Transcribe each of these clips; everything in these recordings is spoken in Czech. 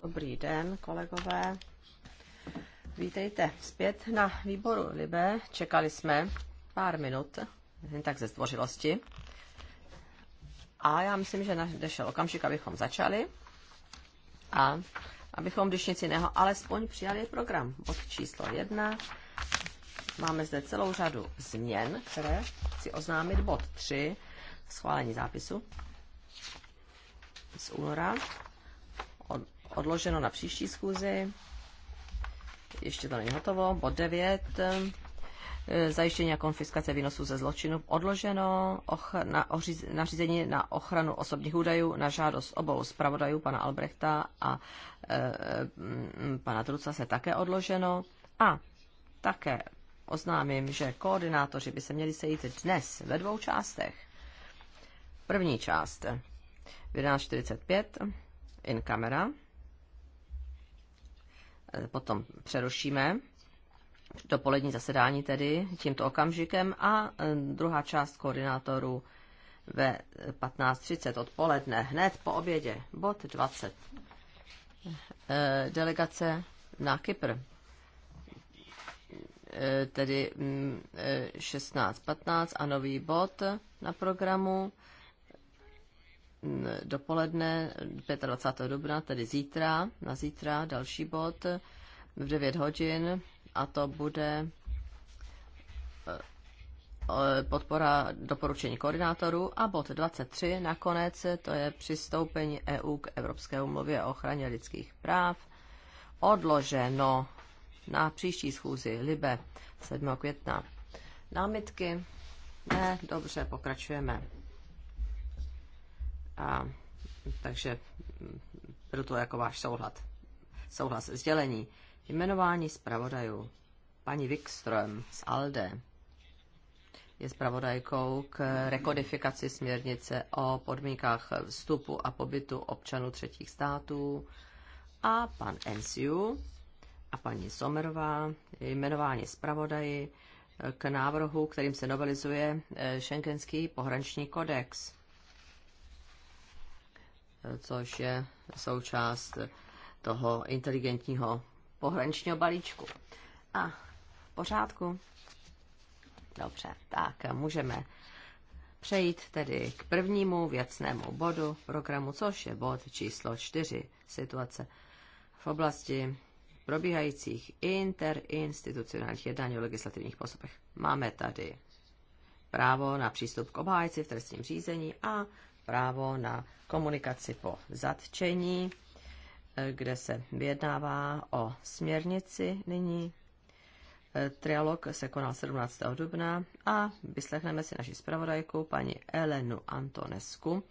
Dobrý den, kolegové. Vítejte zpět na výboru Libe. Čekali jsme pár minut, jen tak ze zdvořilosti. A já myslím, že nadešel okamžik, abychom začali. A abychom, když nic jiného, alespoň přijali program. Bod číslo jedna. Máme zde celou řadu změn, které si oznámit bod 3, schválení zápisu z února, odloženo na příští schůzi. Ještě to není hotovo. Bod 9. Eh, zajištění a konfiskace výnosů ze zločinu odloženo och- na nařízení na ochranu osobních údajů na žádost obou zpravodajů, pana Albrechta a e, pana Truca se také odloženo. A také oznámím, že koordinátoři by se měli sejít dnes ve dvou částech. První část 11.45 in camera. Eh, potom přerušíme dopolední zasedání tedy tímto okamžikem a eh, druhá část koordinátorů ve 15.30 odpoledne, hned po obědě, bod 20. Eh, delegace na Kypr tedy 16.15 mm, a nový bod na programu dopoledne 25. dubna, tedy zítra, na zítra další bod v 9 hodin a to bude eh, podpora doporučení koordinátorů a bod 23 nakonec, to je přistoupení EU k Evropské umluvě o ochraně lidských práv, odloženo na příští schůzi Libe 7. května. Námitky? Ne, dobře, pokračujeme. A, takže byl to jako váš souhlas. Souhlas sdělení. Jmenování zpravodajů. Paní Wikström z ALDE je zpravodajkou k rekodifikaci směrnice o podmínkách vstupu a pobytu občanů třetích států a pan Ensiu a paní Somerová jmenování zpravodaji k návrhu, kterým se novelizuje eh, Schengenský pohraniční kodex což je součást toho inteligentního pohraničního balíčku. A v pořádku? Dobře, tak můžeme přejít tedy k prvnímu věcnému bodu programu, což je bod číslo 4, situace v oblasti probíhajících interinstitucionálních jednání o legislativních postupech. Máme tady právo na přístup k obhájci v trestním řízení a právo na komunikaci po zatčení, eh, kde se vyjednává o směrnici nyní. Eh, trialog se konal 17. dubna a vyslechneme si naši zpravodajku paní Elenu Antonesku,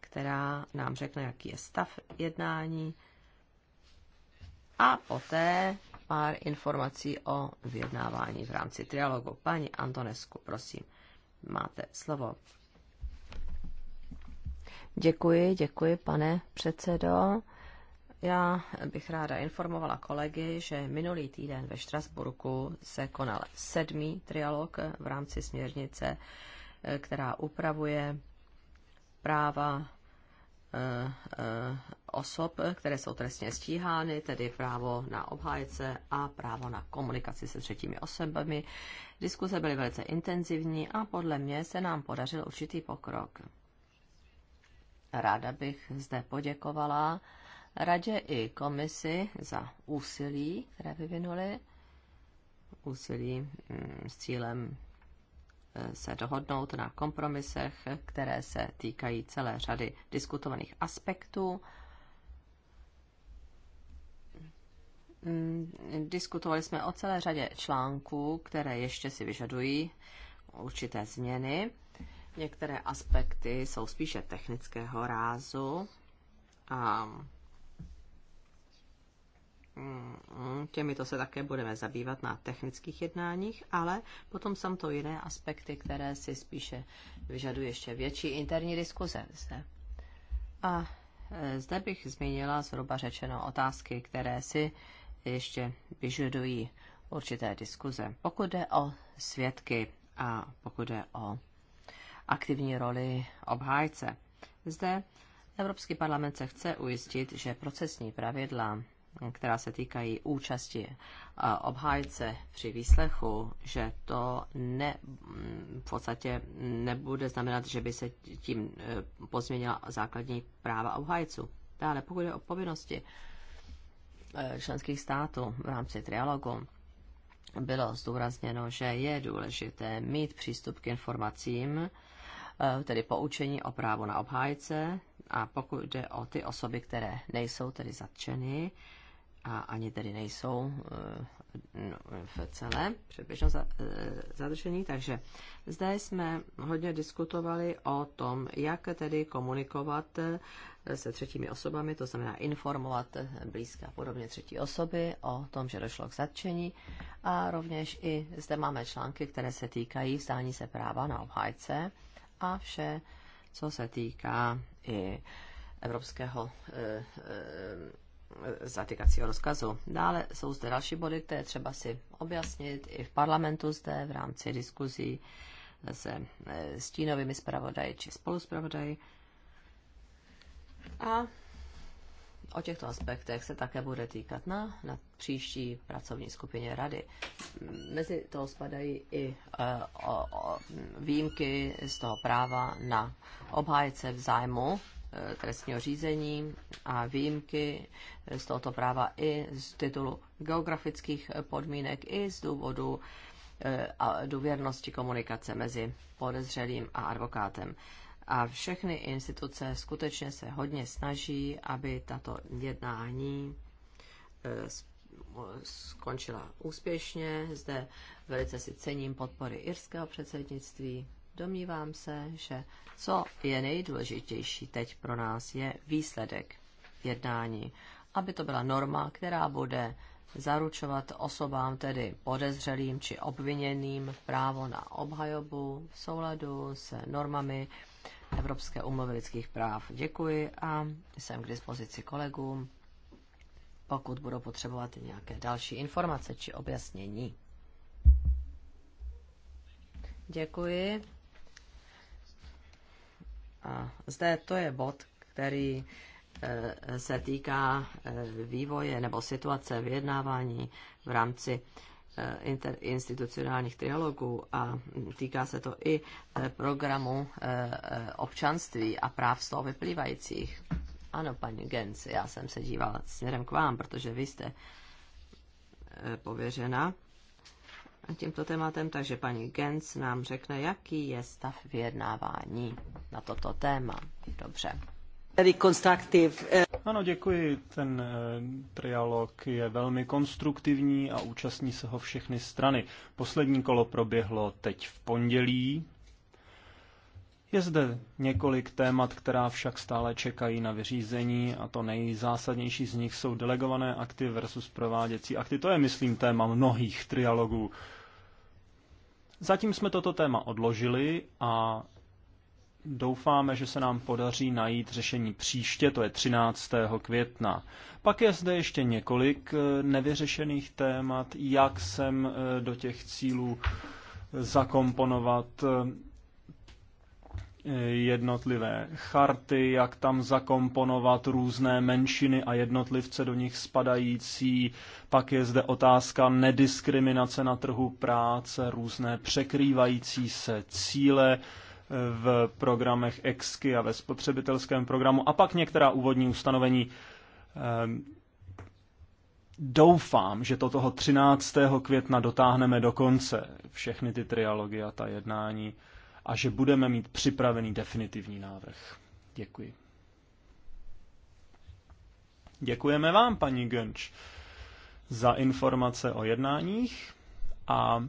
která nám řekne, jaký je stav jednání a poté pár informací o vyjednávání v rámci trialogu. Paní Antonesku, prosím, máte slovo. Děkuji, děkuji, pane předsedo. Já bych ráda informovala kolegy, že minulý týden ve Štrasburku se konal sedmý trialog v rámci směrnice, eh, která upravuje práva eh, eh, osob, které jsou trestně stíhány, tedy právo na obhájce a právo na komunikaci se třetími osobami. Diskuse byly velice intenzivní a podle mě se nám podařil určitý pokrok. Ráda bych zde poděkovala radě i komisi za úsilí, které vyvinuli, úsilí mm, s cílem e, se dohodnout na kompromisech, které se týkají celé řady diskutovaných aspektů. Mm, diskutovali jsme o celé řadě článků, které ještě si vyžadují určité změny Některé aspekty jsou spíše technického rázu a mm, těmito se také budeme zabývat na technických jednáních, ale potom jsou to jiné aspekty, které si spíše vyžadují ještě větší interní diskuze. Zde. A e, zde bych zmínila zhruba řečeno otázky, které si ještě vyžadují určité diskuze. Pokud jde o svědky a pokud jde o aktivní roli obhájce. Zde Evropský parlament se chce ujistit, že procesní pravidla, která se týkají účasti obhájce při výslechu, že to ne, v podstatě nebude znamenat, že by se tím e, pozměnila základní práva obhájců. Dále, pokud je o povinnosti e, členských států v rámci trialogu, bylo zdůrazněno, že je důležité mít přístup k informacím, Eh, tedy poučení o právo na obhájce a pokud jde o ty osoby, které nejsou tedy zatčeny a ani tedy nejsou eh, v celé předběžném eh, zadržení, takže zde jsme hodně diskutovali o tom, jak tedy komunikovat se třetími osobami, to znamená informovat blízká podobně třetí osoby o tom, že došlo k zatčení. A rovněž i zde máme články, které se týkají vzdání se práva na obhájce a vše, co se týká i evropského e, e, zatýkacího rozkazu. Dále jsou zde další body, které třeba si objasnit i v parlamentu zde v rámci diskuzí se e, stínovými zpravodaji či spoluspravodaji. A o těchto aspektech se také bude týkat na, na příští pracovní skupině rady. Mezi to spadají i e, o, o, výjimky z toho práva na obhájce v zájmu e, trestního řízení a výjimky z tohoto práva i z titulu geografických podmínek, i z důvodu e, a důvěrnosti komunikace mezi podezřelým a advokátem. A všechny instituce skutečně se hodně snaží, aby tato jednání eh, skončila úspěšně. Zde velice si cením podpory irského předsednictví. Domnívám se, že co je nejdůležitější teď pro nás je výsledek jednání, aby to byla norma, která bude zaručovat osobám, tedy podezřelým či obviněným, právo na obhajobu v souladu s normami Evropské umluvy lidských práv. Děkuji a jsem k dispozici kolegům, pokud budou potřebovat nějaké další informace či objasnění. Děkuji. A zde to je bod, který eh, se týká eh, vývoje nebo situace vyjednávání v rámci Eh, interinstitucionálních dialogů a týká se to i eh, programu eh, občanství a práv z toho vyplývajících. Ano, paní Gens, já jsem se dívala směrem k vám, protože vy jste pověřena tímto tématem, takže paní Gens nám řekne, jaký je stav vyjednávání na toto téma. Dobře. Eh, ano, děkuji. Ten eh, trialog je velmi konstruktivní a účastní se ho všechny strany. Poslední kolo proběhlo teď v pondělí. Je zde několik témat, která však stále čekají na vyřízení a to nejzásadnější z nich jsou delegované akty versus prováděcí akty. To je, myslím, téma mnohých trialogů. Zatím jsme toto téma odložili a Doufáme, že se nám podaří najít řešení příště, to je 13. května. Pak je zde ještě několik eh, nevyřešených témat, jak sem eh, do těch cílů eh, zakomponovat jednotlivé charty, jak tam zakomponovat různé menšiny a jednotlivce do nich spadající. Pak je zde otázka nediskriminace na trhu práce, různé překrývající se cíle, v programech EXKY a ve spotřebitelském programu a pak některá úvodní ustanovení. Ehm, doufám, že to toho 13. května dotáhneme do konce všechny ty trialogy a ta jednání a že budeme mít připravený definitivní návrh. Děkuji. Děkujeme vám, paní Gönč, za informace o jednáních a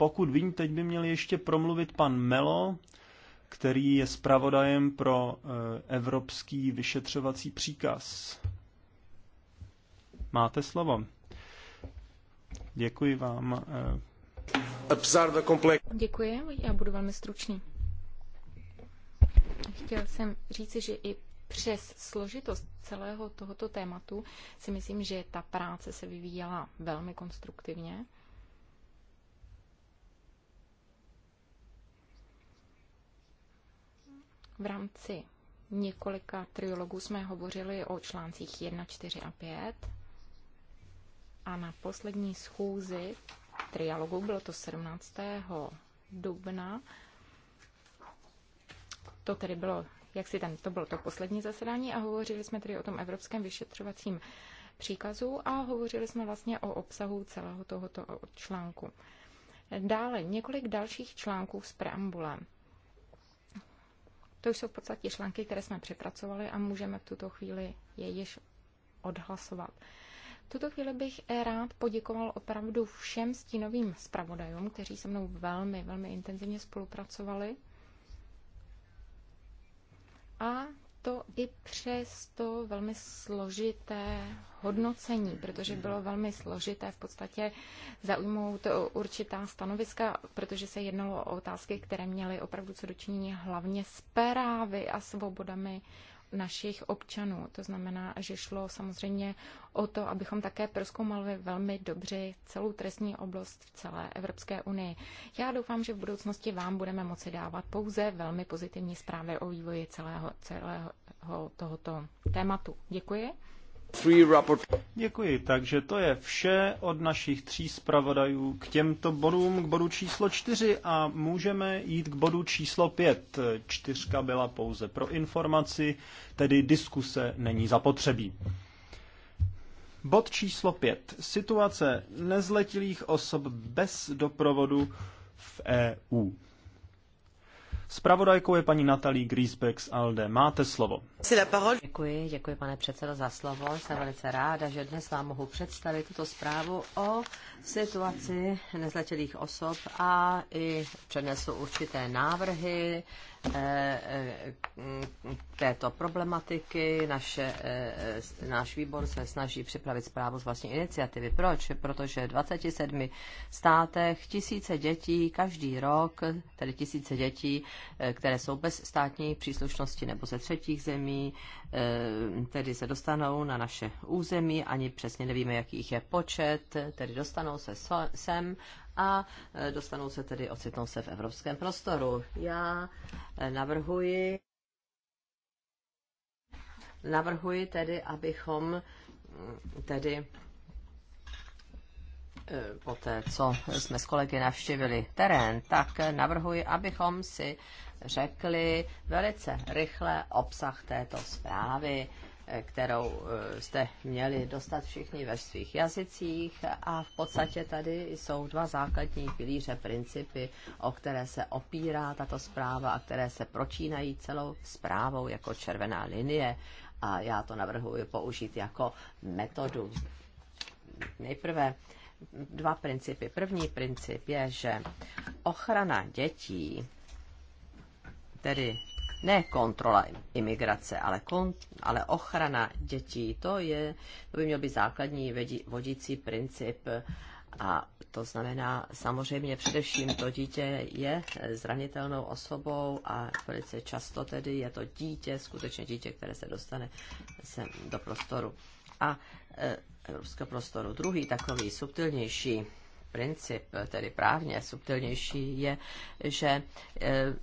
pokud vím, teď by měl ještě promluvit pan Melo, který je zpravodajem pro eh, evropský vyšetřovací příkaz. Máte slovo. Děkuji vám. Eh. Děkuji, já budu velmi stručný. Chtěl jsem říci, že i přes složitost celého tohoto tématu si myslím, že ta práce se vyvíjela velmi konstruktivně. V rámci několika triologů jsme hovořili o článcích 1, 4 a 5. A na poslední schůzi trialogu, bylo to 17. dubna, to tedy bylo, jak si ten, to bylo to poslední zasedání a hovořili jsme tedy o tom evropském vyšetřovacím příkazu a hovořili jsme vlastně o obsahu celého tohoto článku. Dále několik dalších článků s preambulem. To jsou v podstatě články, které jsme přepracovali a můžeme v tuto chvíli je již odhlasovat. V tuto chvíli bych rád poděkoval opravdu všem stínovým zpravodajům, kteří se mnou velmi, velmi intenzivně spolupracovali. A to i přes to velmi složité hodnocení, protože bylo velmi složité v podstatě zaujmout určitá stanoviska, protože se jednalo o otázky, které měly opravdu co dočinění hlavně s právy a svobodami našich občanů. To znamená, že šlo samozřejmě o to, abychom také proskoumali velmi dobře celou trestní oblast v celé Evropské unii. Já doufám, že v budoucnosti vám budeme moci dávat pouze velmi pozitivní zprávy o vývoji celého, celého tohoto tématu. Děkuji. Děkuji, takže to je vše od našich tří zpravodajů k těmto bodům, k bodu číslo čtyři a můžeme jít k bodu číslo pět. Čtyřka byla pouze pro informaci, tedy diskuse není zapotřebí. Bod číslo pět. Situace nezletilých osob bez doprovodu v EU. Spravodajkou je paní Natalí Griesbeck z ALDE. Máte slovo. Děkuji, pane předsedo za slovo. Jsem velice ráda, že dnes vám mohu představit tuto zprávu o situaci nezletilých osob a i přednesu určité návrhy eh, eh, této problematiky. Naše, eh, náš výbor se snaží připravit zprávu z vlastní iniciativy. Proč? Protože v 27 státech tisíce dětí každý rok, tedy tisíce dětí, které jsou bez státní příslušnosti nebo ze třetích zemí, zemí eh, tedy se dostanou na naše území, ani přesně nevíme, jakých je počet, tedy dostanou se sem a eh, dostanou se tedy, ocitnou se v evropském prostoru. Já eh, navrhuji, navrhuji tedy, abychom mm, tedy poté, co jsme s kolegy navštívili terén, tak navrhuji, abychom si řekli velice rychle obsah této zprávy, eh, kterou eh, jste měli dostat všichni ve svých jazycích a v podstatě tady jsou dva základní pilíře principy, o které se opírá tato zpráva a které se pročínají celou zprávou jako červená linie a já to navrhuji použít jako metodu. Nejprve dva principy. První princip je, že ochrana dětí tedy ne kontrola imigrace, ale, kont- ale ochrana dětí. To, je, to by měl být základní vodící princip a to znamená samozřejmě především to dítě je zranitelnou osobou a velice často tedy je to dítě, skutečně dítě, které se dostane sem do prostoru. A e, evropského prostoru druhý takový subtilnější princip, tedy právně subtilnější, je, že e,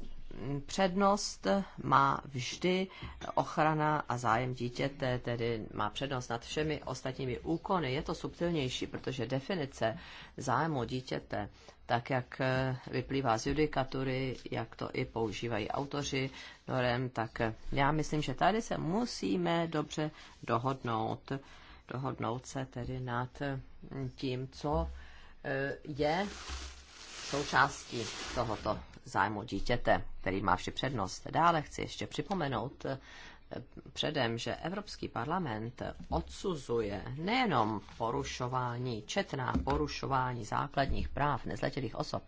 přednost má vždy ochrana a zájem dítěte, tedy má přednost nad všemi ostatními úkony. Je to subtilnější, protože definice zájmu dítěte, tak jak eh, vyplývá z judikatury, jak to i používají autoři norem, tak eh, já myslím, že tady se musíme dobře dohodnout, dohodnout se tedy nad eh, tím, co je součástí tohoto zájmu dítěte, který má vši přednost. Dále chci ještě připomenout eh, předem, že Evropský parlament odsuzuje nejenom porušování, četná porušování základních práv nezletilých osob,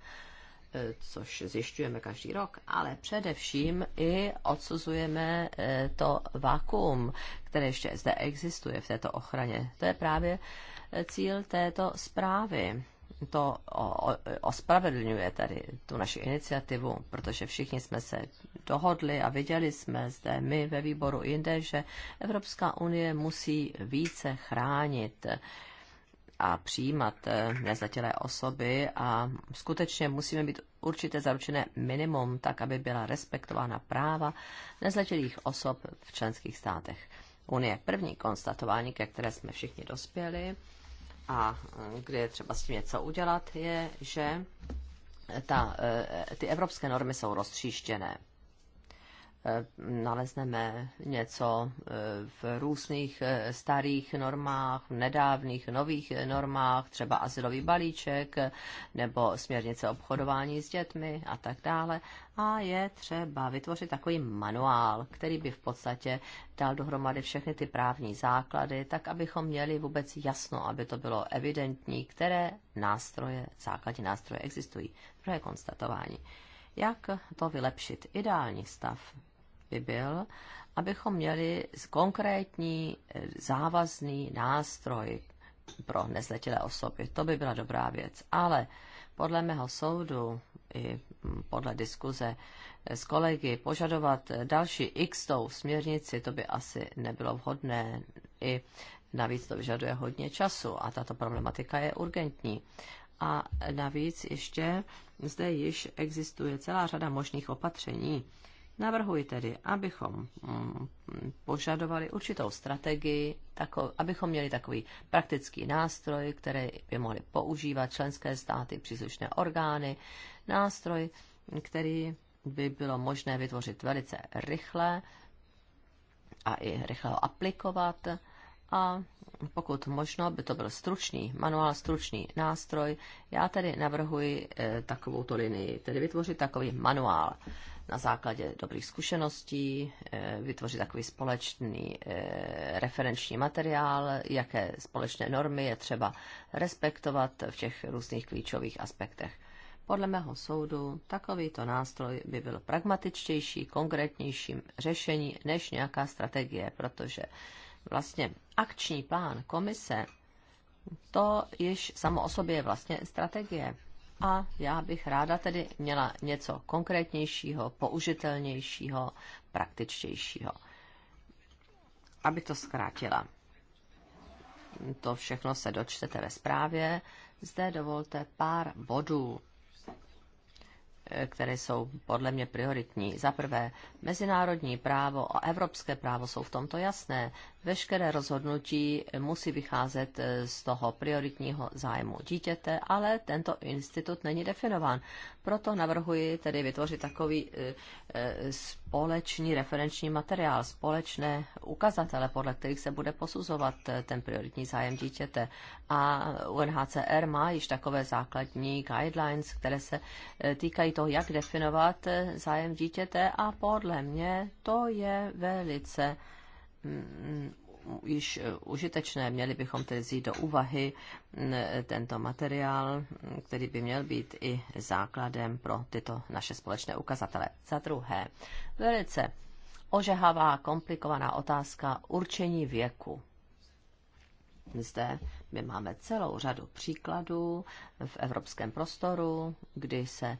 eh, což zjišťujeme každý rok, ale především i odsuzujeme eh, to vakuum, které ještě zde existuje v této ochraně. To je právě cíl této zprávy to ospravedlňuje tedy tu naši iniciativu, protože všichni jsme se dohodli a viděli jsme zde my ve výboru jinde, že Evropská unie musí více chránit a přijímat eh, nezletilé osoby a skutečně musíme být určité zaručené minimum, tak aby byla respektována práva nezletilých osob v členských státech Unie. První konstatování, ke které jsme všichni dospěli, a e, kde je třeba s tím něco udělat, je, že ta, e, ty evropské normy jsou roztříštěné. Eh, nalezneme něco eh, v různých eh, starých normách, v nedávných nových normách, třeba asilový balíček nebo směrnice obchodování s dětmi a tak dále. A je třeba vytvořit takový manuál, který by v podstatě dal dohromady všechny ty právní základy, tak abychom měli vůbec jasno, aby to bylo evidentní, které nástroje, základní nástroje existují. Druhé konstatování. Jak to vylepšit? Ideální stav by byl, abychom měli konkrétní eh, závazný nástroj pro nezletilé osoby. To by byla dobrá věc. Ale podle mého soudu i hm, podle diskuze eh, s kolegy požadovat eh, další x tou směrnici, to by asi nebylo vhodné. I navíc to vyžaduje hodně času a tato problematika je urgentní. A navíc ještě zde již existuje celá řada možných opatření, Navrhuji tedy, abychom mm, požadovali určitou strategii, tako, abychom měli takový praktický nástroj, který by mohly používat členské státy, příslušné orgány, nástroj, který by bylo možné vytvořit velice rychle a i rychle ho aplikovat a pokud možno, by to byl stručný manuál, stručný nástroj. Já tedy navrhuji e, eh, takovou to linii, tedy vytvořit takový manuál na základě dobrých zkušeností, e, vytvořit takový společný e, referenční materiál, jaké společné normy je třeba respektovat v těch různých klíčových aspektech. Podle mého soudu takovýto nástroj by byl pragmatičtější, konkrétnějším řešení než nějaká strategie, protože vlastně akční plán komise, to již samo o sobě je vlastně strategie. A já bych ráda tedy měla něco konkrétnějšího, použitelnějšího, praktičtějšího. Aby to zkrátila. To všechno se dočtete ve zprávě. Zde dovolte pár bodů, které jsou podle mě prioritní. Za prvé, mezinárodní právo a evropské právo jsou v tomto jasné veškeré rozhodnutí musí vycházet eh, z toho prioritního zájmu dítěte, ale tento institut není definován. Proto navrhuji tedy vytvořit takový eh, eh, společný referenční materiál, společné ukazatele, podle kterých se bude posuzovat ten prioritní zájem dítěte. A UNHCR má již takové základní guidelines, které se týkají toho, jak definovat zájem dítěte a podle mě to je velice Mm, již eh, užitečné. Měli bychom tedy vzít do úvahy mm, tento materiál, mm, který by měl být i základem pro tyto naše společné ukazatele. Za druhé, velice ožehavá, komplikovaná otázka určení věku. Zde my máme celou řadu příkladů v evropském prostoru, kdy se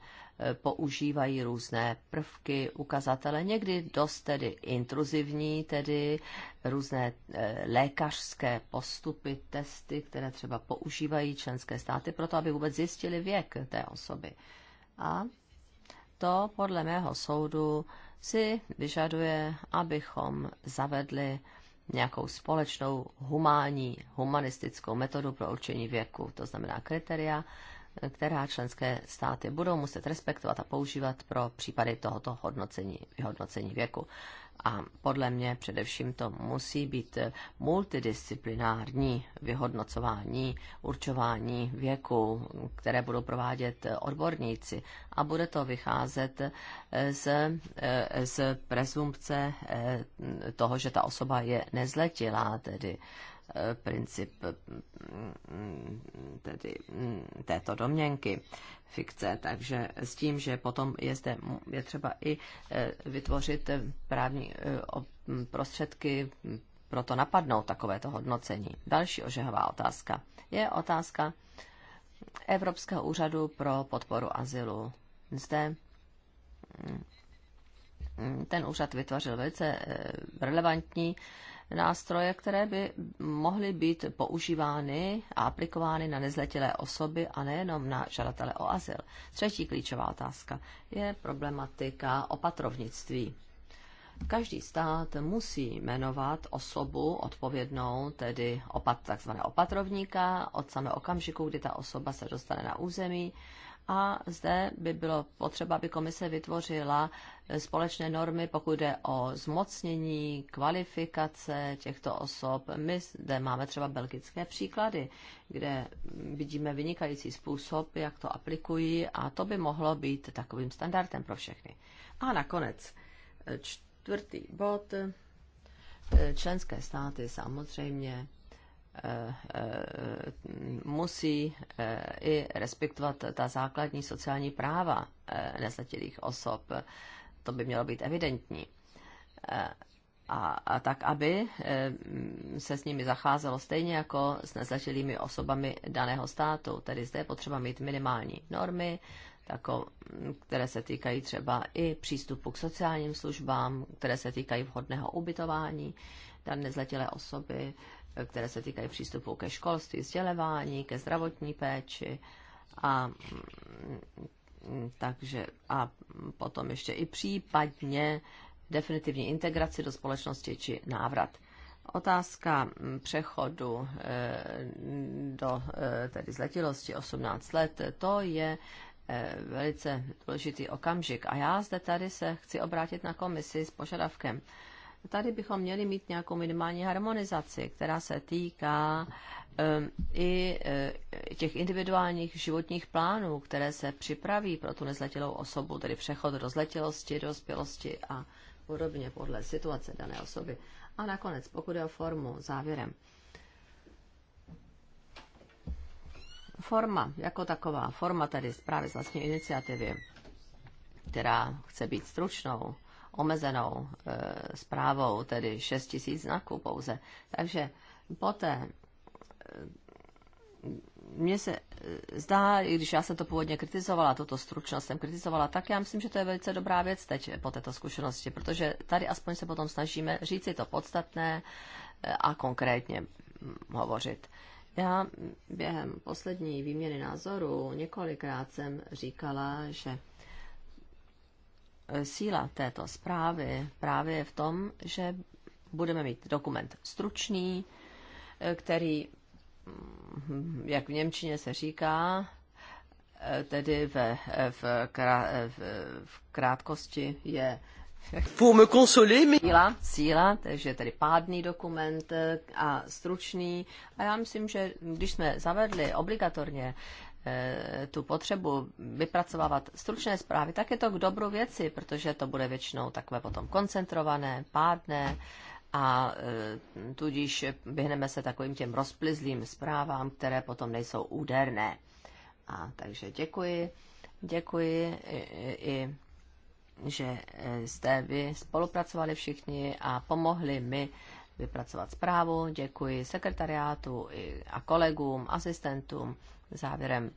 používají různé prvky, ukazatele, někdy dost tedy intruzivní, tedy různé eh, lékařské postupy, testy, které třeba používají členské státy proto, aby vůbec zjistili věk té osoby. A to podle mého soudu si vyžaduje, abychom zavedli nějakou společnou humánní, humanistickou metodu pro určení věku, to znamená kritéria, která členské státy budou muset respektovat a používat pro případy tohoto hodnocení, vyhodnocení věku. A podle mě především to musí být multidisciplinární vyhodnocování, určování věku, které budou provádět odborníci. A bude to vycházet eh, z, eh, z prezumpce eh, toho, že ta osoba je nezletilá, tedy princip tedy této domněnky fikce, takže s tím, že potom je zde je třeba i eh, vytvořit právní eh, prostředky pro to napadnout takovéto hodnocení. Další ožehová otázka je otázka Evropského úřadu pro podporu azylu. Zde mm, ten úřad vytvořil velice eh, relevantní nástroje, které by mohly být používány a aplikovány na nezletilé osoby a nejenom na žadatele o azyl. Třetí klíčová otázka je problematika opatrovnictví. Každý stát musí jmenovat osobu odpovědnou, tedy opat, takzvané opatrovníka, od samého okamžiku, kdy ta osoba se dostane na území a zde by bylo potřeba, aby komise vytvořila společné normy, pokud jde o zmocnění, kvalifikace těchto osob. My zde máme třeba belgické příklady, kde vidíme vynikající způsob, jak to aplikují a to by mohlo být takovým standardem pro všechny. A nakonec čtvrtý bod. Členské státy samozřejmě Eh, eh, musí eh, i respektovat ta základní sociální práva nezletilých osob. To by mělo být evidentní. A, a tak, aby se s nimi zacházelo stejně jako s nezletilými osobami daného státu. Tedy zde je potřeba mít minimální normy, jako, které se týkají třeba i přístupu k sociálním službám, které se týkají vhodného ubytování dané nezletilé osoby, které se týkají přístupu ke školství, vzdělávání, ke zdravotní péči a mm, takže a potom ještě i případně definitivní integraci do společnosti či návrat. Otázka mm, přechodu eh, do eh, tedy zletilosti 18 let, to je eh, velice důležitý okamžik. A já zde tady se chci obrátit na komisi s požadavkem, tady bychom měli mít nějakou minimální harmonizaci, která se týká ehm, i eh, těch individuálních životních plánů, které se připraví pro tu nezletilou osobu, tedy přechod do zletilosti, dospělosti a podobně podle situace dané osoby. A nakonec, pokud je o formu, závěrem. Forma jako taková, forma tedy zprávy z vlastní iniciativy, která chce být stručnou, omezenou e, zprávou, tedy 6 tisíc znaků pouze. Takže poté e, mně se e, zdá, i když já jsem to původně kritizovala, tuto stručnost jsem kritizovala, tak já myslím, že to je velice dobrá věc teď po této zkušenosti, protože tady aspoň se potom snažíme říci to podstatné e, a konkrétně hovořit. Já během poslední výměny názoru několikrát jsem říkala, že síla této zprávy právě je v tom, že budeme mít dokument stručný, který, jak v Němčině se říká, tedy ve, v, krá, v, v krátkosti je Pour me consoler, mais... síla, síla, takže tedy pádný dokument eh, a stručný. A já myslím, že když jsme zavedli obligatorně Eh, tu potřebu vypracovávat stručné zprávy, tak je to k dobru věci, protože to bude většinou takové potom koncentrované, pádné a eh, tudíž vyhneme se takovým těm rozplizlým zprávám, které potom nejsou úderné. A takže děkuji, děkuji i že eh, jste vy spolupracovali všichni a pomohli mi vypracovat zprávu. Děkuji sekretariátu a kolegům, asistentům, závěrem,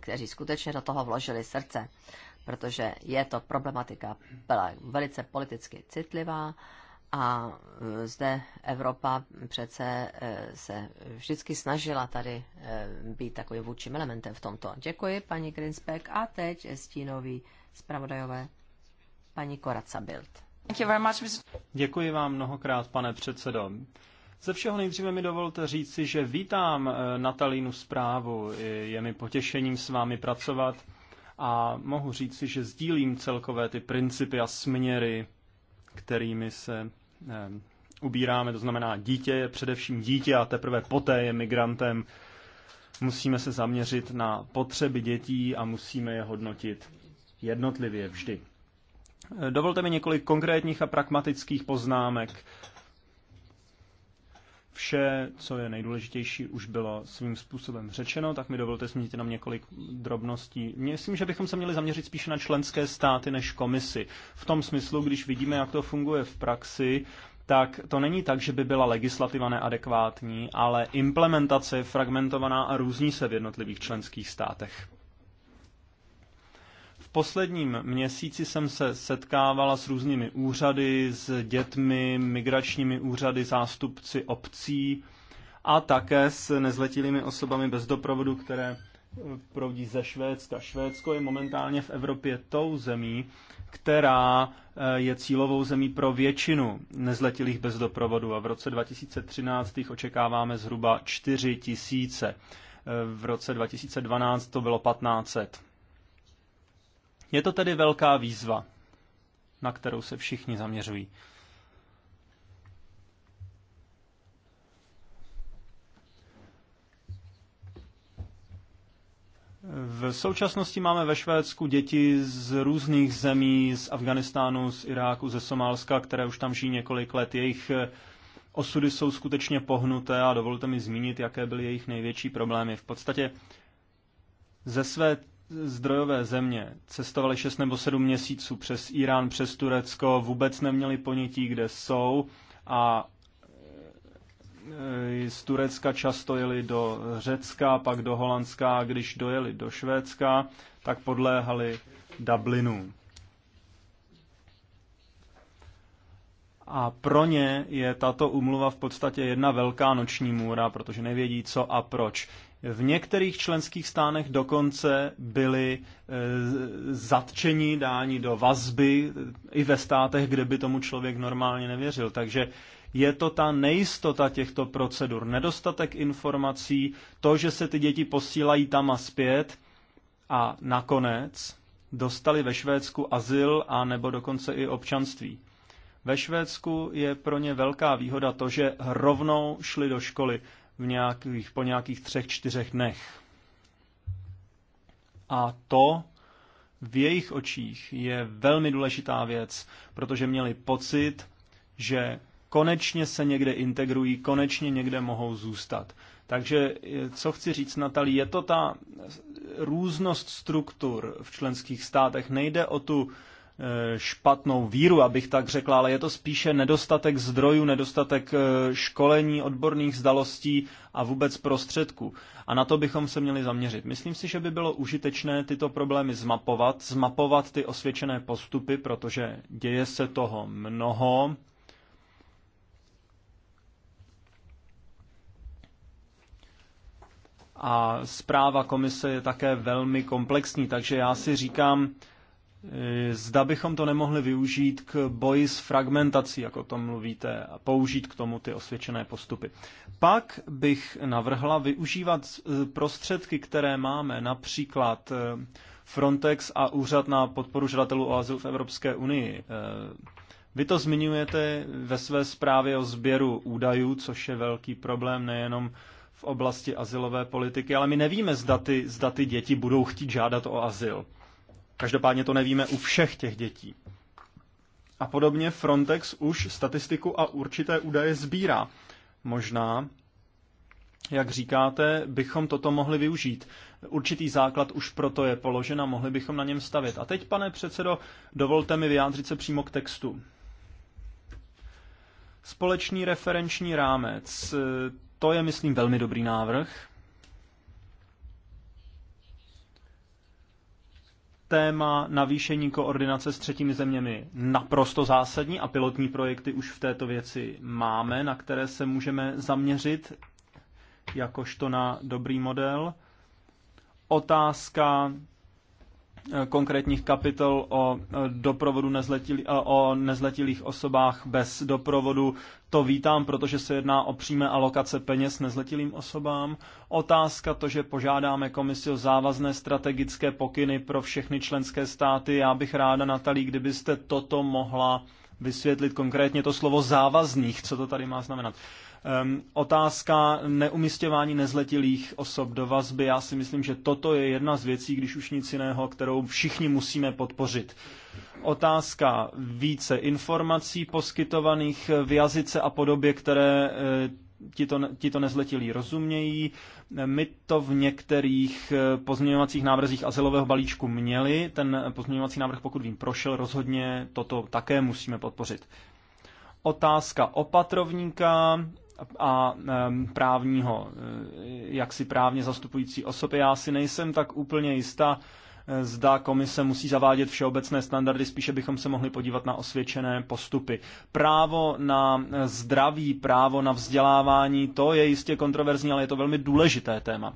kteří skutečně do toho vložili srdce, protože je to problematika byla velice politicky citlivá a e, zde Evropa přece e, se vždycky snažila tady e, být takovým vůdčím elementem v tomto. Děkuji, paní Grinsbeck. A teď stínový zpravodajové paní Koraca Bild. Děkuji vám mnohokrát, pane předsedo. Ze všeho nejdříve mi dovolte říci, že vítám eh, Natalínu zprávu. Je mi potěšením s vámi pracovat a mohu říci, že sdílím celkové ty principy a směry, kterými se ne, eh, ubíráme. To znamená, dítě je především dítě a teprve poté je migrantem. Musíme se zaměřit na potřeby dětí a musíme je hodnotit jednotlivě vždy. Eh, dovolte mi několik konkrétních a pragmatických poznámek Vše, co je nejdůležitější, už bylo svým způsobem řečeno, tak mi dovolte zmínit jenom několik drobností. Myslím, že bychom se měli zaměřit spíše na členské státy než komisy. V tom smyslu, když vidíme, jak to funguje v praxi, tak to není tak, že by byla legislativa neadekvátní, ale implementace je fragmentovaná a různí se v jednotlivých členských státech posledním měsíci jsem se setkávala s různými úřady, s dětmi, migračními úřady, zástupci obcí a také s nezletilými osobami bez doprovodu, které eh, proudí ze Švédska. Švédsko je momentálně v Evropě tou zemí, která eh, je cílovou zemí pro většinu nezletilých bez doprovodu a v roce 2013 jich očekáváme zhruba 4 tisíce. Eh, v roce 2012 to bylo 1500. Je to tedy velká výzva, na kterou se všichni zaměřují. V současnosti máme ve Švédsku děti z různých zemí, z Afganistánu, z Iráku, ze Somálska, které už tam žijí několik let. Jejich eh, osudy jsou skutečně pohnuté a dovolte mi zmínit, jaké byly jejich největší problémy. V podstatě ze své zdrojové země cestovali 6 nebo 7 měsíců přes Irán, přes Turecko, vůbec neměli ponětí, kde jsou a e, z Turecka často jeli do Řecka, pak do Holandska a když dojeli do Švédska, tak podléhali Dublinu. A pro ně je tato umluva v podstatě jedna velká noční můra, protože nevědí co a proč. V některých členských stánech dokonce byli e, zatčeni, dáni do vazby i ve státech, kde by tomu člověk normálně nevěřil. Takže je to ta nejistota těchto procedur, nedostatek informací, to, že se ty děti posílají tam a zpět a nakonec dostali ve Švédsku azyl a nebo dokonce i občanství. Ve Švédsku je pro ně velká výhoda to, že rovnou šli do školy v nějakých, po nějakých třech, čtyřech dnech. A to v jejich očích je velmi důležitá věc, protože měli pocit, že konečně se někde integrují, konečně někde mohou zůstat. Takže eh, co chci říct, Natali, je to ta různost struktur v členských státech. Nejde o tu Eh, špatnou víru, abych tak řekl, ale je to spíše nedostatek zdrojů, nedostatek eh, školení, odborných zdalostí a vůbec prostředků. A na to bychom se měli zaměřit. Myslím si, že by bylo užitečné tyto problémy zmapovat, zmapovat ty osvědčené postupy, protože děje se toho mnoho. A zpráva komise je také velmi komplexní, takže já si říkám, Eh, zda bychom to nemohli využít k boji s fragmentací, jako o tom mluvíte, a použít k tomu ty osvědčené postupy. Pak bych navrhla využívat eh, prostředky, které máme, například eh, Frontex a Úřad na podporu žadatelů o azyl v Evropské unii. Vy to zmiňujete ve své zprávě o sběru údajů, což je velký problém nejenom v oblasti azylové politiky, ale my nevíme, zda ty, zda ty děti budou chtít žádat o azyl. Každopádně to nevíme u všech těch dětí. A podobně Frontex už statistiku a určité údaje sbírá. Možná, jak říkáte, bychom toto mohli využít. Určitý základ už proto je položen a mohli bychom na něm stavit. A teď, pane předsedo, dovolte mi vyjádřit se přímo k textu. Společný referenční rámec. To je, myslím, velmi dobrý návrh. téma navýšení koordinace s třetími zeměmi naprosto zásadní a pilotní projekty už v této věci máme, na které se můžeme zaměřit jakožto na dobrý model. Otázka Eh, konkrétních kapitol o eh, doprovodu nezletili, eh, o nezletilých osobách bez doprovodu. To vítám, protože se jedná o přímé alokace peněz nezletilým osobám. Otázka to, že požádáme komisi o závazné strategické pokyny pro všechny členské státy. Já bych ráda, Natalí, kdybyste toto mohla vysvětlit konkrétně to slovo závazných, co to tady má znamenat. Otázka neumistěvání nezletilých osob do vazby, já si myslím, že toto je jedna z věcí, když už nic jiného, kterou všichni musíme podpořit. Otázka více informací poskytovaných v jazyce a podobě, které eh, tito, tito nezletilí rozumějí. My to v některých eh, pozměňovacích návrzích asilového balíčku měli. Ten pozměňovací návrh, pokud vím, prošel, rozhodně toto také musíme podpořit. Otázka opatrovníka a právního, eh, jak si právně zastupující osoby. Já si nejsem tak úplně jistá, eh, zda komise musí zavádět všeobecné standardy, spíše bychom se mohli podívat na osvědčené postupy. Právo na eh, zdraví, právo na vzdělávání, to je jistě kontroverzní, ale je to velmi důležité téma.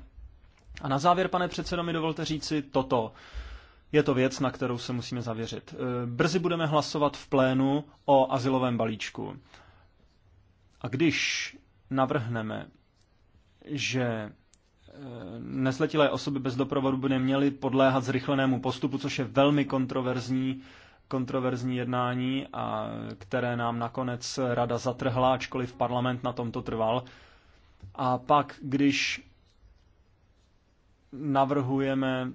A na závěr, pane předsedo, mi dovolte říci toto. Je to věc, na kterou se musíme zavěřit. Brzy budeme hlasovat v plénu o asilovém balíčku. A když navrhneme, že e, nesletilé osoby bez doprovodu by neměly podléhat zrychlenému postupu, což je velmi kontroverzní, kontroverzní jednání, a které nám nakonec rada zatrhla, ačkoliv parlament na tomto trval. A pak, když navrhujeme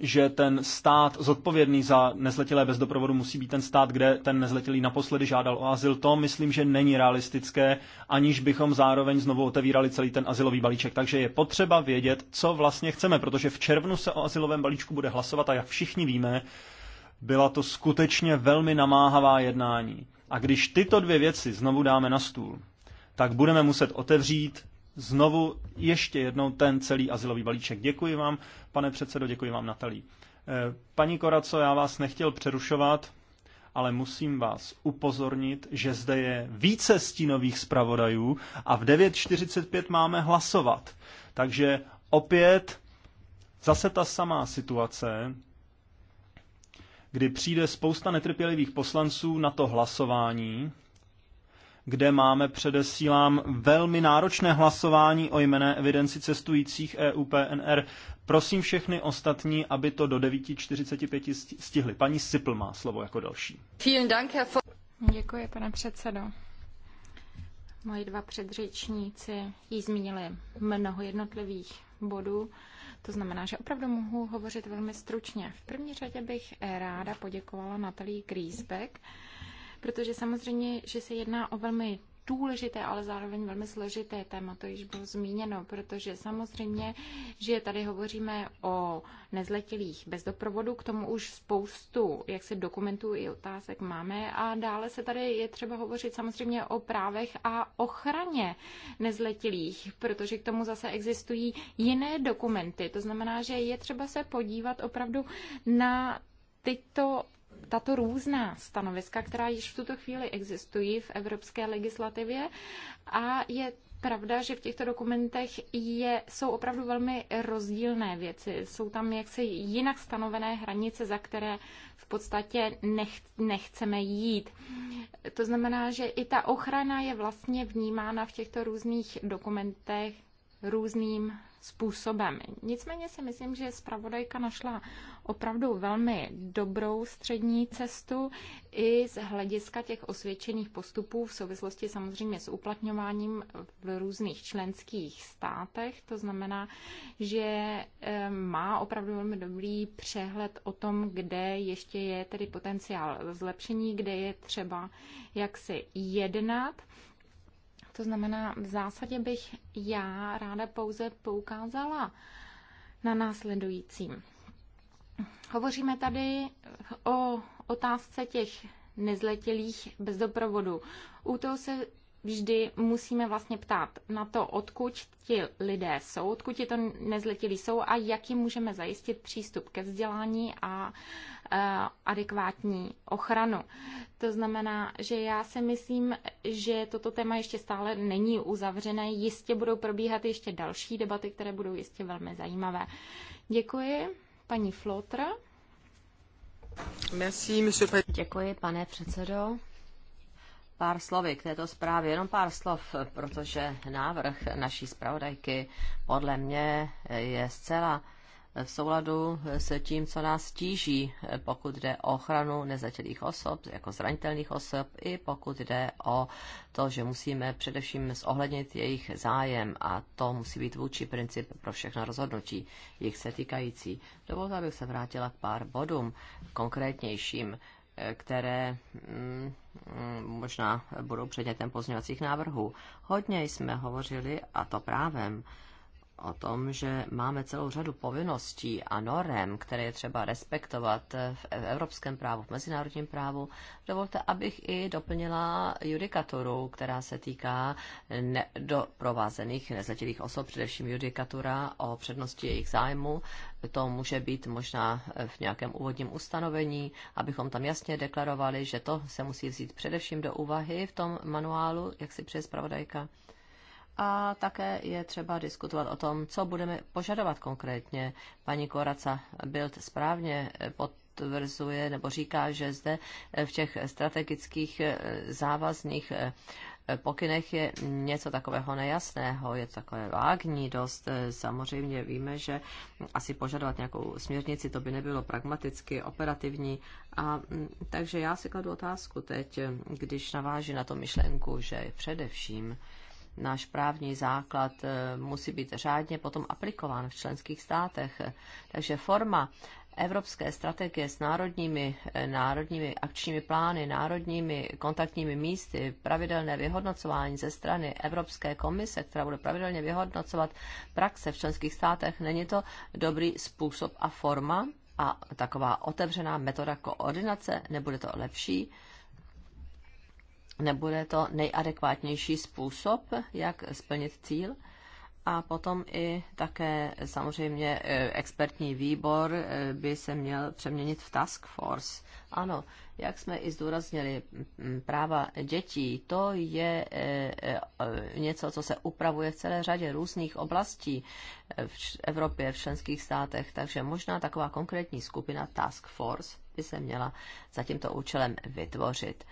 že ten stát zodpovědný za nezletilé bez doprovodu musí být ten stát, kde ten nezletilý naposledy žádal o azyl. To myslím, že není realistické, aniž bychom zároveň znovu otevírali celý ten azylový balíček. Takže je potřeba vědět, co vlastně chceme, protože v červnu se o azylovém balíčku bude hlasovat a jak všichni víme, byla to skutečně velmi namáhavá jednání. A když tyto dvě věci znovu dáme na stůl, tak budeme muset otevřít znovu ještě jednou ten celý asilový balíček. Děkuji vám, pane předsedo, děkuji vám, Natalí. Eh, paní Koraco, já vás nechtěl přerušovat, ale musím vás upozornit, že zde je více stínových zpravodajů a v 9.45 máme hlasovat. Takže opět zase ta samá situace, kdy přijde spousta netrpělivých poslanců na to hlasování, kde máme, předesílám, velmi náročné hlasování o jmené evidenci cestujících EU-PNR. Prosím všechny ostatní, aby to do 9.45 stihli. Paní Sipl má slovo jako další. Děkuji, pane předsedo. Moji dva předřečníci ji zmínili mnoho jednotlivých bodů. To znamená, že opravdu mohu hovořit velmi stručně. V první řadě bych ráda poděkovala Natalii Griesbeck, protože samozřejmě, že se jedná o velmi důležité, ale zároveň velmi složité téma, to již bylo zmíněno, protože samozřejmě, že tady hovoříme o nezletilých bez doprovodu, k tomu už spoustu jak se dokumentů i otázek máme a dále se tady je třeba hovořit samozřejmě o právech a ochraně nezletilých, protože k tomu zase existují jiné dokumenty, to znamená, že je třeba se podívat opravdu na tyto tato různá stanoviska, která již v tuto chvíli existují v evropské legislativě a je pravda, že v těchto dokumentech je, jsou opravdu velmi rozdílné věci. Jsou tam jaksi jinak stanovené hranice, za které v podstatě nech, nechceme jít. To znamená, že i ta ochrana je vlastně vnímána v těchto různých dokumentech různým způsobem. Nicméně si myslím, že zpravodajka našla opravdu velmi dobrou střední cestu i z hlediska těch osvědčených postupů v souvislosti samozřejmě s uplatňováním v různých členských státech. To znamená, že eh, má opravdu velmi dobrý přehled o tom, kde ještě je tedy potenciál zlepšení, kde je třeba jak se jednat. To znamená, v zásadě bych já ráda pouze poukázala na následujícím. Hovoříme tady o otázce těch nezletilých bez doprovodu. U toho se vždy musíme vlastně ptát na to, odkud ti lidé jsou, odkud ti to nezletilí jsou a jak jim můžeme zajistit přístup ke vzdělání a e, adekvátní ochranu. To znamená, že já si myslím, že toto téma ještě stále není uzavřené. Jistě budou probíhat ještě další debaty, které budou jistě velmi zajímavé. Děkuji, paní Flotr. Děkuji, pane předsedo pár slovy k této zprávě, jenom pár slov, protože návrh naší zpravodajky podle mě je zcela v souladu s tím, co nás tíží, pokud jde o ochranu nezatělých osob, jako zranitelných osob, i pokud jde o to, že musíme především zohlednit jejich zájem a to musí být vůči princip pro všechno rozhodnutí, jich se týkající. Dovolte, abych se vrátila k pár bodům konkrétnějším které mm, mm, možná budou předmětem pozměňovacích návrhů. Hodně jsme hovořili, a to právem, o tom, že máme celou řadu povinností a norem, které je třeba respektovat v evropském právu, v mezinárodním právu, dovolte, abych i doplnila judikaturu, která se týká doprovázených nezletilých osob, především judikatura o přednosti jejich zájmu. To může být možná v nějakém úvodním ustanovení, abychom tam jasně deklarovali, že to se musí vzít především do úvahy v tom manuálu, jak si přeje zpravodajka a také je třeba diskutovat o tom, co budeme požadovat konkrétně. Paní Koraca Bild správně eh, potvrzuje nebo říká, že zde eh, v těch strategických eh, závazných pokynech je něco takového nejasného, je to takové vágní dost. Samozřejmě víme, že asi požadovat nějakou směrnici, to by nebylo pragmaticky operativní. A, mm, takže já si kladu otázku teď, když naváží na to myšlenku, že především náš právní základ eh, musí být řádně potom aplikován v členských státech. Takže forma evropské strategie s národními, eh, národními akčními plány, národními kontaktními místy, pravidelné vyhodnocování ze strany Evropské komise, která bude pravidelně vyhodnocovat praxe v členských státech, není to dobrý způsob a forma a taková otevřená metoda koordinace, nebude to lepší nebude to nejadekvátnější způsob, jak splnit cíl. A potom i také samozřejmě eh, expertní výbor eh, by se měl přeměnit v task force. Ano, jak jsme i zdůraznili, práva dětí, to je eh, něco, co se upravuje v celé řadě různých oblastí v Evropě, v členských státech, takže možná taková konkrétní skupina task force by se měla za tímto účelem vytvořit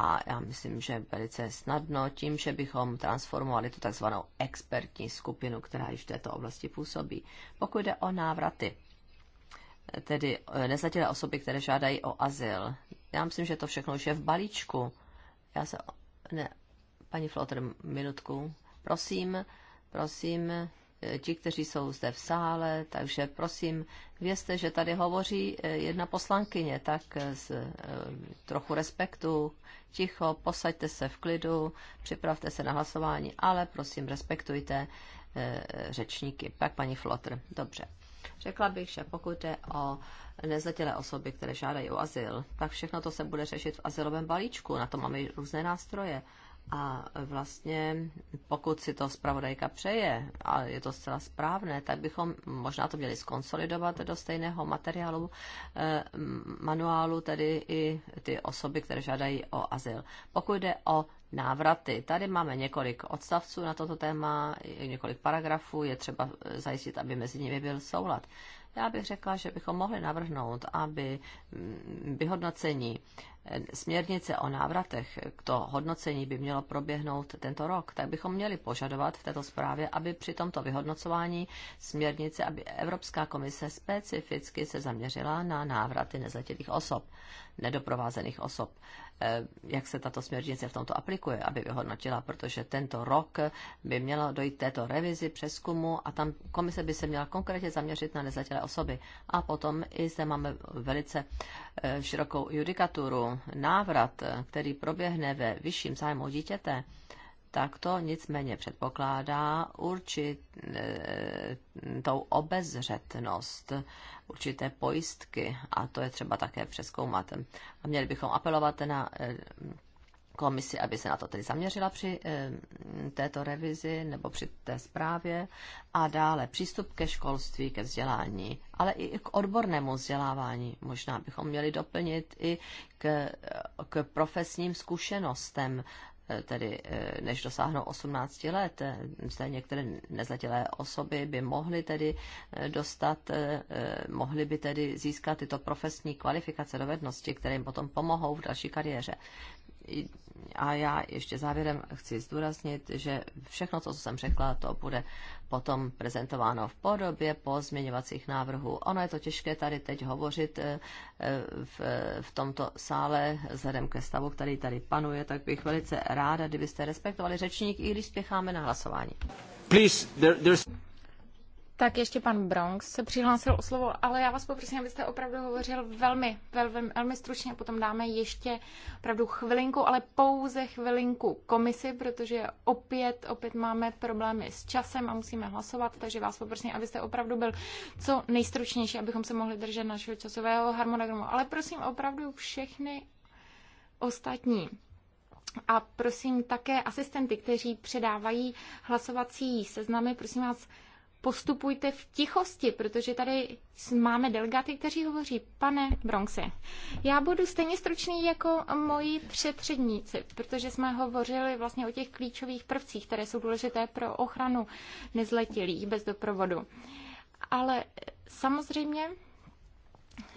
a já myslím, že velice snadno tím, že bychom transformovali tu takzvanou expertní skupinu, která již v této oblasti působí. Pokud jde o návraty, tedy eh, nezletilé osoby, které žádají o azyl, já myslím, že to všechno už je v balíčku. Já se... Ne, paní Flotter, minutku. Prosím, prosím, Eh, ti, kteří jsou zde v sále, takže prosím, vězte, že tady hovoří eh, jedna poslankyně, tak eh, s trochu respektu, ticho, posaďte se v klidu, připravte se na hlasování, ale prosím, respektujte řečníky. Pak paní Flotr, dobře. Řekla bych, že pokud je o nezletělé osoby, které žádají o azyl, tak všechno to se bude řešit v azylovém balíčku. Na to máme různé nástroje. A vlastně, pokud si to zpravodajka přeje, a je to zcela správné, tak bychom možná to měli skonsolidovat do stejného materiálu, eh, manuálu, tedy i ty osoby, které žádají o azyl. Pokud jde o návraty, tady máme několik odstavců na toto téma, několik paragrafů, je třeba eh, zajistit, aby mezi nimi byl soulad. Já bych řekla, že bychom mohli navrhnout, aby mm, vyhodnocení eh, směrnice o návratech, to hodnocení by mělo proběhnout tento rok, tak bychom měli požadovat v této zprávě, aby při tomto vyhodnocování směrnice, aby Evropská komise specificky se zaměřila na návraty nezletilých osob nedoprovázených osob. Eh, jak se tato směrnice v tomto aplikuje, aby vyhodnotila, protože tento rok by měla dojít této revizi, přeskumu a tam komise by se měla konkrétně zaměřit na nezletilé osoby. A potom i zde máme velice eh, širokou judikaturu, návrat, eh, který proběhne ve vyšším zájmu dítěte, tak to nicméně předpokládá určitou eh, obezřetnost, určité pojistky a to je třeba také přeskoumat. A měli bychom apelovat na eh, komisi, aby se na to tedy zaměřila při eh, této revizi nebo při té zprávě a dále přístup ke školství, ke vzdělání, ale i k odbornému vzdělávání. Možná bychom měli doplnit i k, k profesním zkušenostem tedy eh, než dosáhnou 18 let. Eh, zde některé nezletilé osoby by mohly tedy eh, dostat, mohly by tedy získat tyto profesní kvalifikace, dovednosti, které jim potom pomohou v další kariéře a já ještě závěrem chci zdůraznit, že všechno, co jsem řekla, to bude potom prezentováno v podobě pozměňovacích návrhů. Ono je to těžké tady teď hovořit eh, v, v tomto sále vzhledem ke stavu, který tady panuje, tak bych velice ráda, kdybyste respektovali řečník, i když spěcháme na hlasování. Please, there, there's... Tak ještě pan Bronx se přihlásil o slovo, ale já vás poprosím, abyste opravdu hovořil velmi, velmi, velmi stručně, potom dáme ještě opravdu chvilinku, ale pouze chvilinku komisi, protože opět, opět máme problémy s časem a musíme hlasovat, takže vás poprosím, abyste opravdu byl co nejstručnější, abychom se mohli držet našeho časového harmonogramu. Ale prosím opravdu všechny ostatní a prosím také asistenty, kteří předávají hlasovací seznamy, prosím vás, postupujte v tichosti, protože tady máme delegáty, kteří hovoří. Pane Bronxe, já budu stejně stručný jako moji předředníci, protože jsme hovořili vlastně o těch klíčových prvcích, které jsou důležité pro ochranu nezletilých bez doprovodu. Ale samozřejmě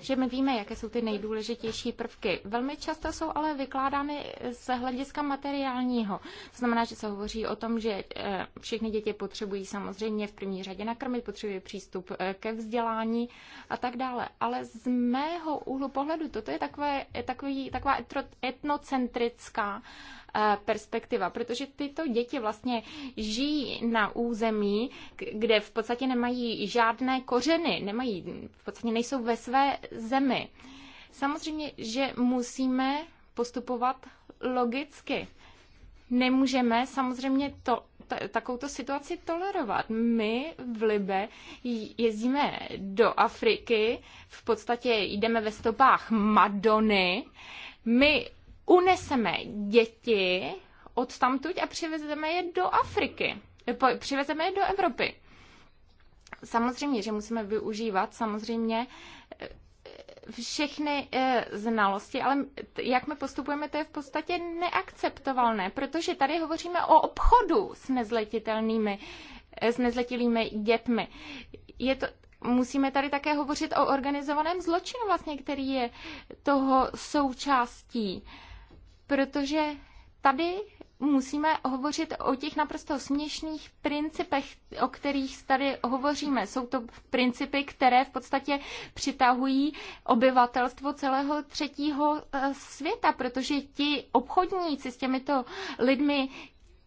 že my víme, jaké jsou ty nejdůležitější prvky. Velmi často jsou ale vykládány z hlediska materiálního. To znamená, že se hovoří o tom, že eh, všechny děti potřebují samozřejmě v první řadě nakrmit, potřebují přístup eh, ke vzdělání a tak dále. Ale z mého úhlu pohledu toto je takové, takový, taková etnocentrická uh, Eh, perspektiva, protože tyto děti vlastně žijí na území, kde v podstatě nemají žádné kořeny, nemají, v podstatě nejsou ve své zemi. Samozřejmě, že musíme postupovat logicky. Nemůžeme samozřejmě to, t- takovouto situaci tolerovat. My v Libe jezdíme do Afriky, v podstatě jdeme ve stopách Madony. My uneseme děti od tamtuť a přivezeme je do Afriky, přivezeme je do Evropy. Samozřejmě, že musíme využívat samozřejmě eh, všechny eh, znalosti, ale jak my postupujeme, to je v podstatě neakceptovalné, protože tady hovoříme o obchodu s nezletitelnými, eh, s nezletilými dětmi. Je to, musíme tady také hovořit o organizovaném zločinu, vlastně, který je toho součástí. Uh, protože tady musíme hovořit o těch naprosto směšných principech, o kterých tady hovoříme. Jsou to principy, které v podstatě přitahují obyvatelstvo celého třetího eh, světa, protože ti obchodníci s těmito lidmi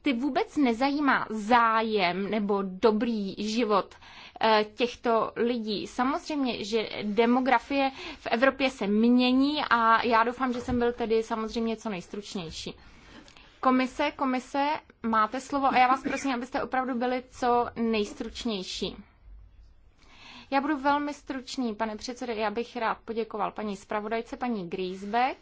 ty vůbec nezajímá zájem nebo dobrý život eh, těchto lidí. Samozřejmě, že demografie v Evropě se mění a já doufám, že jsem byl tedy samozřejmě co nejstručnější. Komise, komise, máte slovo a já vás prosím, abyste opravdu byli co nejstručnější. Já budu velmi stručný, pane předsedo, já bych rád poděkoval paní zpravodajce, paní Griesbeck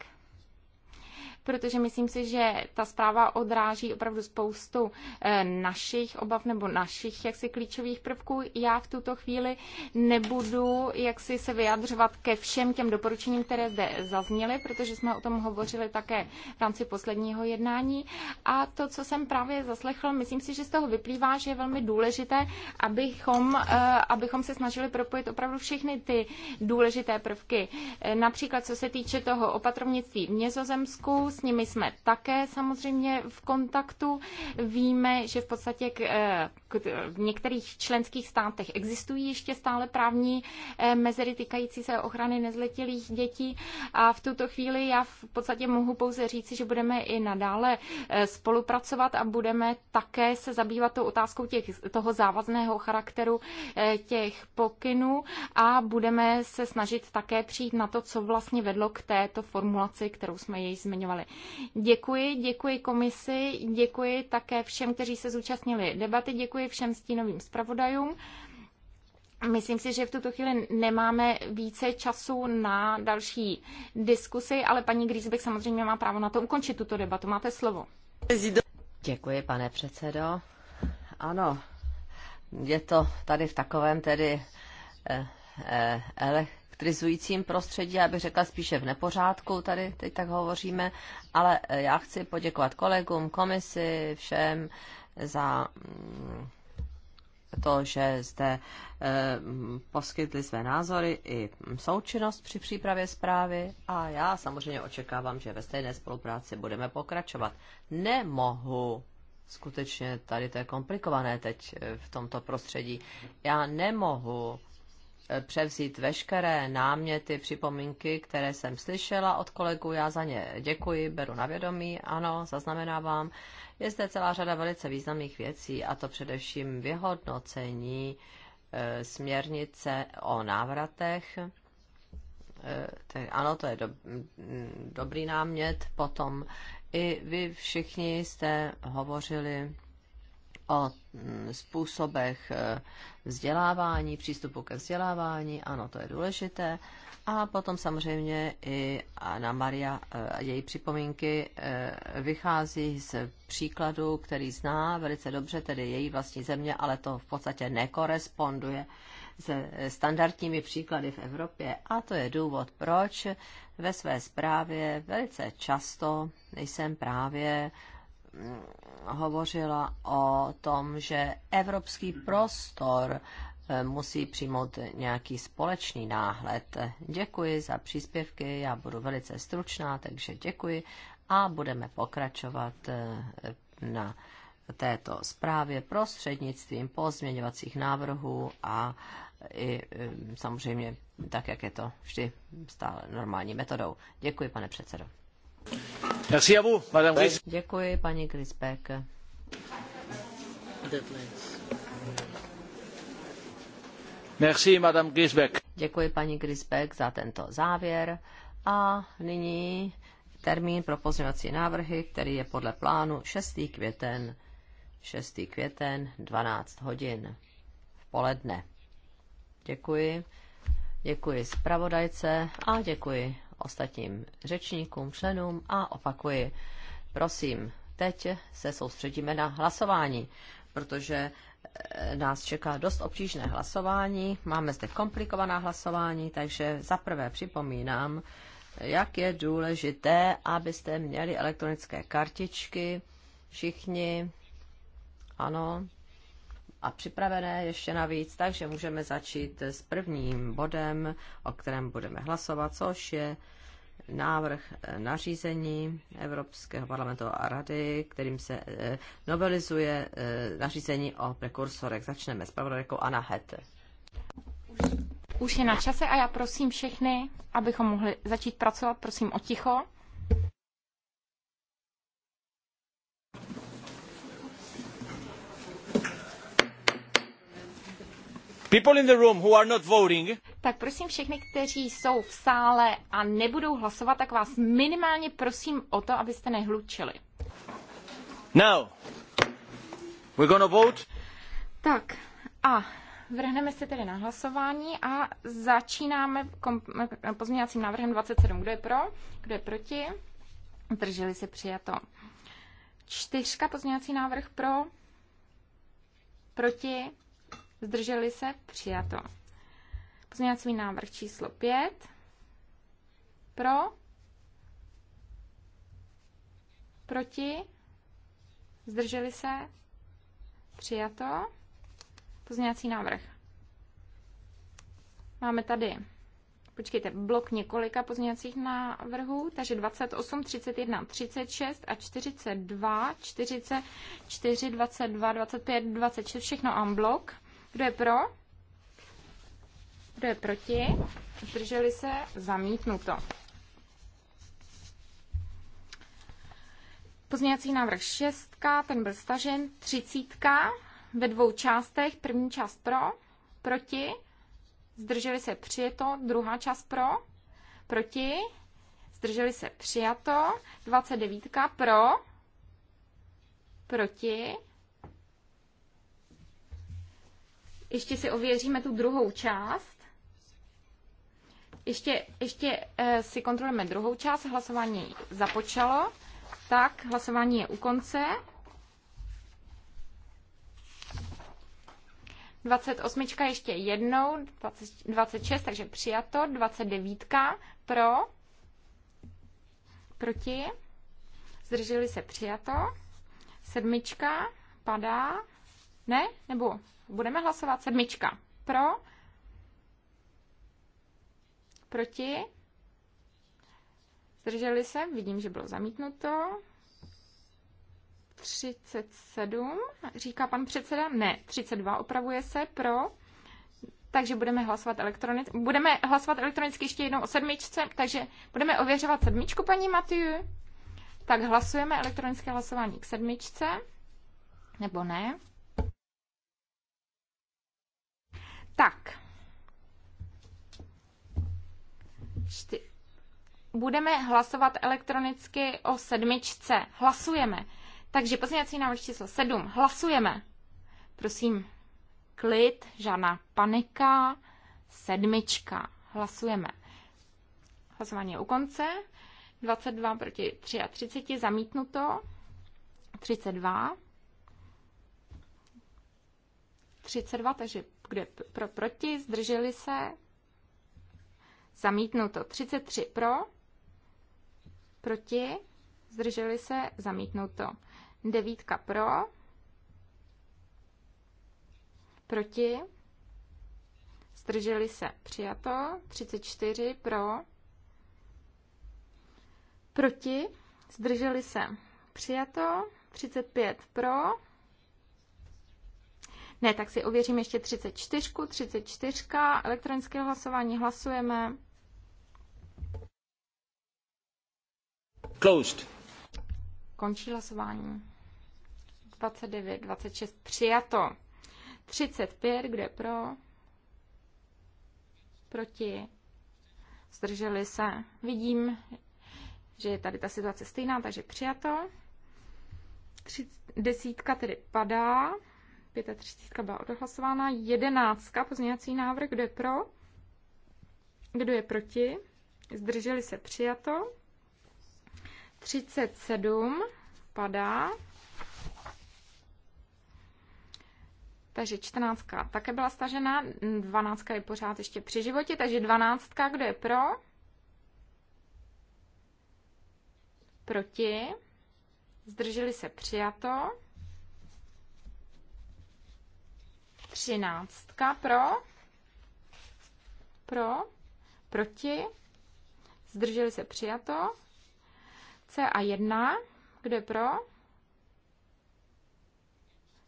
protože myslím si, že ta zpráva odráží opravdu spoustu eh, našich obav nebo našich jaksi klíčových prvků. Já v tuto chvíli nebudu jaksi se vyjadřovat ke všem těm doporučením, které zde zazněly, protože jsme o tom hovořili také v rámci posledního jednání. A to, co jsem právě zaslechl, myslím si, že z toho vyplývá, že je velmi důležité, abychom, eh, abychom se snažili propojit opravdu všechny ty důležité prvky. Eh, například co se týče toho opatrovnictví v Nězozemsku, s nimi jsme také samozřejmě v kontaktu. Víme, že v podstatě k, eh, k, v některých členských státech existují ještě stále právní eh, mezery týkající se ochrany nezletilých dětí a v tuto chvíli já v podstatě mohu pouze říci, že budeme i nadále eh, spolupracovat a budeme také se zabývat tou otázkou těch, toho závazného charakteru těch pokynů a budeme se snažit také přijít na to, co vlastně vedlo k této formulaci, kterou jsme jej zmiňovali zmínili. Děkuji, děkuji komisi, děkuji také všem, kteří se zúčastnili debaty, děkuji všem stínovým zpravodajům. Myslím si, že v tuto chvíli nemáme více času na další diskusy, ale paní Grisbeck samozřejmě má právo na to ukončit tuto debatu. Máte slovo. Děkuji, pane předsedo. Ano, je to tady v takovém tedy eh, eh, elektrizujícím prostředí, já bych řekla spíše v nepořádku, tady teď tak hovoříme, ale eh, já chci poděkovat kolegům, komisi, všem za mm, to, že jste eh, poskytli své názory i mm, součinnost při přípravě zprávy a já samozřejmě očekávám, že ve stejné spolupráci budeme pokračovat. Nemohu skutečně tady to je komplikované teď eh, v tomto prostředí. Já nemohu Eh, převzít veškeré náměty, připomínky, které jsem slyšela od kolegů. Já za ně děkuji, beru na vědomí, ano, zaznamenávám. Je zde celá řada velice významných věcí, a to především vyhodnocení e, směrnice o návratech. E, ano, to je do, dobrý námět. Potom i vy všichni jste hovořili o mm, způsobech e, vzdělávání, přístupu ke vzdělávání, ano, to je důležité. A potom samozřejmě i na Maria, e, její připomínky e, vychází z příkladu, který zná velice dobře, tedy její vlastní země, ale to v podstatě nekoresponduje se standardními příklady v Evropě. A to je důvod, proč ve své zprávě velice často jsem právě hovořila o tom, že evropský prostor eh, musí přijmout nějaký společný náhled. Děkuji za příspěvky, já budu velice stručná, takže děkuji a budeme pokračovat eh, na této zprávě prostřednictvím pozměňovacích návrhů a eh, i samozřejmě tak, jak je to vždy stále normální metodou. Děkuji, pane předsedo. Děkuji, paní Grisbeck. Děkuji paní Grisbeck za tento závěr. A nyní termín pro pozměňovací návrhy, který je podle plánu 6. květen, 6. květen 12 hodin v poledne. Děkuji. Děkuji zpravodajce a děkuji ostatním řečníkům, členům a opakuji, prosím, teď se soustředíme na hlasování, protože eh, nás čeká dost obtížné hlasování, máme zde komplikovaná hlasování, takže zaprvé připomínám, jak je důležité, abyste měli elektronické kartičky všichni. Ano, a připravené ještě navíc, takže můžeme začít s prvním bodem, o kterém budeme hlasovat, což je návrh nařízení Evropského parlamentu a rady, kterým se eh, novelizuje eh, nařízení o prekursorech. Začneme s pravodajkou Anna Het. Už je na čase a já prosím všechny, abychom mohli začít pracovat, prosím o ticho. People in the room who are not voting. Tak prosím všechny, kteří jsou v sále a nebudou hlasovat, tak vás minimálně prosím o to, abyste nehlučili. Now, we're gonna vote. Tak a vrhneme se tedy na hlasování a začínáme pozměňovacím návrhem 27. Kdo je pro? Kdo je proti? Drželi se přijato. Čtyřka pozměňovací návrh pro? Proti? zdrželi se, přijato. Pozměňovací návrh číslo 5, pro, proti, zdrželi se, přijato. Pozměňovací návrh. Máme tady, počkejte, blok několika pozměňovacích návrhů, takže 28, 31, 36 a 42, 44, 22, 25, 26, všechno en blok. Kdo je pro? Kdo je proti? Zdrželi se? Zamítnuto. Pozměňovací návrh 6, ten byl stažen, 30 ve dvou částech. První část pro, proti, zdrželi se přijeto, druhá část pro, proti, zdrželi se přijato, 29 pro, proti, Ještě si ověříme tu druhou část. Ještě, ještě eh, si kontrolujeme druhou část. Hlasování započalo. Tak, hlasování je u konce. 28 ještě jednou, 20, 26, takže přijato, 29 pro, proti, zdrželi se přijato, sedmička padá, ne? Nebo budeme hlasovat sedmička. Pro? Proti? Zdrželi se? Vidím, že bylo zamítnuto. 37, říká pan předseda. Ne, 32 opravuje se pro. Takže budeme hlasovat elektronicky. Budeme hlasovat elektronicky ještě jednou o sedmičce, takže budeme ověřovat sedmičku, paní Matiu. Tak hlasujeme elektronické hlasování k sedmičce. Nebo ne? Tak. Čty. Budeme hlasovat elektronicky o sedmičce. Hlasujeme. Takže pozměňovací návrh číslo sedm. Hlasujeme. Prosím, klid, žádná panika. Sedmička. Hlasujeme. Hlasování je u konce. 22 proti 33, zamítnuto. 32. 32, takže kde pro, proti, zdrželi se, zamítnuto. 33 pro, proti, zdrželi se, zamítnuto. 9 pro, proti, zdrželi se, přijato. 34 pro, proti, zdrželi se, přijato. 35 pro, ne, tak si ověřím ještě 34, 34, elektronické hlasování hlasujeme. Closed. Končí hlasování. 29, 26, přijato. 35, kde pro? Proti? Zdrželi se. Vidím, že je tady ta situace stejná, takže přijato. Tři, desítka tedy padá. 35 byla odhlasována. 11. Pozměňovací návrh. Kdo je pro? Kdo je proti? Zdrželi se přijato. 37 padá. Takže 14. také byla stažena. 12. je pořád ještě při životě. Takže 12. Kdo je pro? Proti? Zdrželi se přijato. Třináctka pro, pro, proti, zdrželi se přijato. C a jedna, kdo je pro,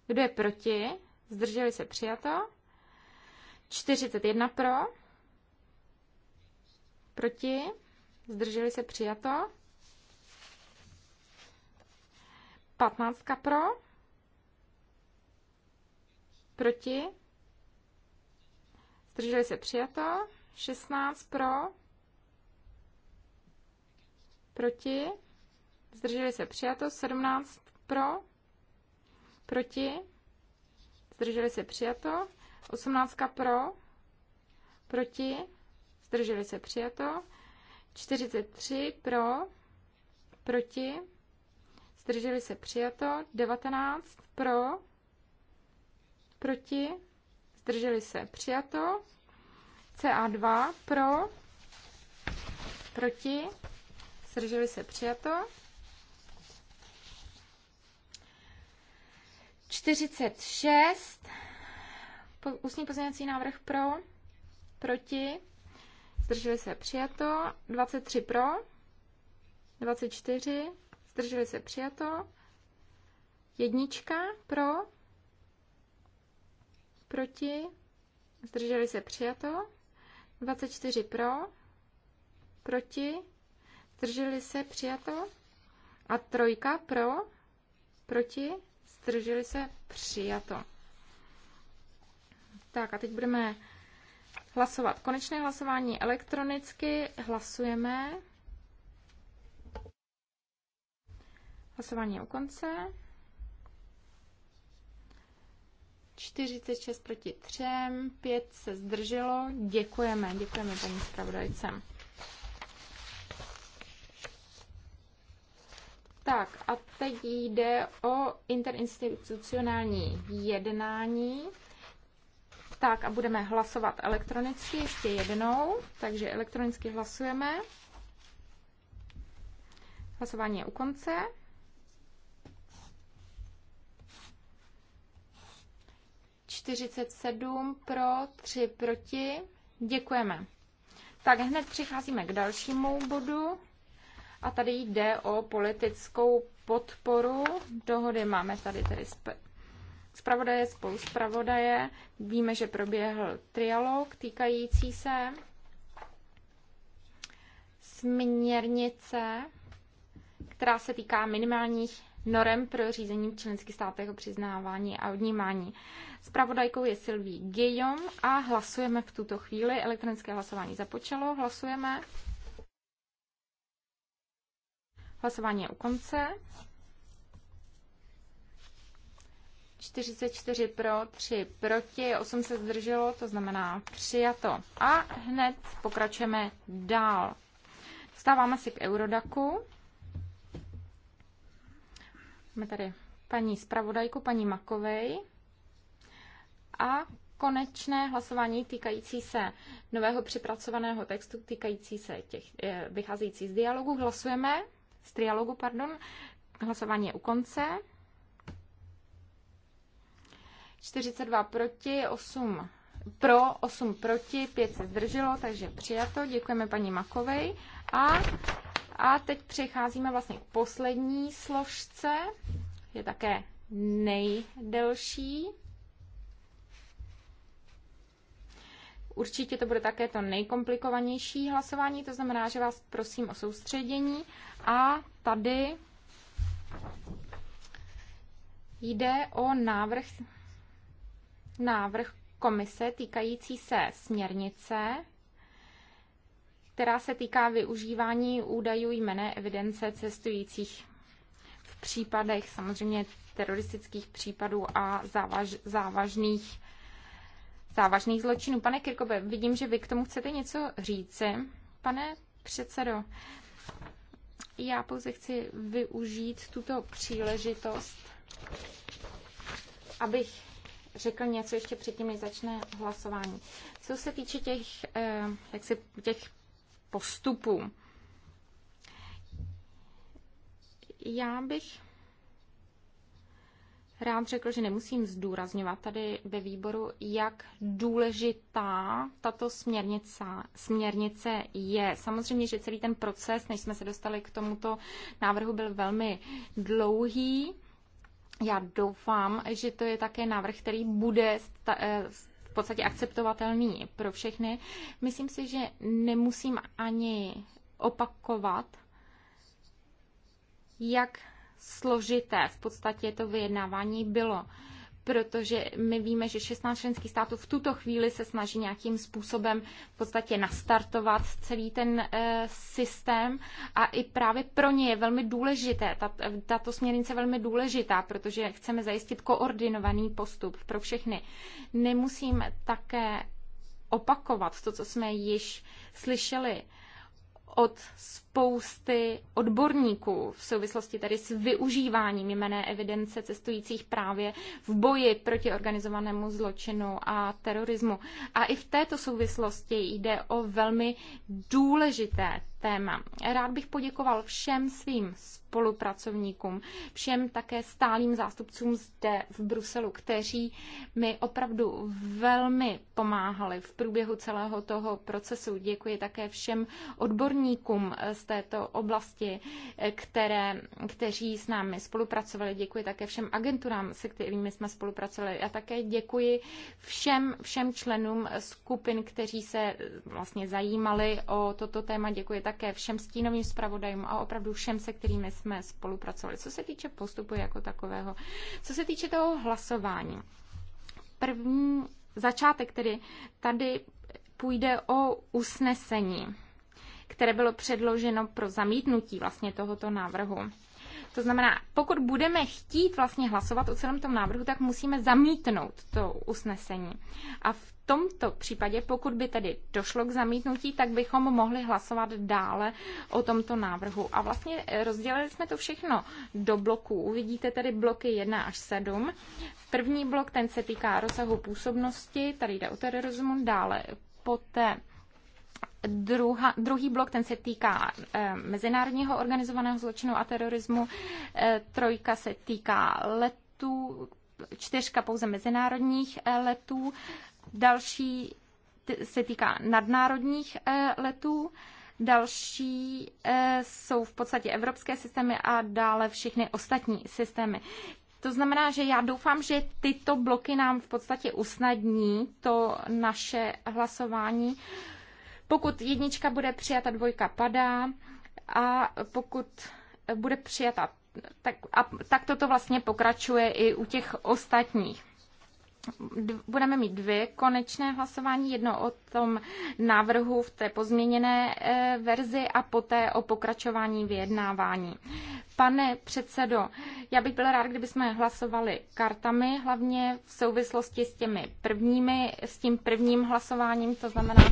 kdo je proti, zdrželi se přijato. 41 pro, proti, zdrželi se přijato. 15 pro, Proti? Zdrželi se přijato. 16 pro. Proti? Zdrželi se přijato. 17 pro. Proti? Zdrželi se přijato. 18 pro. Proti? Zdrželi se přijato. 43 pro. Proti? Zdrželi se přijato. 19 pro proti, zdrželi se, přijato. CA2 pro, proti, zdrželi se, přijato. 46, ústní pozměňovací návrh pro, proti, zdrželi se, přijato. 23 pro, 24, zdrželi se, přijato. Jednička pro, proti, zdrželi se přijato, 24 pro, proti, zdrželi se přijato a trojka pro, proti, zdrželi se přijato. Tak a teď budeme hlasovat. Konečné hlasování elektronicky. Hlasujeme. Hlasování je u konce. 46 proti 3, 5 se zdrželo. Děkujeme, děkujeme paní zpravodajce. Tak a teď jde o interinstitucionální jednání. Tak a budeme hlasovat elektronicky ještě jednou, takže elektronicky hlasujeme. Hlasování je u konce. 47 pro, 3 proti. Děkujeme. Tak hned přicházíme k dalšímu bodu. A tady jde o politickou podporu. Dohody máme tady tedy zpravodaje, spolu zpravodaje. Víme, že proběhl trialog týkající se směrnice, která se týká minimálních norem pro řízení v členských státech o přiznávání a odnímání. Spravodajkou je Sylvie Guillaume a hlasujeme v tuto chvíli. Elektronické hlasování započalo, hlasujeme. Hlasování je u konce. 44 pro, 3 proti, 8 se zdrželo, to znamená přijato. A hned pokračujeme dál. Stáváme si k Eurodaku. Máme tady paní zpravodajku, paní Makovej a konečné hlasování týkající se nového přepracovaného textu, týkající se těch eh, vycházející z dialogu. Hlasujeme, z trialogu, pardon. Hlasování je u konce. 42 proti, 8 pro, 8 proti, 5 se zdrželo, takže přijato. Děkujeme paní Makovej. A, a teď přecházíme vlastně k poslední složce. Je také nejdelší. Určitě to bude také to nejkomplikovanější hlasování, to znamená, že vás prosím o soustředění. A tady jde o návrh, návrh komise týkající se směrnice, která se týká využívání údajů jmené evidence cestujících v případech samozřejmě teroristických případů a závaž, závažných závažných zločinů. Pane Kirkobe, vidím, že vy k tomu chcete něco říci. Pane předsedo, já pouze chci využít tuto příležitost, abych řekl něco ještě předtím, než začne hlasování. Co se týče těch, eh, jak se, těch postupů, já bych rád řekl, že nemusím zdůrazňovat tady ve výboru, jak důležitá tato směrnice, směrnice je. Samozřejmě, že celý ten proces, než jsme se dostali k tomuto návrhu, byl velmi dlouhý. Já doufám, že to je také návrh, který bude eh, v podstatě akceptovatelný pro všechny. Myslím si, že nemusím ani opakovat, jak složité v podstatě to vyjednávání bylo protože my víme, že 16 členských států v tuto chvíli se snaží nějakým způsobem v podstatě nastartovat celý ten e, systém a i právě pro ně je velmi důležité, ta, tato směrnice je velmi důležitá, protože chceme zajistit koordinovaný postup pro všechny. Nemusím také opakovat to, co jsme již slyšeli od spousty odborníků v souvislosti tady s využíváním jmené evidence cestujících právě v boji proti organizovanému zločinu a terorismu. A i v této souvislosti jde o velmi důležité téma. Rád bych poděkoval všem svým spolupracovníkům, všem také stálým zástupcům zde v Bruselu, kteří mi opravdu velmi pomáhali v průběhu celého toho procesu. Děkuji také všem odborníkům z této oblasti, které, kteří s námi spolupracovali. Děkuji také všem agenturám, se kterými jsme spolupracovali. A také děkuji všem, všem členům skupin, kteří se vlastně zajímali o toto téma. Děkuji také také všem stínovým zpravodajům a opravdu všem, se kterými jsme spolupracovali. Co se týče postupu jako takového, co se týče toho hlasování, první začátek tedy tady půjde o usnesení, které bylo předloženo pro zamítnutí vlastně tohoto návrhu. To znamená, pokud budeme chtít vlastně hlasovat o celém tom návrhu, tak musíme zamítnout to usnesení. A v tomto případě, pokud by tedy došlo k zamítnutí, tak bychom mohli hlasovat dále o tomto návrhu. A vlastně eh, rozdělili jsme to všechno do bloků. Uvidíte tedy bloky 1 až 7. První blok, ten se týká rozsahu působnosti, tady jde o terorismu, dále poté Druha, druhý blok, ten se týká e, mezinárodního organizovaného zločinu a terorismu, e, trojka se týká letů, čtyřka pouze mezinárodních e, letů, další se týká nadnárodních e, letů, další e, jsou v podstatě evropské systémy a dále všechny ostatní systémy. To znamená, že já doufám, že tyto bloky nám v podstatě usnadní to naše hlasování. Eh, pokud jednička bude přijata, dvojka padá a pokud bude přijata, tak, a, tak toto vlastně pokračuje i u těch ostatních budeme mít dvě konečné hlasování, jedno o tom návrhu v té pozměněné e, verzi a poté o pokračování vyjednávání. Pane předsedo, já bych byla rád, kdybychom hlasovali kartami, hlavně v souvislosti s těmi prvními, s tím prvním hlasováním, to znamená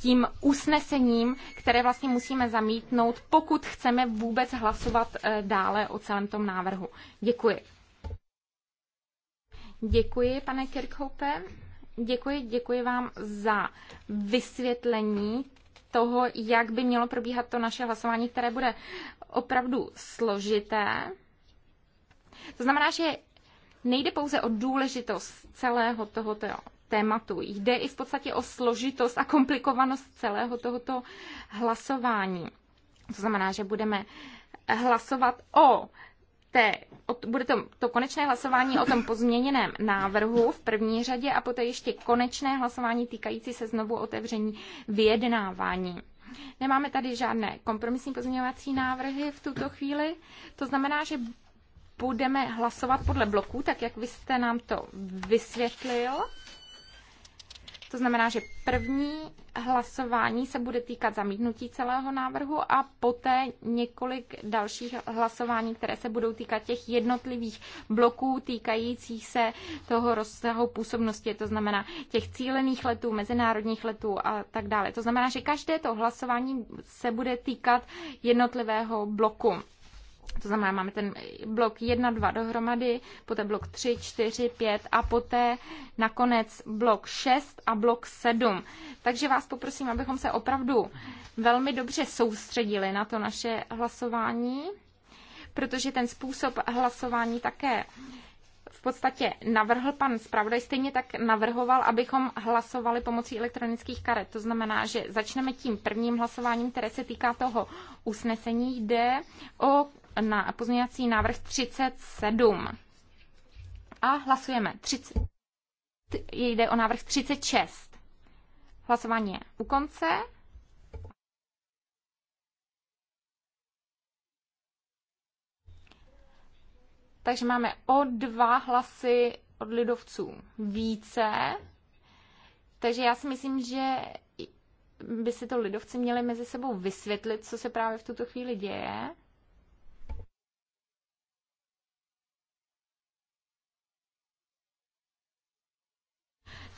tím usnesením, které vlastně musíme zamítnout, pokud chceme vůbec hlasovat eh, dále o celém tom návrhu. Děkuji. Děkuji, pane Kirkhope. Děkuji, děkuji vám za vysvětlení toho, jak by mělo probíhat to naše hlasování, které bude opravdu složité. To znamená, že nejde pouze o důležitost celého tohoto tématu. Jde i v podstatě o složitost a komplikovanost celého tohoto hlasování. To znamená, že budeme hlasovat o té, o, bude to, to konečné hlasování o tom pozměněném návrhu v první řadě a poté ještě konečné hlasování týkající se znovu otevření vyjednávání. Nemáme tady žádné kompromisní pozměňovací návrhy v tuto chvíli. To znamená, že budeme hlasovat podle bloků, tak jak vy jste nám to vysvětlil. To znamená, že první hlasování se bude týkat zamítnutí celého návrhu a poté několik dalších hlasování, které se budou týkat těch jednotlivých bloků týkajících se toho rozsahu působnosti, to znamená těch cílených letů, mezinárodních letů a tak dále. To znamená, že každé to hlasování se bude týkat jednotlivého bloku. To znamená, máme ten blok 1, 2 dohromady, poté blok 3, 4, 5 a poté nakonec blok 6 a blok 7. Takže vás poprosím, abychom se opravdu velmi dobře soustředili na to naše hlasování, protože ten způsob hlasování také v podstatě navrhl pan zpravodaj, stejně tak navrhoval, abychom hlasovali pomocí elektronických karet. To znamená, že začneme tím prvním hlasováním, které se týká toho usnesení. Jde o na pozměňovací návrh 37. A hlasujeme. 30, jde o návrh 36. Hlasování je u konce. Takže máme o dva hlasy od lidovců více. Takže já si myslím, že by si to lidovci měli mezi sebou vysvětlit, co se právě v tuto chvíli děje.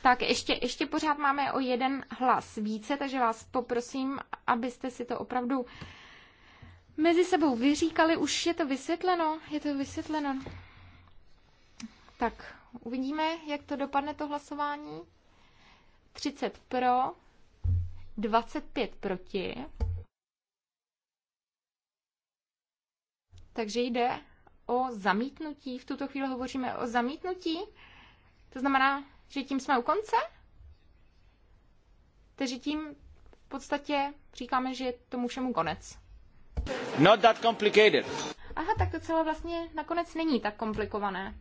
Tak ještě, ještě pořád máme o jeden hlas více, takže vás poprosím, abyste si to opravdu mezi sebou vyříkali. Už je to vysvětleno? Je to vysvětleno. Tak uvidíme, jak to dopadne to hlasování. 30 pro, 25 proti. Takže jde o zamítnutí. V tuto chvíli hovoříme o zamítnutí. To znamená, že tím jsme u konce? Takže tím v podstatě říkáme, že je tomu všemu konec. Not that complicated. Aha, tak to celé vlastně nakonec není tak komplikované.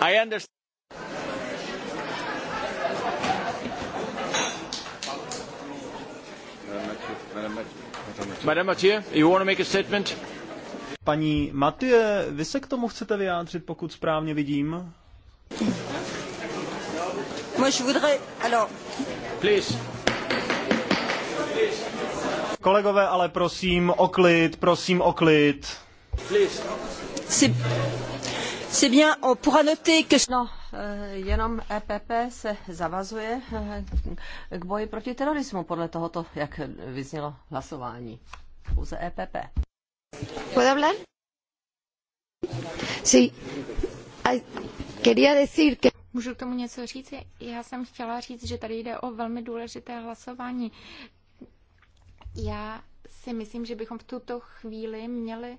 I understand. Paní Matie, vy se k tomu chcete vyjádřit, pokud správně vidím? Moi, Kolegové, ale prosím o klid, prosím o klid. C'est bien, on pourra noter que... No, Eh, jenom EPP se zavazuje eh, k boji proti terorismu podle tohoto, jak vyznělo hlasování. Pouze EPP. ¿Puedo hablar? Sí. Ay, quería decir que... Můžu k tomu něco říct? Já jsem chtěla říct, že tady jde o velmi důležité hlasování. Já si myslím, že bychom v tuto chvíli měli uh,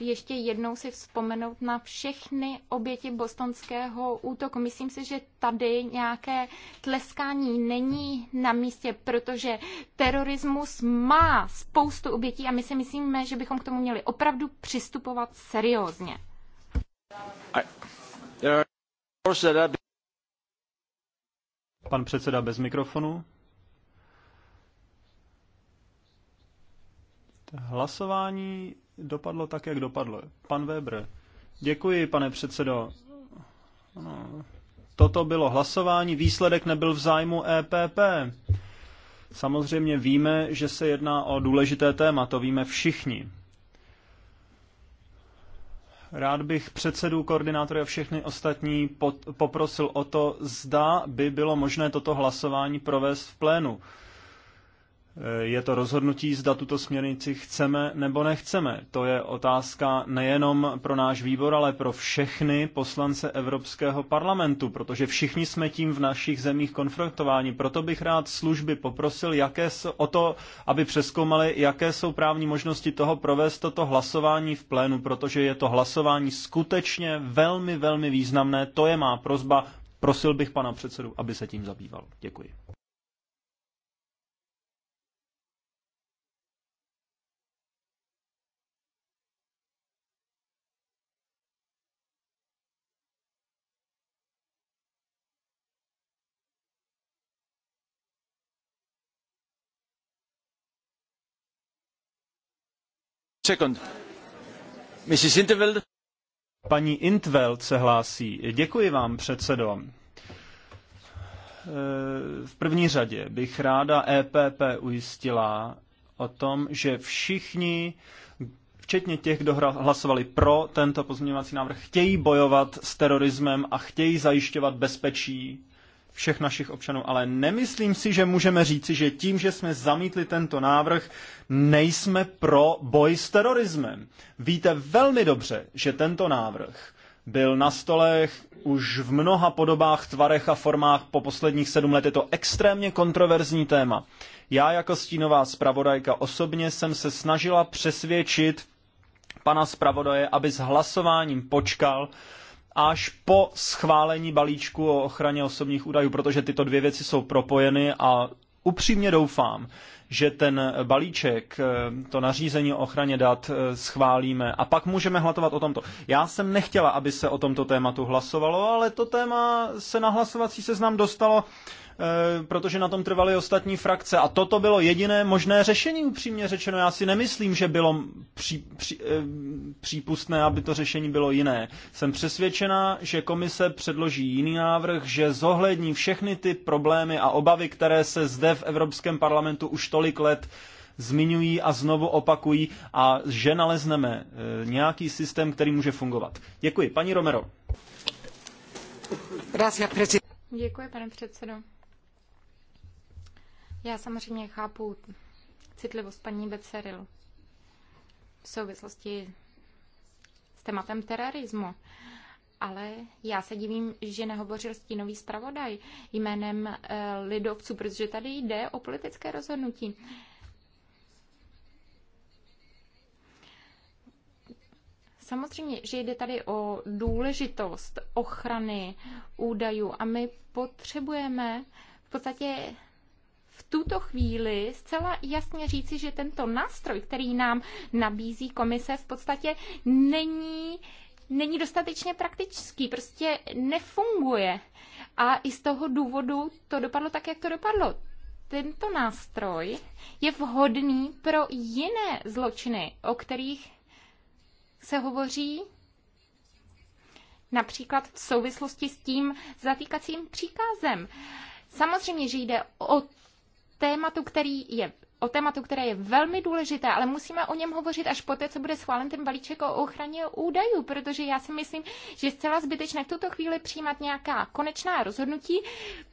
ještě jednou si vzpomenout na všechny oběti bostonského útoku. Myslím si, že tady nějaké tleskání není na místě, protože terorismus má spoustu obětí a my si myslíme, že bychom k tomu měli opravdu přistupovat seriózně. Uh, Pan předseda bez mikrofonu. Hlasování dopadlo tak, jak dopadlo. Pan Weber. Děkuji, pane předsedo. No, toto bylo hlasování, výsledek nebyl v zájmu EPP. Samozřejmě víme, že se jedná o důležité téma, to víme všichni. Rád bych předsedů koordinátory a všechny ostatní poprosil o to, zda by bylo možné toto hlasování provést v plénu. Eh, je to rozhodnutí, zda tuto směrnici chceme nebo nechceme. To je otázka nejenom pro náš výbor, ale pro všechny poslance Evropského parlamentu, protože všichni jsme tím v našich zemích konfrontováni. Proto bych rád služby poprosil jaké jsou, o to, aby přeskoumali, jaké jsou právní možnosti toho provést toto hlasování v plénu, protože je to hlasování skutečně velmi, velmi významné. To je má prozba. Prosil bych pana předsedu, aby se tím zabýval. Děkuji. Second. Mrs. Interveld. Paní Intveld se hlásí. Děkuji vám, předsedo. Eh, v první řadě bych ráda EPP ujistila o tom, že všichni, včetně těch, kdo hlasovali pro tento pozměňovací návrh, chtějí bojovat s terorismem a chtějí zajišťovat bezpečí všech našich občanů, ale nemyslím si, že můžeme říci, že tím, že jsme zamítli tento návrh, nejsme pro boj s terorismem. Víte velmi dobře, že tento návrh byl na stolech už v mnoha podobách, tvarech a formách po posledních sedm let. Je to extrémně kontroverzní téma. Já jako stínová zpravodajka osobně jsem se snažila přesvědčit pana zpravodaje, aby s hlasováním počkal, až po schválení balíčku o ochraně osobních údajů, protože tyto dvě věci jsou propojeny a upřímně doufám, že ten balíček, eh, to nařízení o ochraně dat eh, schválíme a pak můžeme hlasovat o tomto. Já jsem nechtěla, aby se o tomto tématu hlasovalo, ale to téma se na hlasovací seznam dostalo Eh, protože na tom trvaly ostatní frakce. A toto bylo jediné možné řešení, upřímně řečeno. Já si nemyslím, že bylo pří, pří, eh, přípustné, aby to řešení bylo jiné. Jsem přesvědčena, že komise předloží jiný návrh, že zohlední všechny ty problémy a obavy, které se zde v Evropském parlamentu už tolik let zmiňují a znovu opakují a že nalezneme eh, nějaký systém, který může fungovat. Děkuji. Paní Romero. Děkuji, pane předsedo. Já samozřejmě chápu citlivost paní Beceril v souvislosti s tématem terorismu. Ale já se divím, že nehovořil stínový zpravodaj jménem eh, lidovců, protože tady jde o politické rozhodnutí. Samozřejmě, že jde tady o důležitost ochrany údajů a my potřebujeme v podstatě tuto chvíli zcela jasně říci, že tento nástroj, který nám nabízí komise, v podstatě není není dostatečně praktický, prostě nefunguje. A i z toho důvodu to dopadlo tak, jak to dopadlo. Tento nástroj je vhodný pro jiné zločiny, o kterých se hovoří například v souvislosti s tím zatýkacím příkazem. Samozřejmě, že jde o tématu, který je o tématu, které je velmi důležité, ale musíme o něm hovořit až poté, co bude schválen ten balíček o ochraně údajů, protože já si myslím, že je zcela zbytečné v tuto chvíli přijímat nějaká konečná rozhodnutí,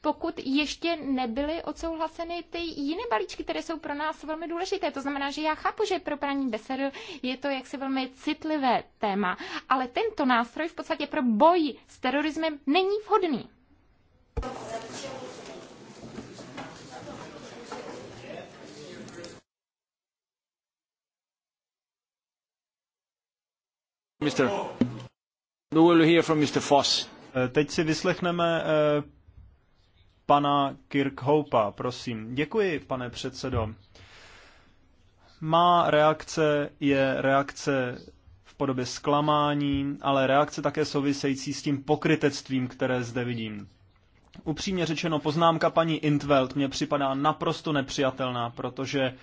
pokud ještě nebyly odsouhlaseny ty jiné balíčky, které jsou pro nás velmi důležité. To znamená, že já chápu, že pro praní besed je to jaksi velmi citlivé téma, ale tento nástroj v podstatě pro boj s terorismem není vhodný. Mr. We will hear from Mr. Foss. Eh, teď si vyslechneme eh, pana Kirkhopa, prosím. Děkuji, pane předsedo. Má reakce je reakce v podobě zklamání, ale reakce také související s tím pokrytectvím, které zde vidím. Upřímně řečeno, poznámka paní Intveld mě připadá naprosto nepřijatelná, protože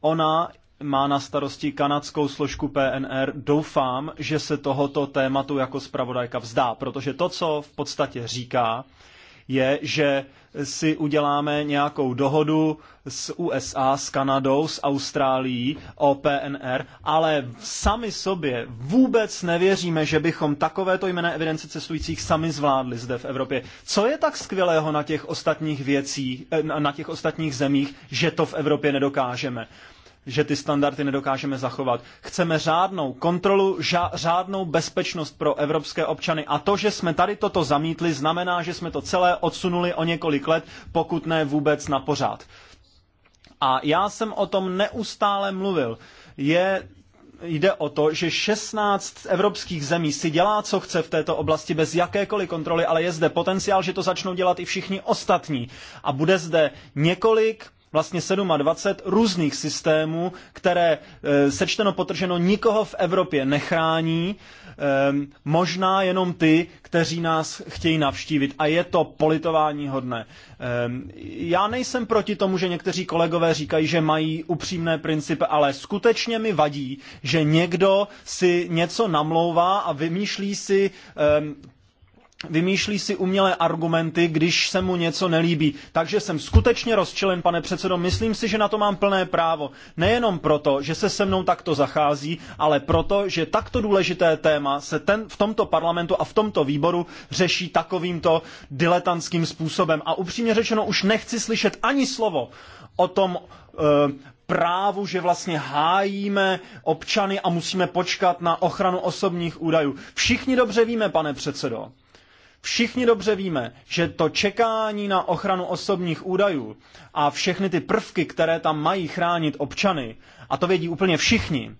ona má na starosti kanadskou složku PNR. Doufám, že se tohoto tématu jako zpravodajka vzdá, protože to, co v podstatě říká, je, že si uděláme nějakou dohodu s USA, s Kanadou, s Austrálií o PNR, ale sami sobě vůbec nevěříme, že bychom takovéto jméno evidence cestujících sami zvládli zde v Evropě. Co je tak skvělého na těch ostatních věcích, eh, na těch ostatních zemích, že to v Evropě nedokážeme? že ty standardy nedokážeme zachovat. Chceme řádnou kontrolu, ža- řádnou bezpečnost pro evropské občany. A to, že jsme tady toto zamítli, znamená, že jsme to celé odsunuli o několik let, pokud ne vůbec na pořád. A já jsem o tom neustále mluvil. Je jde o to, že 16 evropských zemí si dělá, co chce v této oblasti bez jakékoliv kontroly, ale je zde potenciál, že to začnou dělat i všichni ostatní. A bude zde několik vlastně 27 různých systémů, které eh, sečteno potrženo nikoho v Evropě nechrání, ehm, možná jenom ty, kteří nás chtějí navštívit. A je to politování hodné. Ehm, já nejsem proti tomu, že někteří kolegové říkají, že mají upřímné principy, ale skutečně mi vadí, že někdo si něco namlouvá a vymýšlí si ehm, vymýšlí si umělé argumenty, když se mu něco nelíbí. Takže jsem skutečně rozčilen, pane předsedo, myslím si, že na to mám plné právo. Nejenom proto, že se se mnou takto zachází, ale proto, že takto důležité téma se ten, v tomto parlamentu a v tomto výboru řeší takovýmto diletantským způsobem. A upřímně řečeno, už nechci slyšet ani slovo o tom, e, právu, že vlastně hájíme občany a musíme počkat na ochranu osobních údajů. Všichni dobře víme, pane předsedo, Všichni dobře víme, že to čekání na ochranu osobních údajů a všechny ty prvky, které tam mají chránit občany, a to vědí úplně všichni,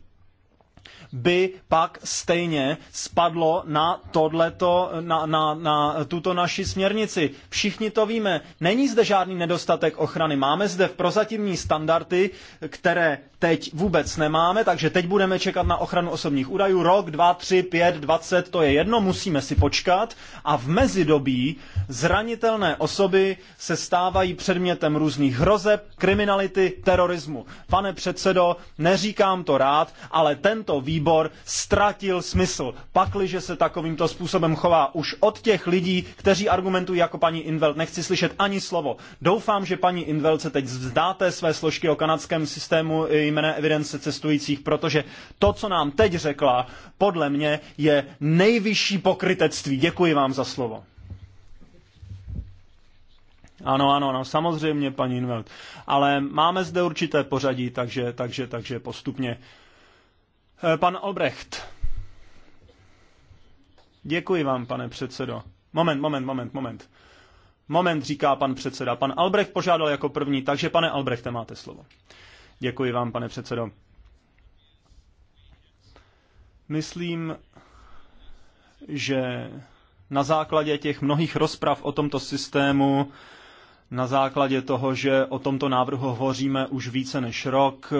by pak stejně spadlo na, tohleto, na, na, na tuto naši směrnici. Všichni to víme. Není zde žádný nedostatek ochrany. Máme zde v prozatímní standardy, které teď vůbec nemáme, takže teď budeme čekat na ochranu osobních údajů. Rok, dva, tři, pět, dvacet, to je jedno, musíme si počkat. A v mezidobí zranitelné osoby se stávají předmětem různých hrozeb, kriminality, terorismu. Pane předsedo, neříkám to rád, ale tento výbor výbor ztratil smysl, pakliže se takovýmto způsobem chová. Už od těch lidí, kteří argumentují jako paní Invelt, nechci slyšet ani slovo. Doufám, že paní Invelt se teď vzdáte své složky o kanadském systému jména evidence cestujících, protože to, co nám teď řekla, podle mě je nejvyšší pokrytectví. Děkuji vám za slovo. Ano, ano, ano, samozřejmě, paní Invelt. Ale máme zde určité pořadí, takže, takže, takže postupně. Eh, pan Albrecht, Děkuji vám, pane předsedo. Moment, moment, moment, moment. Moment, říká pan předseda. Pan Albrecht požádal jako první, takže pane Albrechte, máte slovo. Děkuji vám, pane předsedo. Myslím, že na základě těch mnohých rozprav o tomto systému, na základě toho, že o tomto návrhu hovoříme už více než rok,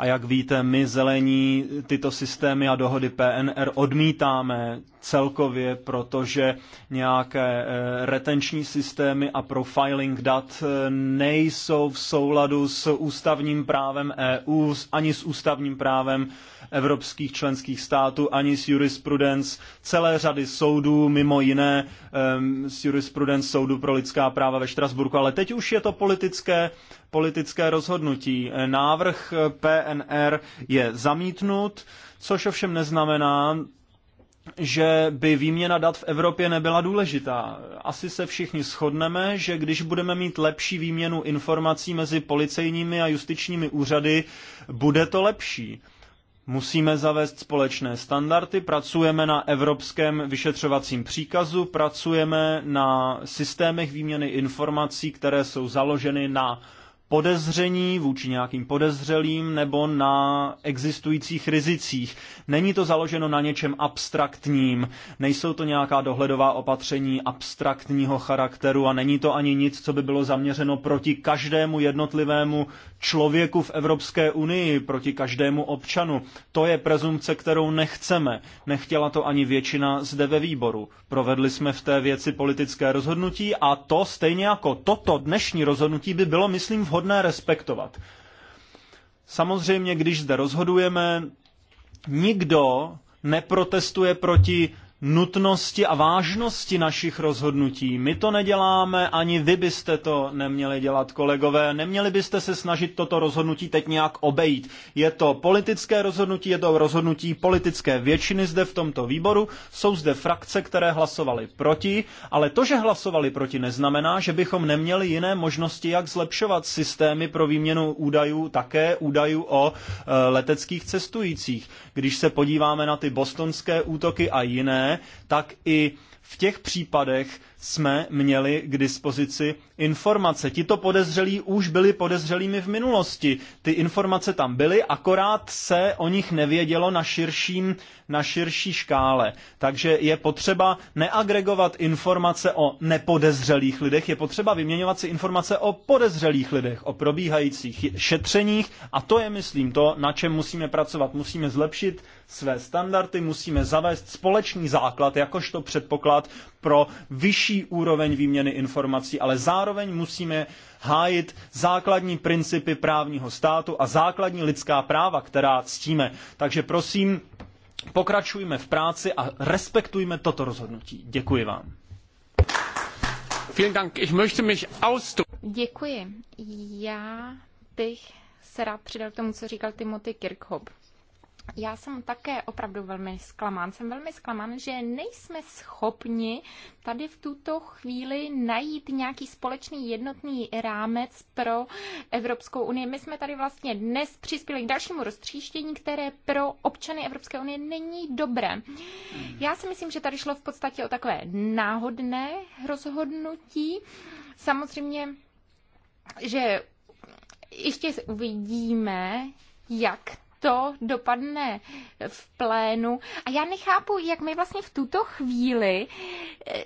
a jak víte, my zelení tyto systémy a dohody PNR odmítáme celkově, protože nějaké eh, retenční systémy a profiling dat eh, nejsou v souladu s ústavním právem EU, ani s ústavním právem evropských členských států, ani s jurisprudence celé řady soudů, mimo jiné ehm, s jurisprudence soudu pro lidská práva ve Štrasburku. Ale teď už je to politické, politické rozhodnutí. Návrh PNR je zamítnut, což ovšem neznamená, že by výměna dat v Evropě nebyla důležitá. Asi se všichni shodneme, že když budeme mít lepší výměnu informací mezi policejními a justičními úřady, bude to lepší. Musíme zavést společné standardy, pracujeme na evropském vyšetřovacím příkazu, pracujeme na systémech výměny informací, které jsou založeny na podezření vůči nějakým podezřelým nebo na existujících rizicích. Není to založeno na něčem abstraktním, nejsou to nějaká dohledová opatření abstraktního charakteru a není to ani nic, co by bylo zaměřeno proti každému jednotlivému člověku v Evropské unii, proti každému občanu. To je prezumce, kterou nechceme. Nechtěla to ani většina zde ve výboru. Provedli jsme v té věci politické rozhodnutí a to stejně jako toto dnešní rozhodnutí by bylo, myslím, vhodné vhodné respektovat. Samozřejmě, když zde rozhodujeme, nikdo neprotestuje proti nutnosti a vážnosti našich rozhodnutí. My to neděláme, ani vy byste to neměli dělat, kolegové. Neměli byste se snažit toto rozhodnutí teď nějak obejít. Je to politické rozhodnutí, je to rozhodnutí politické většiny zde v tomto výboru. Jsou zde frakce, které hlasovaly proti, ale to, že hlasovali proti, neznamená, že bychom neměli jiné možnosti, jak zlepšovat systémy pro výměnu údajů, také údajů o e, leteckých cestujících. Když se podíváme na ty bostonské útoky a jiné, tak i v těch případech jsme měli k dispozici informace. Tito podezřelí už byli podezřelými v minulosti. Ty informace tam byly, akorát se o nich nevědělo na, širším, na širší škále. Takže je potřeba neagregovat informace o nepodezřelých lidech, je potřeba vyměňovat si informace o podezřelých lidech, o probíhajících šetřeních a to je, myslím, to, na čem musíme pracovat. Musíme zlepšit své standardy, musíme zavést společný základ, jakožto předpoklad usilovat pro vyšší úroveň výměny informací, ale zároveň musíme hájit základní principy právního státu a základní lidská práva, která ctíme. Takže prosím, pokračujme v práci a respektujme toto rozhodnutí. Děkuji vám. Děkuji. Já bych se rád přidal k tomu, co říkal Timothy Kirkhope já jsem také opravdu velmi zklamán. Jsem velmi zklamán, že nejsme schopni tady v tuto chvíli najít nějaký společný jednotný rámec pro Evropskou unii. My jsme tady vlastně dnes přispěli k dalšímu roztříštění, které pro občany Evropské unie není dobré. Já si myslím, že tady šlo v podstatě o takové náhodné rozhodnutí. Samozřejmě, že ještě uvidíme, jak to dopadne v plénu. A já nechápu, jak my vlastně v tuto chvíli eh,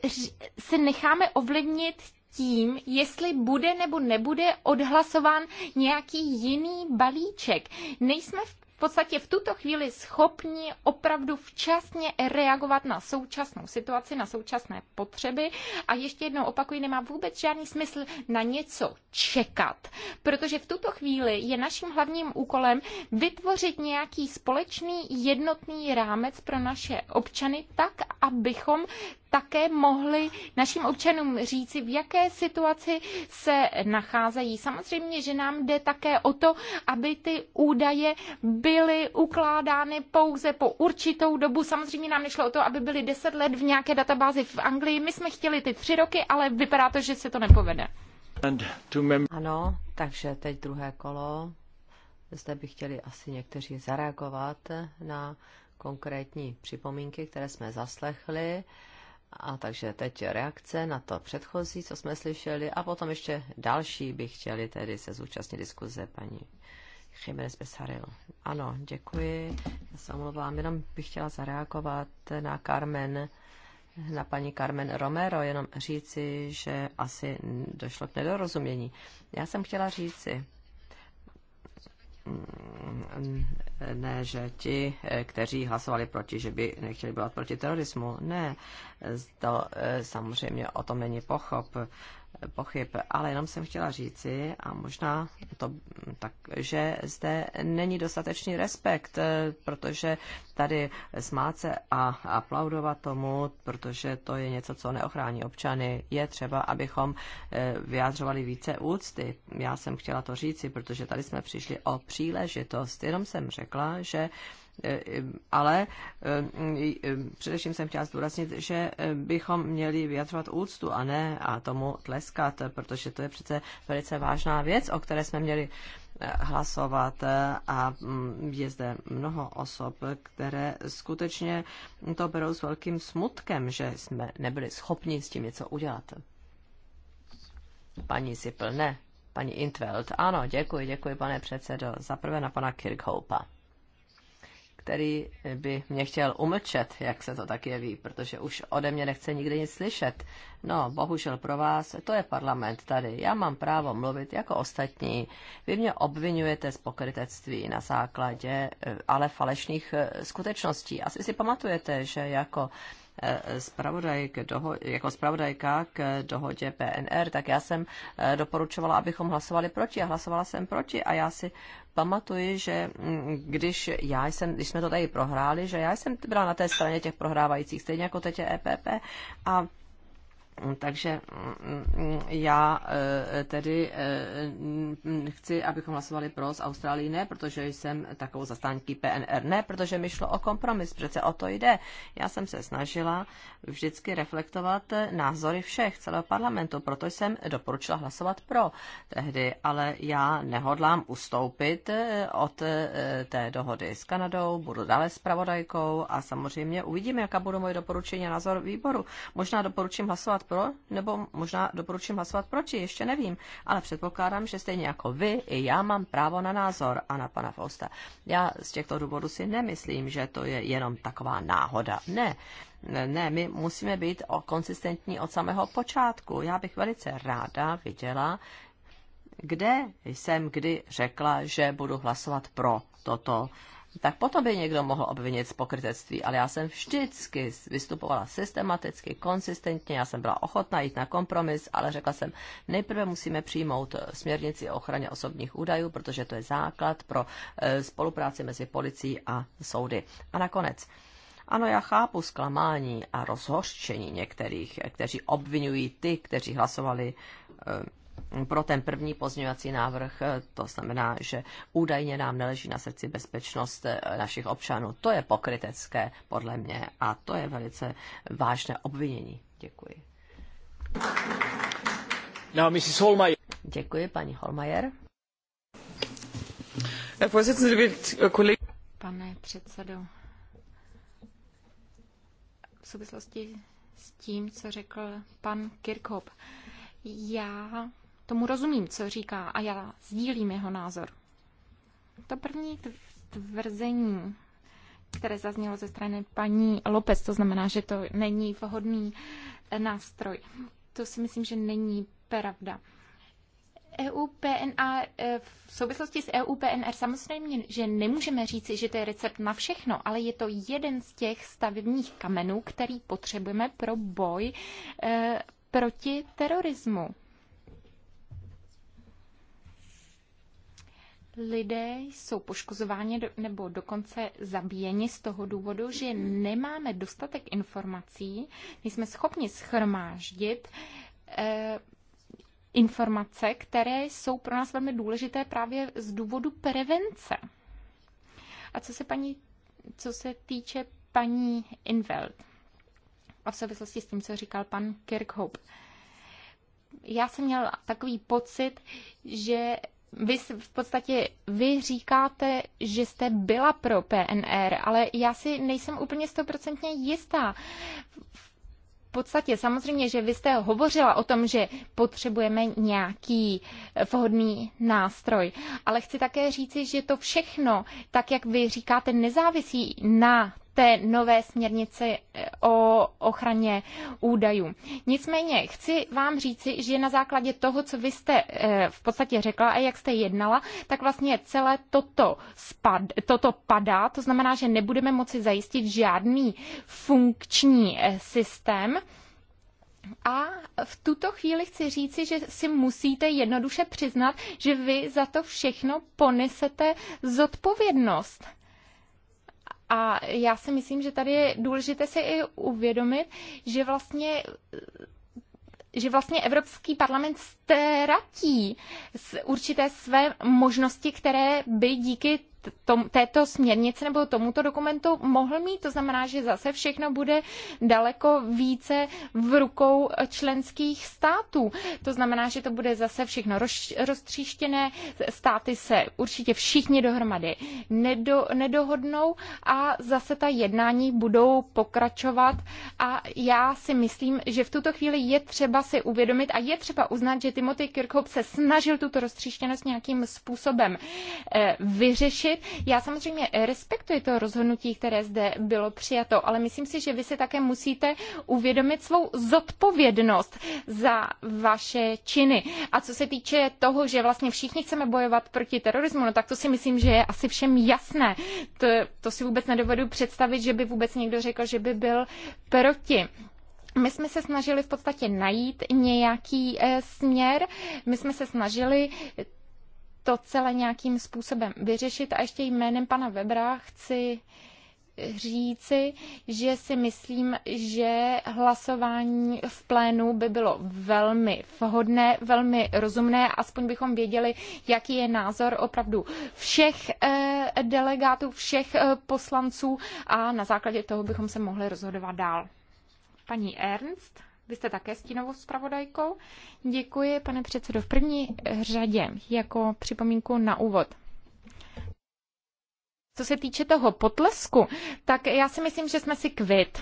se necháme ovlivnit tím, jestli bude nebo nebude odhlasován nějaký jiný balíček. Nejsme v v podstatě v tuto chvíli schopni opravdu včasně reagovat na současnou situaci, na současné potřeby. A ještě jednou opakuji, nemá vůbec žádný smysl na něco čekat, protože v tuto chvíli je naším hlavním úkolem vytvořit nějaký společný jednotný rámec pro naše občany tak, abychom také mohli našim občanům říci, v jaké situaci se nacházejí. Samozřejmě, že nám jde také o to, aby ty údaje byly ukládány pouze po určitou dobu. Samozřejmě nám nešlo o to, aby byly deset let v nějaké databázi v Anglii. My jsme chtěli ty tři roky, ale vypadá to, že se to nepovede. Ano, takže teď druhé kolo. Zde by chtěli asi někteří zareagovat na konkrétní připomínky, které jsme zaslechli. A takže teď reakce na to předchozí, co jsme slyšeli, a potom ještě další by chtěli tedy se zúčastnit diskuze paní Jiménez Besaril. Ano, děkuji. Já se omlouvám, jenom bych chtěla zareagovat na Carmen, na paní Carmen Romero, jenom říci, že asi došlo k nedorozumění. Já jsem chtěla říci, ne, že ti, kteří hlasovali proti, že by nechtěli bojovat proti terorismu. Ne, to eh, samozřejmě o tom není pochop pochyb, ale jenom jsem chtěla říci, a možná to tak, že zde není dostatečný respekt, protože tady smát se a aplaudovat tomu, protože to je něco, co neochrání občany, je třeba, abychom eh, vyjádřovali více úcty. Já jsem chtěla to říci, protože tady jsme přišli o příležitost. Jenom jsem řekla, že Eh, ale eh, eh, především jsem chtěla zdůraznit, že bychom měli vyjadřovat úctu a ne a tomu tleskat, protože to je přece velice vážná věc, o které jsme měli hlasovat a mm, je zde mnoho osob, které skutečně to berou s velkým smutkem, že jsme nebyli schopni s tím něco udělat. Paní Sipl, ne. Paní Intveld, ano, děkuji, děkuji, pane předsedo. Zaprvé na pana Kirkhoupa který by mě chtěl umlčet, jak se to tak jeví, protože už ode mě nechce nikdy nic slyšet. No, bohužel pro vás, to je parlament tady. Já mám právo mluvit jako ostatní. Vy mě obvinujete z pokrytectví na základě eh, ale falešných eh, skutečností. Asi si pamatujete, že jako Eh, zpravodaj doho- jako zpravodajka k dohodě PNR, tak já jsem eh, doporučovala, abychom hlasovali proti a hlasovala jsem proti a já si pamatuji, že mm, když, já jsem, když jsme to tady prohráli, že já jsem byla na té straně těch prohrávajících, stejně jako teď je EPP a takže mm, mm, já eh, tedy eh, chci, abychom hlasovali pro z Austrálii ne, protože jsem takovou zastánky PNR ne, protože mi šlo o kompromis, přece o to jde. Já jsem se snažila vždycky reflektovat názory všech, celého parlamentu, proto jsem doporučila hlasovat pro tehdy, ale já nehodlám ustoupit eh, od té dohody s Kanadou, budu dále s pravodajkou a samozřejmě uvidíme, jaká budou moje doporučení a názor výboru. Možná doporučím hlasovat pro, nebo možná doporučím hlasovat proti, ještě nevím. Ale předpokládám, že stejně jako vy, i já mám právo na názor a na pana Fausta. Já z těchto důvodů si nemyslím, že to je jenom taková náhoda. Ne. Ne, my musíme být o konsistentní od samého počátku. Já bych velice ráda viděla, kde jsem kdy řekla, že budu hlasovat pro toto tak potom by někdo mohl obvinit z pokrytectví. Ale já jsem vždycky vystupovala systematicky, konsistentně, já jsem byla ochotná jít na kompromis, ale řekla jsem, nejprve musíme přijmout eh, směrnici o ochraně osobních údajů, protože to je základ pro eh, spolupráci mezi policií a soudy. A nakonec, ano, já chápu zklamání a rozhořčení některých, kteří obvinují ty, kteří hlasovali eh, pro ten první pozměňovací návrh, eh, to znamená, že údajně nám neleží na srdci bezpečnost eh, našich občanů. To je pokrytecké, podle mě, a to je velice vážné obvinění. Děkuji. No, Mrs. Holmeyer. Děkuji, paní Holmajer. Pane předsedo, v souvislosti s tím, co řekl pan Kirchhoff, já tomu rozumím, co říká a já sdílím jeho názor. To první tvrzení, které zaznělo ze strany paní Lopez, to znamená, že to není vhodný eh, nástroj. To si myslím, že není pravda. eu EUPNA, eh, v souvislosti s eu PNR samozřejmě, že nemůžeme říci, že to je recept na všechno, ale je to jeden z těch stavebních kamenů, který potřebujeme pro boj eh, proti terorismu. lidé jsou poškozováni nebo dokonce zabíjeni z toho důvodu, že nemáme dostatek informací, nejsme schopni schromáždit eh, informace, které jsou pro nás velmi důležité právě z důvodu prevence. A co se, paní, co se týče paní Inveld a v souvislosti s tím, co říkal pan Kirkhope, já jsem měla takový pocit, že vy v podstatě vy říkáte, že jste byla pro PNR, ale já si nejsem úplně stoprocentně jistá. V podstatě samozřejmě, že vy jste hovořila o tom, že potřebujeme nějaký eh, vhodný nástroj, ale chci také říci, že to všechno, tak jak vy říkáte, nezávisí na té nové směrnice eh, o ochraně údajů. Nicméně chci vám říci, že na základě toho, co vy jste eh, v podstatě řekla a jak jste jednala, tak vlastně celé toto, spad, toto padá, to znamená, že nebudeme moci zajistit žádný funkční eh, systém, a v tuto chvíli chci říci, že si musíte jednoduše přiznat, že vy za to všechno ponesete zodpovědnost. A já si myslím, že tady je důležité si i uvědomit, že vlastně že vlastně Evropský parlament ztratí určité své možnosti, které by díky tom, této směrnice nebo tomuto dokumentu mohl mít. To znamená, že zase všechno bude daleko více v rukou členských států. To znamená, že to bude zase všechno roz, roztříštěné, státy se určitě všichni dohromady nedo, nedohodnou a zase ta jednání budou pokračovat a já si myslím, že v tuto chvíli je třeba si uvědomit a je třeba uznat, že Timothy Kirkhope se snažil tuto roztříštěnost nějakým způsobem eh, vyřešit pochopit. Já samozřejmě respektuji to rozhodnutí, které zde bylo přijato, ale myslím si, že vy si také musíte uvědomit svou zodpovědnost za vaše činy. A co se týče toho, že vlastně všichni chceme bojovat proti terorismu, no tak to si myslím, že je asi všem jasné. To, to si vůbec nedovedu představit, že by vůbec někdo řekl, že by byl proti. My jsme se snažili v podstatě najít nějaký eh, směr, my jsme se snažili to celé nějakým způsobem vyřešit. A ještě jménem pana Webra chci říci, že si myslím, že hlasování v plénu by bylo velmi vhodné, velmi rozumné, aspoň bychom věděli, jaký je názor opravdu všech eh, delegátů, všech eh, poslanců a na základě toho bychom se mohli rozhodovat dál. Paní Ernst? Vy jste také stínovou zpravodajkou. Děkuji, pane předsedo. V první řadě jako připomínku na úvod. Co se týče toho potlesku, tak já si myslím, že jsme si kvit.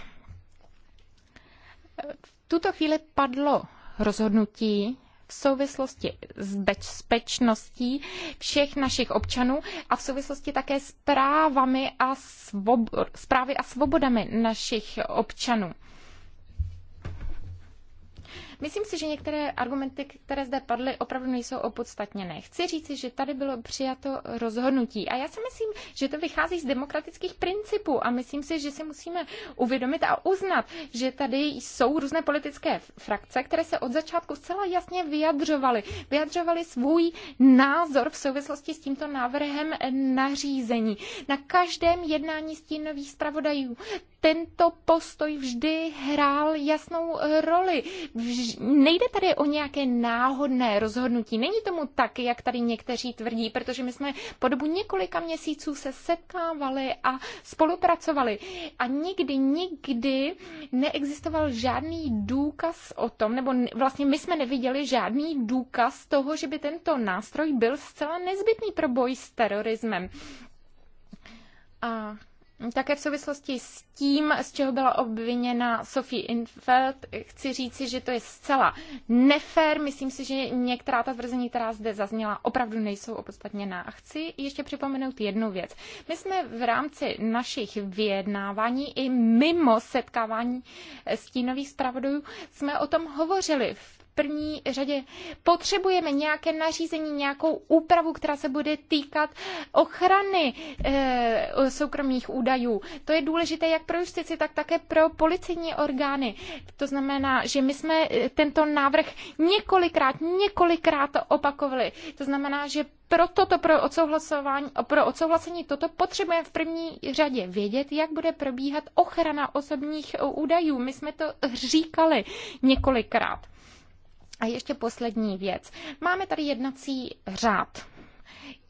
V tuto chvíli padlo rozhodnutí v souvislosti s bezpečností všech našich občanů a v souvislosti také s právami a svob- právy a svobodami našich občanů. Myslím si, že některé argumenty, které zde padly, opravdu nejsou opodstatněné. Chci říci, že tady bylo přijato rozhodnutí a já si myslím, že to vychází z demokratických principů a myslím si, že si musíme uvědomit a uznat, že tady jsou různé politické frakce, které se od začátku zcela jasně vyjadřovaly. Vyjadřovaly svůj názor v souvislosti s tímto návrhem nařízení. Na každém jednání stínových zpravodajů tento postoj vždy hrál jasnou roli. Vž nejde tady o nějaké náhodné rozhodnutí. Není tomu tak, jak tady někteří tvrdí, protože my jsme po dobu několika měsíců se setkávali a spolupracovali. A nikdy, nikdy neexistoval žádný důkaz o tom, nebo vlastně my jsme neviděli žádný důkaz toho, že by tento nástroj byl zcela nezbytný pro boj s terorismem. A také v souvislosti s tím, z čeho byla obviněna Sophie Infeld, chci říci, že to je zcela nefér. Myslím si, že některá ta tvrzení, která zde zazněla, opravdu nejsou opodstatněná. Chci ještě připomenout jednu věc. My jsme v rámci našich vyjednávání i mimo setkávání stínových zpravodajů jsme o tom hovořili v první řadě potřebujeme nějaké nařízení, nějakou úpravu, která se bude týkat ochrany e, soukromých údajů. To je důležité jak pro justici, tak také pro policejní orgány. To znamená, že my jsme eh, tento návrh několikrát, několikrát opakovali. To znamená, že pro toto, pro odsouhlasování, pro odsouhlasení toto potřebujeme v první řadě vědět, jak bude probíhat ochrana osobních údajů. My jsme to říkali několikrát. A ještě poslední věc. Máme tady jednací řád.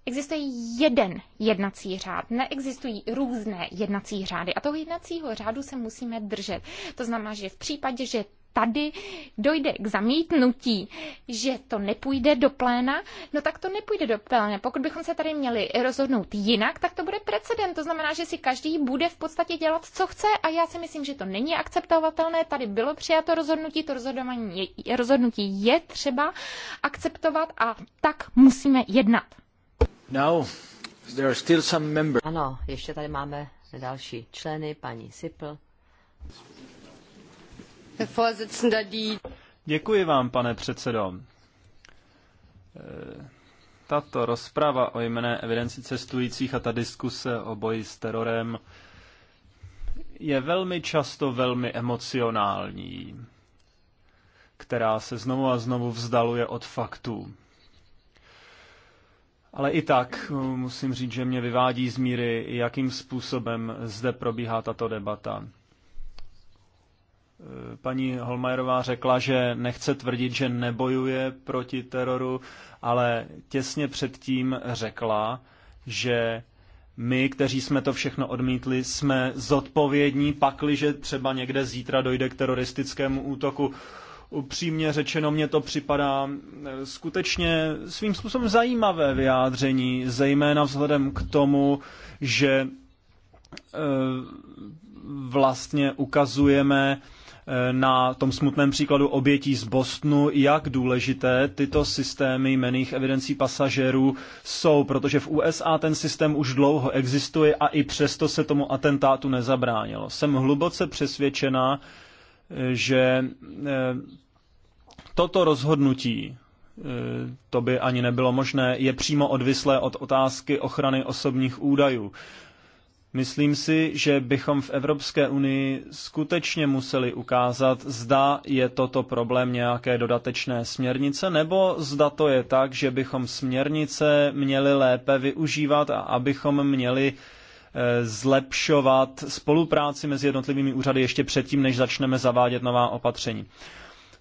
Existuje jeden jednací řád, neexistují různé jednací řády a toho jednacího řádu se musíme držet. To znamená, že v případě, že tady dojde k zamítnutí, že to nepůjde do pléna, no tak to nepůjde do pléna. Pokud bychom se tady měli rozhodnout jinak, tak to bude precedent. To znamená, že si každý bude v podstatě dělat, co chce a já si myslím, že to není akceptovatelné. Tady bylo přijato rozhodnutí, to rozhodování je, rozhodnutí je třeba akceptovat a tak musíme jednat. No, there are still some members. Ano, ještě tady máme další členy, paní Sipl. Děkuji vám, pane předsedo. E, tato rozprava o jmené evidenci cestujících a ta diskuse o boji s terorem je velmi často velmi emocionální, která se znovu a znovu vzdaluje od faktů. Ale i tak e, musím říct, že mě vyvádí z míry, jakým způsobem zde probíhá tato debata paní Holmajerová řekla, že nechce tvrdit, že nebojuje proti teroru, ale těsně předtím řekla, že my, kteří jsme to všechno odmítli, jsme zodpovědní, pakliže třeba někde zítra dojde k teroristickému útoku. Upřímně řečeno, mně to připadá eh, skutečně svým způsobem zajímavé vyjádření, zejména vzhledem k tomu, že eh, vlastně ukazujeme na tom smutném příkladu obětí z Bostonu, jak důležité tyto systémy jmených evidencí pasažérů jsou, protože v USA ten systém už dlouho existuje a i přesto se tomu atentátu nezabránilo. Jsem hluboce přesvědčena, že eh, toto rozhodnutí, eh, to by ani nebylo možné, je přímo odvislé od otázky ochrany osobních údajů. Myslím si, že bychom v Evropské unii skutečně museli ukázat, zda je toto problém nějaké dodatečné směrnice, nebo zda to je tak, že bychom směrnice měli lépe využívat a abychom měli e, zlepšovat spolupráci mezi jednotlivými úřady ještě předtím, než začneme zavádět nová opatření.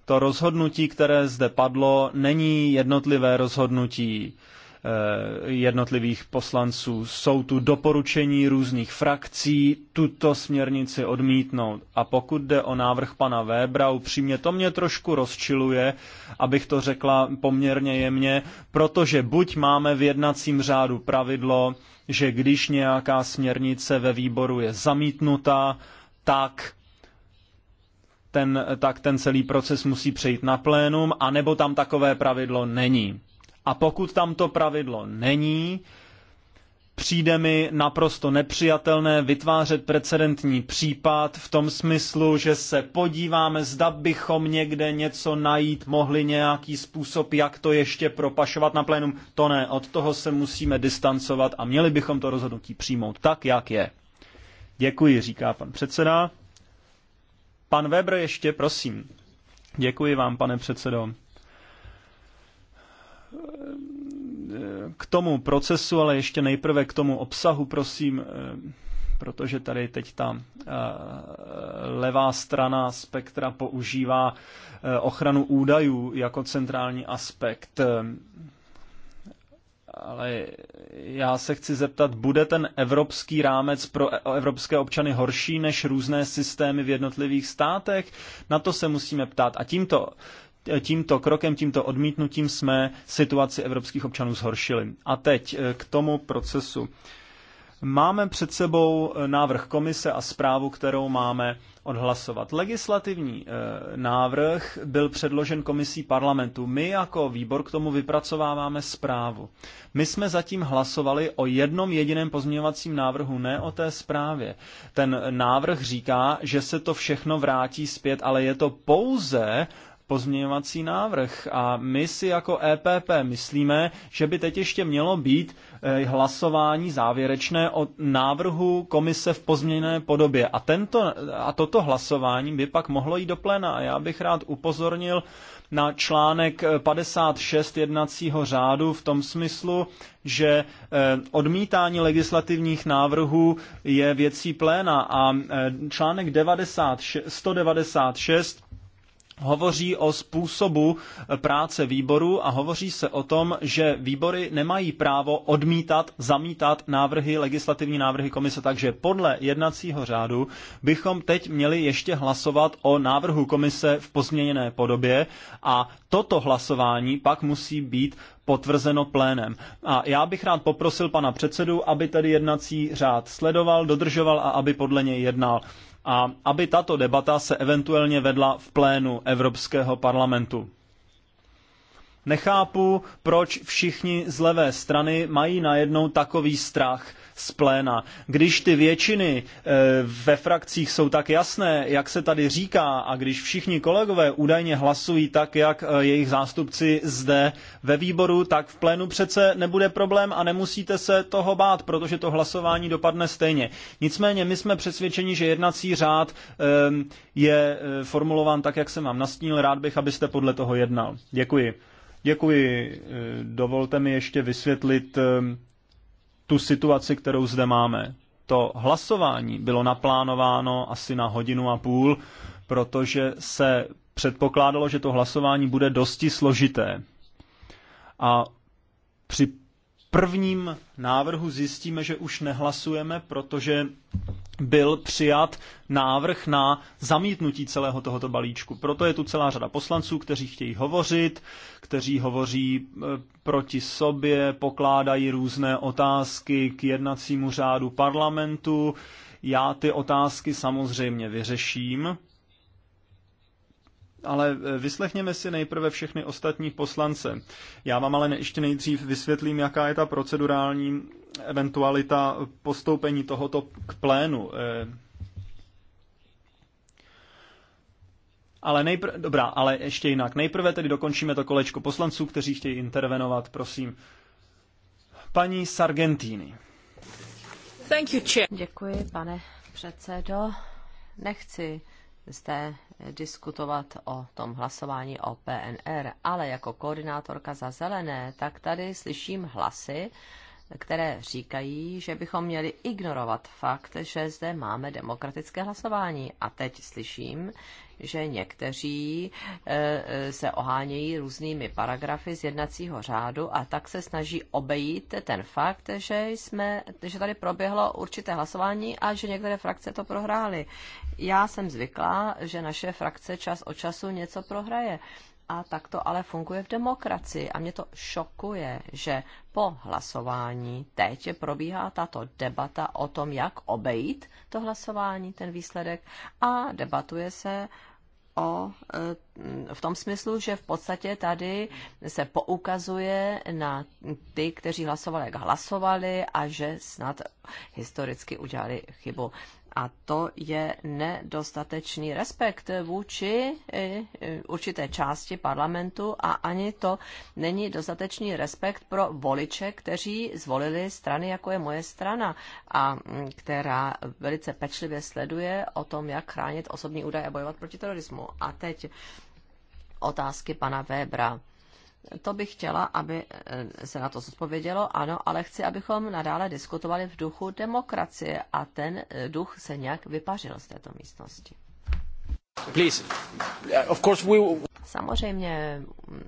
To rozhodnutí, které zde padlo, není jednotlivé rozhodnutí Eh, jednotlivých poslanců. Jsou tu doporučení různých frakcí tuto směrnici odmítnout. A pokud jde o návrh pana Webra, upřímně to mě trošku rozčiluje, abych to řekla poměrně jemně, protože buď máme v jednacím řádu pravidlo, že když nějaká směrnice ve výboru je zamítnutá, tak ten, tak ten celý proces musí přejít na plénum, anebo tam takové pravidlo není. A pokud tam to pravidlo není, přijde mi naprosto nepřijatelné vytvářet precedentní případ v tom smyslu, že se podíváme, zda bychom někde něco najít mohli, nějaký způsob, jak to ještě propašovat na plénum. To ne, od toho se musíme distancovat a měli bychom to rozhodnutí přijmout tak, jak je. Děkuji, říká pan předseda. Pan Weber ještě, prosím. Děkuji vám, pane předsedo k tomu procesu, ale ještě nejprve k tomu obsahu, prosím, eh, protože tady teď ta eh, levá strana spektra používá eh, ochranu údajů jako centrální aspekt. Ale já se chci zeptat, bude ten evropský rámec pro e- evropské občany horší než různé systémy v jednotlivých státech? Na to se musíme ptát. A tímto tímto krokem, tímto odmítnutím jsme situaci evropských občanů zhoršili. A teď eh, k tomu procesu. Máme před sebou eh, návrh komise a zprávu, kterou máme odhlasovat. Legislativní eh, návrh byl předložen komisí parlamentu. My jako výbor k tomu vypracováváme zprávu. My jsme zatím hlasovali o jednom jediném pozměňovacím návrhu, ne o té zprávě. Ten návrh říká, že se to všechno vrátí zpět, ale je to pouze pozměňovací návrh. A my si jako EPP myslíme, že by teď ještě mělo být eh, hlasování závěrečné o návrhu komise v pozměněné podobě. A, tento, a toto hlasování by pak mohlo jít do pléna. A já bych rád upozornil na článek 56 eh, jednacího řádu v tom smyslu, že eh, odmítání legislativních návrhů je věcí pléna a článek 90, 196 hovoří o způsobu eh, práce výboru a hovoří se o tom, že výbory nemají právo odmítat, zamítat návrhy, legislativní návrhy komise, takže podle jednacího řádu bychom teď měli ještě hlasovat o návrhu komise v pozměněné podobě a toto hlasování pak musí být potvrzeno plénem. A já bych rád poprosil pana předsedu, aby tedy jednací řád sledoval, dodržoval a aby podle něj jednal a aby tato debata se eventuálně vedla v plénu Evropského parlamentu. Nechápu, proč všichni z levé strany mají najednou takový strach z pléna. Když ty většiny eh, ve frakcích jsou tak jasné, jak se tady říká, a když všichni kolegové údajně hlasují tak, jak eh, jejich zástupci zde ve výboru, tak v plénu přece nebude problém a nemusíte se toho bát, protože to hlasování dopadne stejně. Nicméně my jsme přesvědčeni, že jednací řád eh, je formulován tak, jak jsem vám nastínil. Rád bych, abyste podle toho jednal. Děkuji. Děkuji. Eh, dovolte mi ještě vysvětlit eh, tu situaci, kterou zde máme. To hlasování bylo naplánováno asi na hodinu a půl, protože se předpokládalo, že to hlasování bude dosti složité. A při prvním návrhu zjistíme, že už nehlasujeme, protože byl přijat návrh na zamítnutí celého tohoto balíčku. Proto je tu celá řada poslanců, kteří chtějí hovořit, kteří hovoří e, proti sobě, pokládají různé otázky k jednacímu řádu parlamentu. Já ty otázky samozřejmě vyřeším, ale e, vyslechněme si nejprve všechny ostatní poslance. Já vám ale ještě nejdřív vysvětlím, jaká je ta procedurální eventualita postoupení tohoto k plénu. E. Ale nejprve, dobrá, ale ještě jinak. Nejprve tedy dokončíme to kolečko poslanců, kteří chtějí intervenovat, prosím. Paní Sargentini. Thank you, chair. Děkuji, pane předsedo. Nechci zde diskutovat o tom hlasování o PNR, ale jako koordinátorka za zelené, tak tady slyším hlasy, které říkají, že bychom měli ignorovat fakt, že zde máme demokratické hlasování. A teď slyším, že někteří eh, eh, se ohánějí různými paragrafy z jednacího řádu a tak se snaží obejít ten fakt, že, jsme, že tady proběhlo určité hlasování a že některé frakce to prohrály. Já jsem zvyklá, že naše frakce čas od času něco prohraje. A tak to ale funguje v demokracii. A mě to šokuje, že po hlasování teď probíhá tato debata o tom, jak obejít to hlasování, ten výsledek, a debatuje se o e, v tom smyslu, že v podstatě tady se poukazuje na ty, kteří hlasovali, jak hlasovali a že snad historicky udělali chybu. A to je nedostatečný respekt vůči eh, určité části parlamentu a ani to není dostatečný respekt pro voliče, kteří zvolili strany, jako je moje strana, a mm, která velice pečlivě sleduje o tom, jak chránit osobní údaje a bojovat proti terorismu. A teď otázky pana Webra. To bych chtěla, aby eh, se na to zodpovědělo, ano, ale chci, abychom nadále diskutovali v duchu demokracie a ten eh, duch se nějak vypařil z této místnosti. Please. Of course we... Samozřejmě, mm,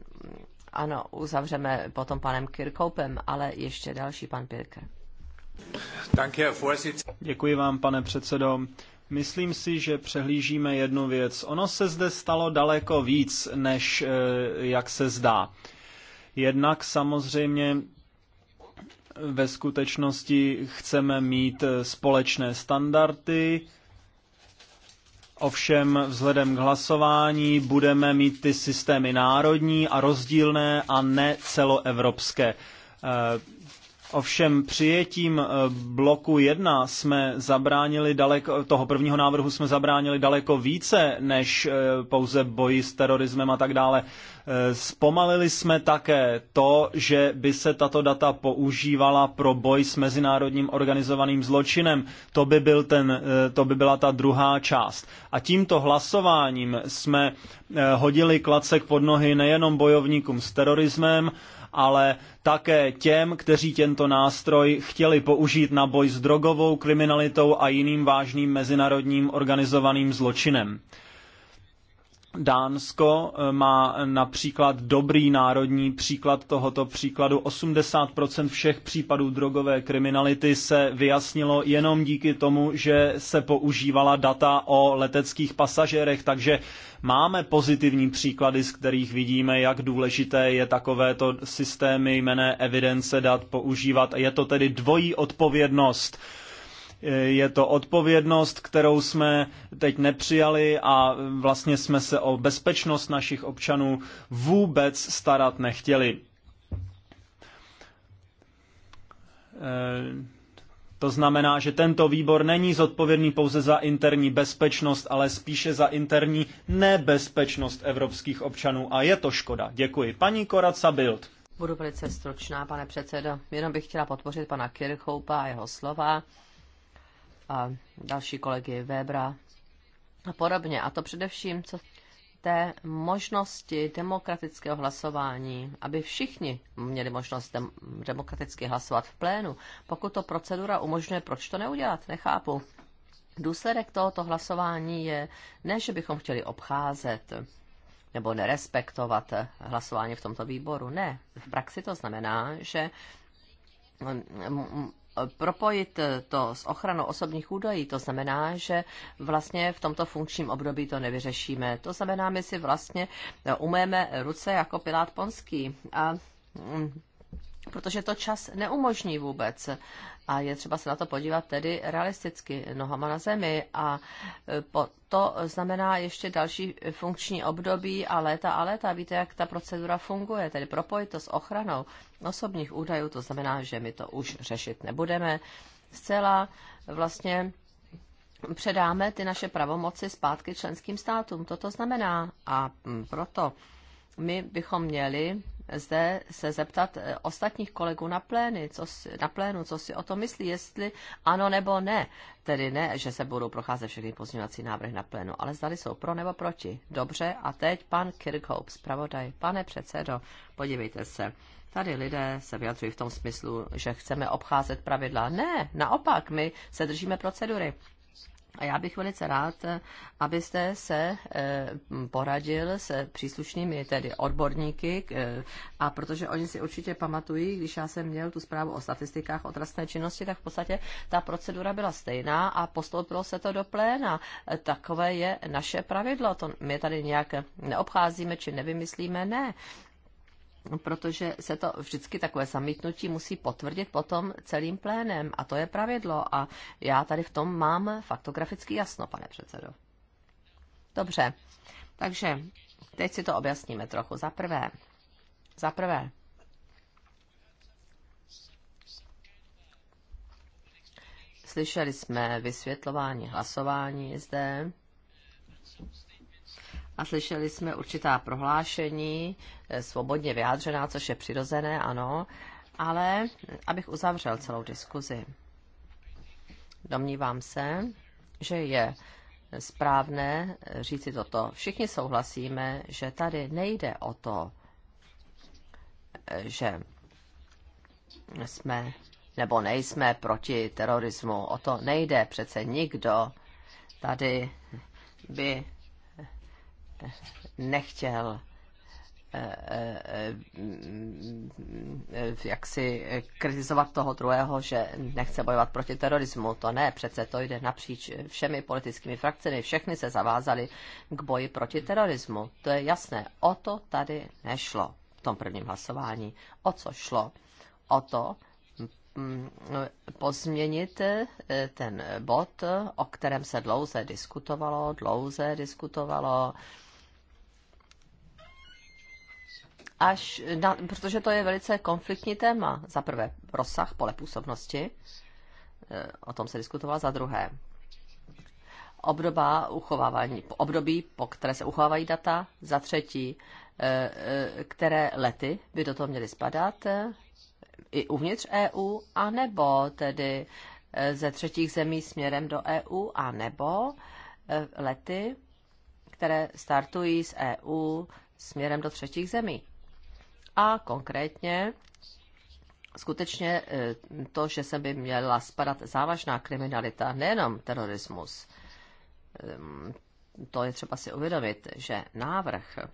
ano, uzavřeme potom panem Kirkoupem, ale ještě další pan Pirke. Děkuji vám, pane předsedo. Myslím si, že přehlížíme jednu věc. Ono se zde stalo daleko víc, než eh, jak se zdá. Jednak samozřejmě ve skutečnosti chceme mít eh, společné standardy, Ovšem vzhledem k hlasování budeme mít ty systémy národní a rozdílné a ne celoevropské. Eh, Ovšem přijetím eh, bloku 1 jsme zabránili daleko, toho prvního návrhu jsme zabránili daleko více než eh, pouze boji s terorismem a tak dále. Eh, zpomalili jsme také to, že by se tato data používala pro boj s mezinárodním organizovaným zločinem. To by, byl ten, to by byla ta druhá část. A tímto hlasováním jsme hodili klacek pod nohy nejenom bojovníkům s terorismem, ale také těm, kteří tento nástroj chtěli použít na boj s drogovou kriminalitou a jiným vážným mezinárodním organizovaným zločinem. Dánsko eh, má například dobrý národní příklad tohoto příkladu. 80% všech případů drogové kriminality se vyjasnilo jenom díky tomu, že se používala data o leteckých pasažérech, takže máme pozitivní příklady, z kterých vidíme, jak důležité je takovéto systémy jmené evidence dat používat. Je to tedy dvojí odpovědnost je to odpovědnost, kterou jsme teď nepřijali a vlastně jsme se o bezpečnost našich občanů vůbec starat nechtěli. Eh, to znamená, že tento výbor není zodpovědný pouze za interní bezpečnost, ale spíše za interní nebezpečnost evropských občanů a je to škoda. Děkuji. Paní Koraca Bild. Budu velice stručná, pane předsedo. Jenom bych chtěla podpořit pana Kirchhoupa a jeho slova a další kolegy Webra a podobně. A to především co té možnosti demokratického hlasování, aby všichni měli možnost dem- demokraticky hlasovat v plénu. Pokud to procedura umožňuje, proč to neudělat? Nechápu. Důsledek tohoto hlasování je ne, že bychom chtěli obcházet nebo nerespektovat hlasování v tomto výboru. Ne, v praxi to znamená, že propojit to s ochranou osobních údajů, to znamená, že vlastně v tomto funkčním období to nevyřešíme. To znamená, my si vlastně umeme ruce jako Pilát Ponský a mm, protože to čas neumožní vůbec. A je třeba se na to podívat tedy realisticky, nohama na zemi. A e, to znamená ještě další funkční období a léta a léta. Víte, jak ta procedura funguje, tedy propojit to s ochranou osobních údajů, to znamená, že my to už řešit nebudeme. Zcela vlastně předáme ty naše pravomoci zpátky členským státům. Toto znamená a proto my bychom měli zde se zeptat eh, ostatních kolegů na, plény, co si, na plénu, co si o to myslí, jestli ano nebo ne. Tedy ne, že se budou procházet všechny pozměňovací návrhy na plénu, ale zdali jsou pro nebo proti. Dobře, a teď pan Kirkhope, zpravodaj. Pane předsedo, podívejte se. Tady lidé se vyjadřují v tom smyslu, že chceme obcházet pravidla. Ne, naopak, my se držíme procedury. A já bych velice rád, abyste se eh, poradil se příslušnými tedy odborníky, eh, a protože oni si určitě pamatují, když já jsem měl tu zprávu o statistikách o trestné činnosti, tak v podstatě ta procedura byla stejná a postoupilo se to do pléna. Eh, takové je naše pravidlo, to my tady nějak neobcházíme či nevymyslíme, ne protože se to vždycky takové zamítnutí musí potvrdit potom celým plénem a to je pravidlo a já tady v tom mám faktograficky jasno, pane předsedo. Dobře, takže teď si to objasníme trochu. Za prvé, za prvé, slyšeli jsme vysvětlování hlasování zde a slyšeli jsme určitá prohlášení, eh, svobodně vyjádřená, což je přirozené, ano, ale eh, abych uzavřel celou diskuzi. Domnívám se, že je správné eh, říci toto. Všichni souhlasíme, že tady nejde o to, že jsme nebo nejsme proti terorismu. O to nejde přece nikdo. Tady by nechtěl eh, eh, eh, jak si kritizovat toho druhého, že nechce bojovat proti terorismu. To ne, přece to jde napříč všemi politickými frakcemi. Všechny se zavázaly k boji proti terorismu. To je jasné. O to tady nešlo v tom prvním hlasování. O co šlo? O to mm, pozměnit ten bod, o kterém se dlouze diskutovalo, dlouze diskutovalo, až na, protože to je velice konfliktní téma. Za prvé rozsah pole působnosti, e, o tom se diskutovalo, za druhé obdoba uchovávání, období, po které se uchovávají data, za třetí, e, e, které lety by do toho měly spadat, i uvnitř EU, anebo tedy ze třetích zemí směrem do EU, anebo lety, které startují z EU směrem do třetích zemí. A konkrétně skutečně e, to, že se by měla spadat závažná kriminalita, nejenom terorismus. E, to je třeba si uvědomit, že návrh e,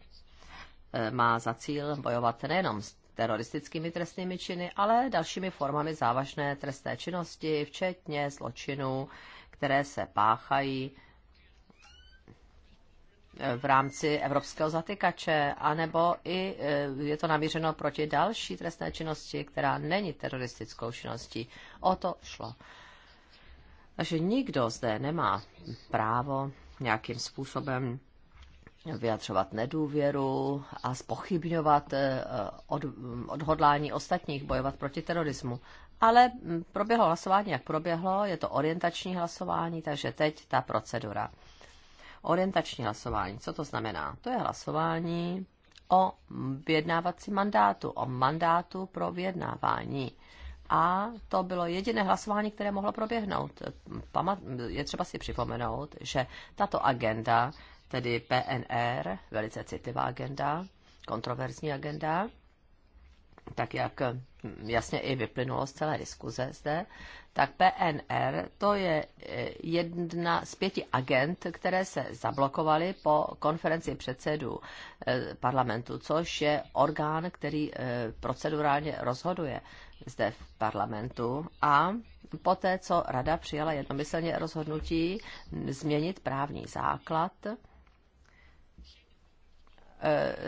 má za cíl bojovat nejenom s teroristickými trestnými činy, ale dalšími formami závažné trestné činnosti, včetně zločinů, které se páchají v rámci evropského zatykače, anebo i eh, je to namířeno proti další trestné činnosti, která není teroristickou činností. O to šlo. Takže nikdo zde nemá právo nějakým způsobem vyjadřovat nedůvěru a spochybňovat eh, od, odhodlání ostatních bojovat proti terorismu. Ale mm, proběhlo hlasování, jak proběhlo, je to orientační hlasování, takže teď ta procedura. Orientační hlasování, co to znamená? To je hlasování o vyjednávací mandátu, o mandátu pro vyjednávání. A to bylo jediné hlasování, které mohlo proběhnout. Je třeba si připomenout, že tato agenda, tedy PNR, velice citlivá agenda, kontroverzní agenda, tak jak hm, jasně i vyplynulo z celé diskuze zde, tak PNR to je eh, jedna z pěti agent, které se zablokovaly po konferenci předsedů eh, parlamentu, což je orgán, který eh, procedurálně rozhoduje zde v parlamentu a poté, co rada přijala jednomyslně rozhodnutí změnit právní základ,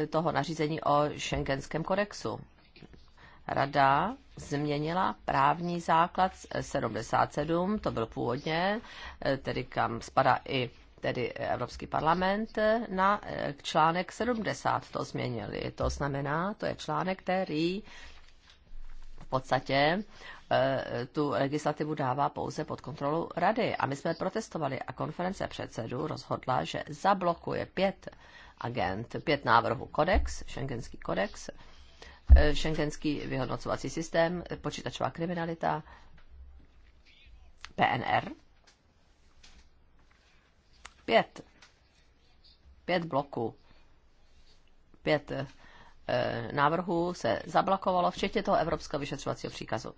toho nařízení o šengenském kodexu rada změnila právní základ 77, eh, to byl původně, eh, tedy kam spadá i tedy Evropský parlament, eh, na článek 70 to změnili. To znamená, to je článek, který v podstatě tu legislativu dává pouze pod kontrolu rady. A my jsme protestovali a konference předsedů rozhodla, že zablokuje pět agent, pět návrhů kodex, šengenský kodex, Eh, šengenský vyhodnocovací systém, eh, počítačová kriminalita, PNR. Pět. Pět bloků. Pět e, návrhů se zablokovalo, včetně toho Evropského vyšetřovacího příkazu.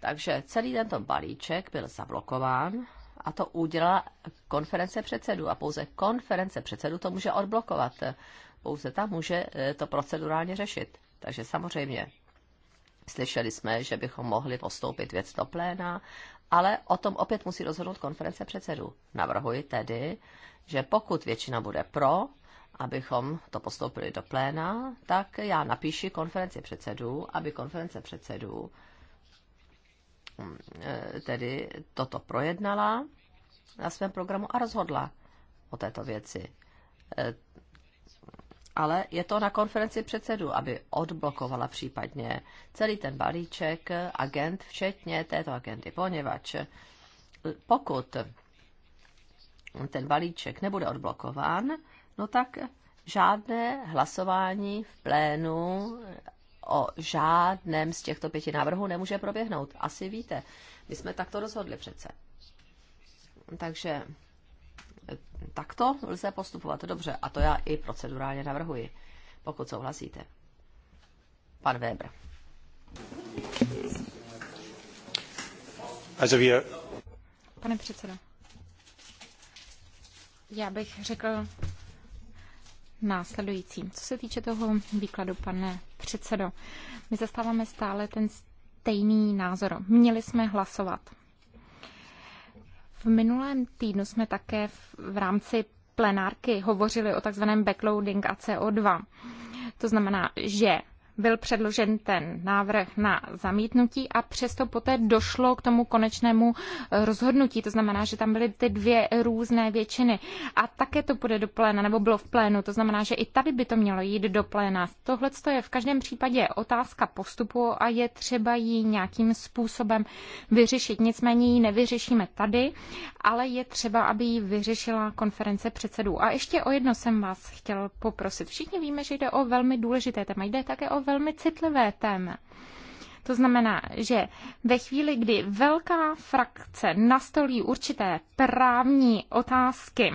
Takže celý tento balíček byl zablokován a to udělala konference předsedů. A pouze konference předsedů to může odblokovat. Pouze ta může to procedurálně řešit. Takže samozřejmě slyšeli jsme, že bychom mohli postoupit věc do pléna, ale o tom opět musí rozhodnout konference předsedů. Navrhuji tedy, že pokud většina bude pro, abychom to postoupili do pléna, tak já napíši konferenci předsedů, aby konference předsedů eh, tedy toto projednala na svém programu a rozhodla o této věci. Eh, ale je to na konferenci předsedu, aby odblokovala případně celý ten balíček agent, včetně této agendy, poněvadž pokud ten balíček nebude odblokován, no tak žádné hlasování v plénu o žádném z těchto pěti návrhů nemůže proběhnout. Asi víte, my jsme takto rozhodli přece. Takže takto lze postupovat dobře. A to já i procedurálně navrhuji, pokud souhlasíte. Pan Weber. Pane předsedo, já bych řekl následující. Co se týče toho výkladu, pane předsedo, my zastáváme stále ten stejný názor. Měli jsme hlasovat. V minulém týdnu jsme také v, v rámci plenárky hovořili o takzvaném backloading a CO2. To znamená, že byl předložen ten návrh na zamítnutí a přesto poté došlo k tomu konečnému eh, rozhodnutí. To znamená, že tam byly ty dvě různé většiny. A také to půjde do pléna, nebo bylo v plénu. To znamená, že i tady by to mělo jít do pléna. Tohle je v každém případě otázka postupu a je třeba ji nějakým způsobem vyřešit. Nicméně ji nevyřešíme tady, ale je třeba, aby ji vyřešila konference předsedů. A ještě o jedno jsem vás chtěl poprosit. Všichni víme, že jde o velmi důležité téma. Jde také o velmi citlivé téma. To znamená, že ve chvíli, kdy velká frakce nastolí určité právní otázky,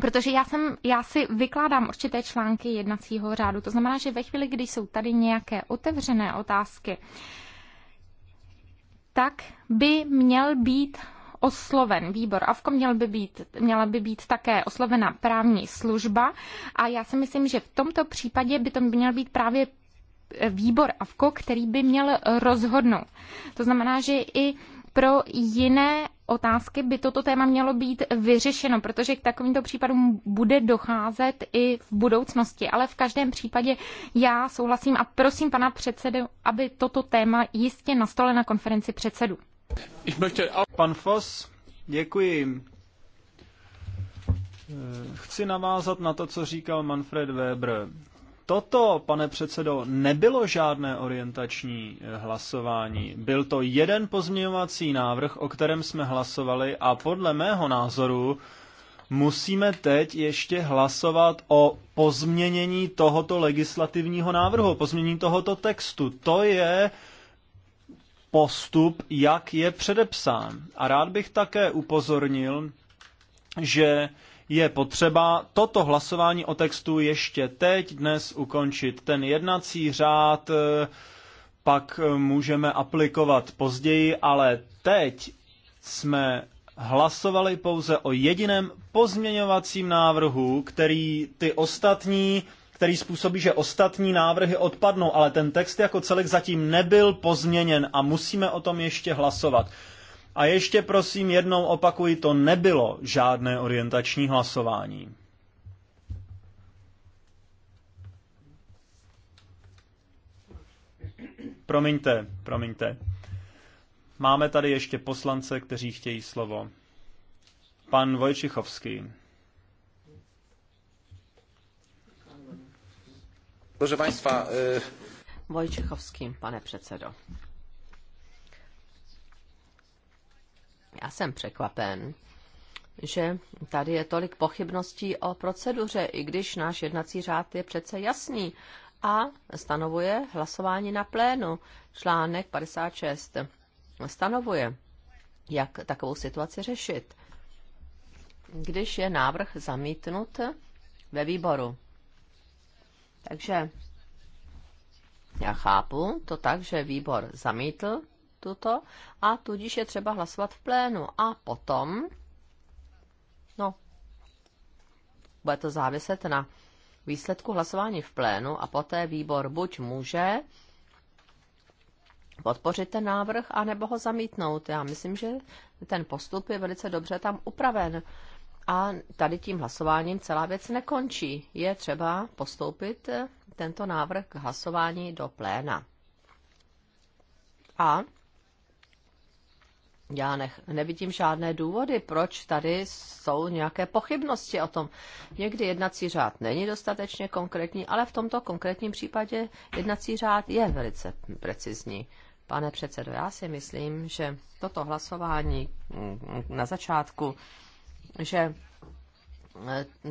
Protože já, jsem, já si vykládám určité články jednacího řádu. To znamená, že ve chvíli, kdy jsou tady nějaké otevřené otázky, tak by měl být osloven výbor AVKO, měl by být, měla by být také oslovena právní služba a já si myslím, že v tomto případě by to měl být právě výbor AVKO, který by měl rozhodnout. To znamená, že i pro jiné otázky by toto téma mělo být vyřešeno, protože k takovýmto případům bude docházet i v budoucnosti. Ale v každém případě já souhlasím a prosím pana předsedu, aby toto téma jistě nastalo na konferenci předsedu. Pan Fos, děkuji. Chci navázat na to, co říkal Manfred Weber toto, pane předsedo, nebylo žádné orientační eh, hlasování. Byl to jeden pozměňovací návrh, o kterém jsme hlasovali a podle mého názoru musíme teď ještě hlasovat o pozměnění tohoto legislativního návrhu, pozměnění tohoto textu. To je postup, jak je předepsán. A rád bych také upozornil, že je potřeba toto hlasování o textu ještě teď dnes ukončit. Ten jednací řád eh, pak eh, můžeme aplikovat později, ale teď jsme hlasovali pouze o jediném pozměňovacím návrhu, který ty ostatní který způsobí, že ostatní návrhy odpadnou, ale ten text jako celek zatím nebyl pozměněn a musíme o tom ještě hlasovat. A ještě prosím jednou opakuji, to nebylo žádné orientační hlasování. Promiňte, promiňte. Máme tady ještě poslance, kteří chtějí slovo. Pan Vojčichovský. Proszę Państwa. Wojciechowskim, pane předsedo. Já jsem překvapen, že tady je tolik pochybností o proceduře, i když náš jednací řád je přece jasný a stanovuje hlasování na plénu. Článek 56 stanovuje, jak takovou situaci řešit, když je návrh zamítnut ve výboru. Takže já chápu to tak, že výbor zamítl tuto a tudíž je třeba hlasovat v plénu. A potom, no, bude to záviset na výsledku hlasování v plénu a poté výbor buď může podpořit ten návrh, anebo ho zamítnout. Já myslím, že ten postup je velice dobře tam upraven. A tady tím hlasováním celá věc nekončí. Je třeba postoupit tento návrh k hlasování do pléna. A já ne, nevidím žádné důvody, proč tady jsou nějaké pochybnosti o tom. Někdy jednací řád není dostatečně konkrétní, ale v tomto konkrétním případě jednací řád je velice precizní. Pane předsedo, já si myslím, že toto hlasování mm, mm, na začátku, že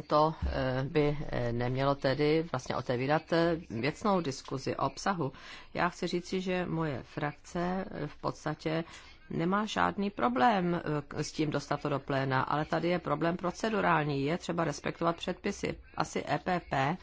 to eh, by eh, nemělo tedy vlastně otevírat eh, věcnou diskuzi o obsahu. Já chci říci, že moje frakce v podstatě nemá žádný problém s tím dostat to do pléna, ale tady je problém procedurální. Je třeba respektovat předpisy. Asi EPP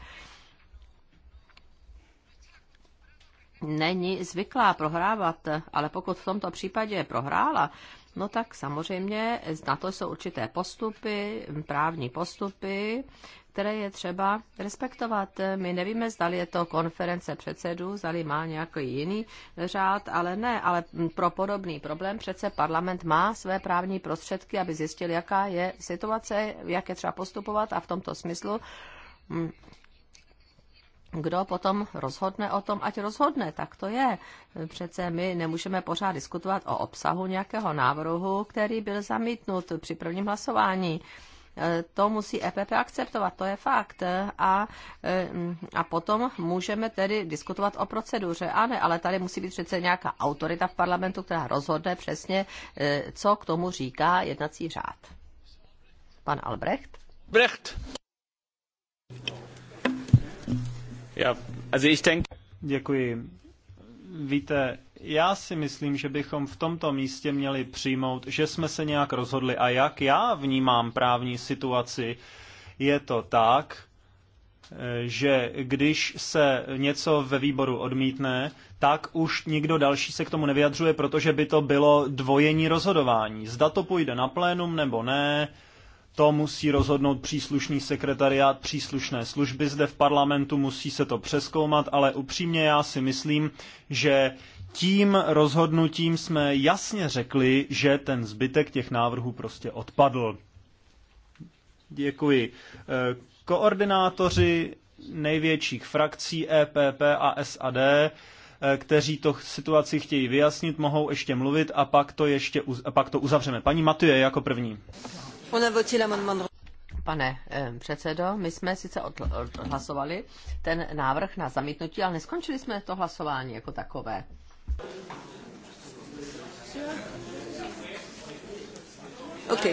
není zvyklá prohrávat, ale pokud v tomto případě prohrála, No tak samozřejmě na to jsou určité postupy, právní postupy, které je třeba respektovat. My nevíme, zda je to konference předsedů, zda má nějaký jiný řád, ale ne, ale pro podobný problém přece parlament má své právní prostředky, aby zjistil, jaká je situace, jak je třeba postupovat a v tomto smyslu hm, kdo potom rozhodne o tom, ať rozhodne, tak to je. Přece my nemůžeme pořád diskutovat o obsahu nějakého návrhu, který byl zamítnut při prvním hlasování. E, to musí EPP akceptovat, to je fakt. A, e, a potom můžeme tedy diskutovat o proceduře. A ne, ale tady musí být přece nějaká autorita v parlamentu, která rozhodne přesně, e, co k tomu říká jednací řád. Pan Albrecht? Brecht also ich denk... Děkuji. Víte, já si myslím, že bychom v tomto místě měli přijmout, že jsme se nějak rozhodli. A jak já vnímám právní situaci, je to tak, eh, že když se něco ve výboru odmítne, tak už nikdo další se k tomu nevyjadřuje, protože by to bylo dvojení rozhodování. Zda to půjde na plénum nebo ne, to musí rozhodnout příslušný sekretariát příslušné služby zde v parlamentu, musí se to přeskoumat, ale upřímně já si myslím, že tím rozhodnutím jsme jasně řekli, že ten zbytek těch návrhů prostě odpadl. Děkuji. Eh, koordinátoři největších frakcí EPP a SAD, eh, kteří to situaci chtějí vyjasnit, mohou ještě mluvit a pak to, ještě, a pak to uzavřeme. Paní Matuje jako první pane eh, předsedo, my jsme sice odhlasovali ten návrh na zamítnutí, ale neskončili jsme to hlasování jako takové. OK.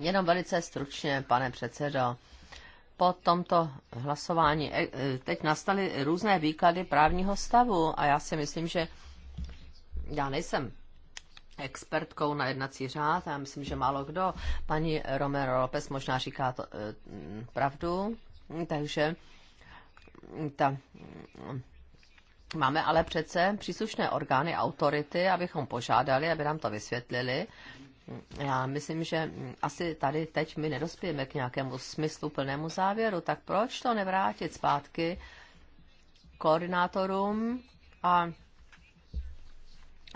Jenom velice stručně, pane předsedo. Po tomto hlasování eh, eh, teď nastaly různé výklady právního stavu a já si myslím, že já nejsem expertkou na jednací řád, já myslím, že málo kdo. Paní Romero Lopez možná říká to, eh, pravdu, takže ta, máme ale přece příslušné orgány, autority, abychom požádali, aby nám to vysvětlili. Já myslím, že asi tady teď my nedospějeme k nějakému smyslu plnému závěru, tak proč to nevrátit zpátky koordinátorům a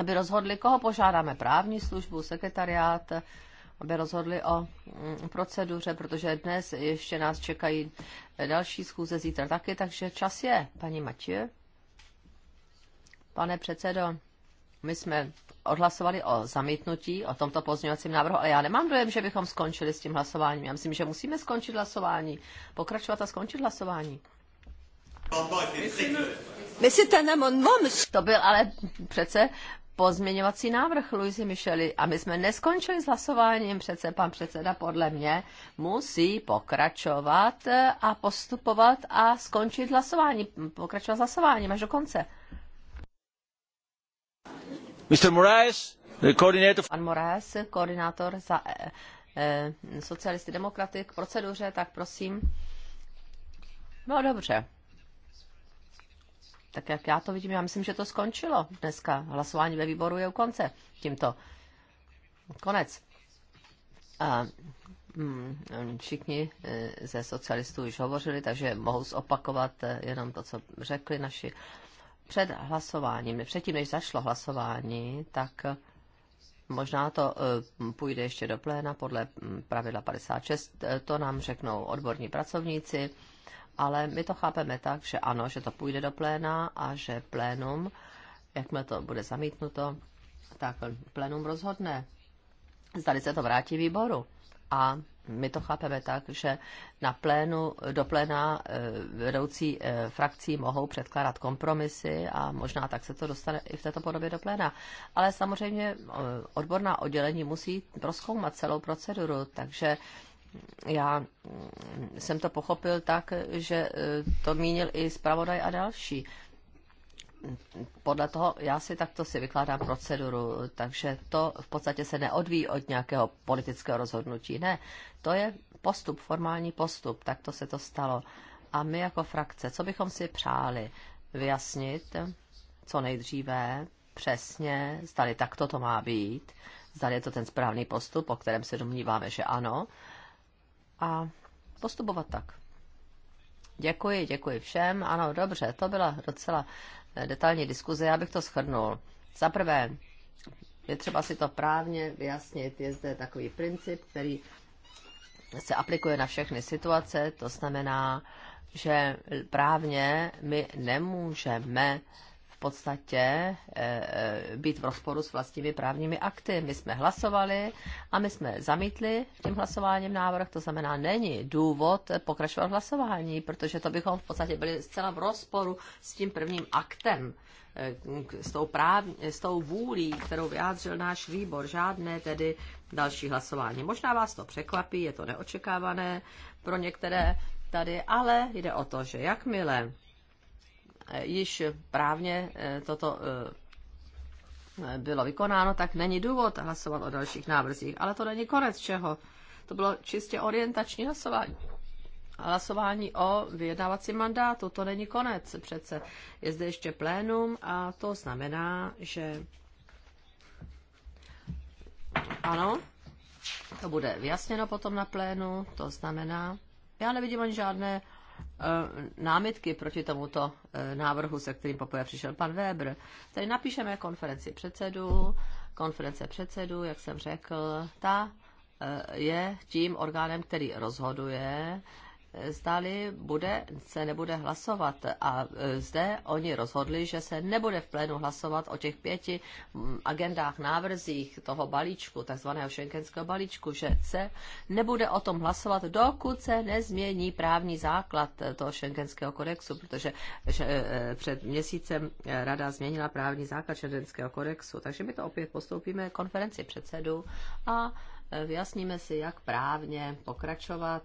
aby rozhodli, koho požádáme, právní službu, sekretariát, aby rozhodli o mm, proceduře, protože dnes ještě nás čekají další schůze, zítra taky, takže čas je, paní Matě. Pane předsedo, my jsme odhlasovali o zamítnutí, o tomto pozměňovacím návrhu, ale já nemám dojem, že bychom skončili s tím hlasováním. Já myslím, že musíme skončit hlasování, pokračovat a skončit hlasování. To byl ale přece pozměňovací návrh Luisi Micheli a my jsme neskončili s hlasováním, přece pan předseda podle mě musí pokračovat eh, a postupovat a skončit hlasování, pokračovat hlasováním až do konce. Mr. Moraes, coordinator... Eh, pan Moraes, koordinátor za eh, eh, socialisty demokraty k proceduře, tak prosím. No dobře, tak jak já to vidím, já myslím, že to skončilo dneska. Hlasování ve výboru je u konce tímto. Konec. A, mm, všichni e, ze socialistů již hovořili, takže mohou zopakovat e, jenom to, co řekli naši. Před hlasováním, předtím, než zašlo hlasování, tak e, možná to půjde ještě do pléna podle mm, pravidla 56, to nám řeknou odborní pracovníci ale my to chápeme tak, že ano, že to půjde do pléna a že plénum, jakmile to bude zamítnuto, tak plénum rozhodne. Zdali se to vrátí výboru. A my to chápeme tak, že na plénu, do pléna eh, vedoucí eh, frakcí mohou předkládat kompromisy a možná tak se to dostane i v této podobě do pléna. Ale samozřejmě eh, odborná oddělení musí proskoumat celou proceduru, takže já jsem to pochopil tak, že eh, to mínil i zpravodaj a další. Podle toho, já si takto si vykládám proceduru, takže to v podstatě se neodvíjí od nějakého politického rozhodnutí. Ne, to je postup, formální postup, tak to se to stalo. A my jako frakce, co bychom si přáli? Vyjasnit co nejdříve, přesně, zdali takto to má být, zdali je to ten správný postup, o kterém se domníváme, že ano, a postupovat tak. Děkuji, děkuji všem. Ano, dobře, to byla docela eh, detailní diskuze. Já bych to shrnul. Za prvé, je třeba si to právně vyjasnit. Je zde takový princip, který se aplikuje na všechny situace. To znamená, že právně my nemůžeme podstatě eh, eh, být v rozporu s vlastními právními akty. My jsme hlasovali a my jsme zamítli tím hlasováním návrh, to znamená, není důvod pokračovat v hlasování, protože to bychom v podstatě byli zcela v rozporu s tím prvním aktem eh, s tou, práv, s tou vůlí, kterou vyjádřil náš výbor, žádné tedy další hlasování. Možná vás to překvapí, je to neočekávané pro některé tady, ale jde o to, že jakmile již právně eh, toto eh, bylo vykonáno, tak není důvod hlasovat o dalších návrzích. Ale to není konec čeho. To bylo čistě orientační hlasování. Hlasování o vyjednávacím mandátu, to není konec přece. Je zde ještě plénum a to znamená, že ano, to bude vyjasněno potom na plénu, to znamená, já nevidím ani žádné Eh, námitky proti tomuto eh, návrhu, se kterým poprvé přišel pan Weber. Tady napíšeme konferenci předsedů, konference předsedů, jak jsem řekl, ta eh, je tím orgánem, který rozhoduje zdali bude, se nebude hlasovat. A e, zde oni rozhodli, že se nebude v plénu hlasovat o těch pěti agendách, návrzích toho balíčku, takzvaného šenkenského balíčku, že se nebude o tom hlasovat, dokud se nezmění právní základ toho šenkenského kodexu, protože že, e, před měsícem rada změnila právní základ šenkenského kodexu, takže my to opět postoupíme konferenci předsedů a e, vyjasníme si, jak právně pokračovat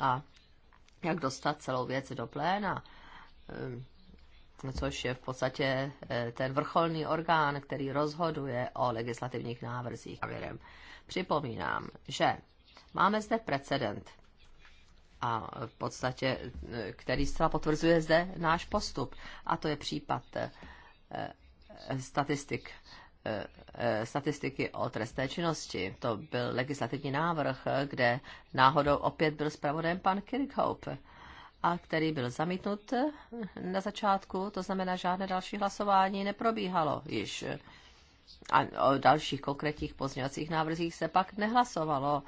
a jak dostat celou věc do pléna, ehm, což je v podstatě eh, ten vrcholný orgán, který rozhoduje o legislativních návrzích. Připomínám, že máme zde precedent, a v podstatě, eh, který zcela potvrzuje zde náš postup. A to je případ eh, statistik Eh, eh, statistiky o trestné činnosti. To byl legislativní návrh, kde náhodou opět byl zpravodajem pan Kirkhope a který byl zamítnut na začátku, to znamená, žádné další hlasování neprobíhalo již. A o dalších konkrétních pozměňovacích návrzích se pak nehlasovalo.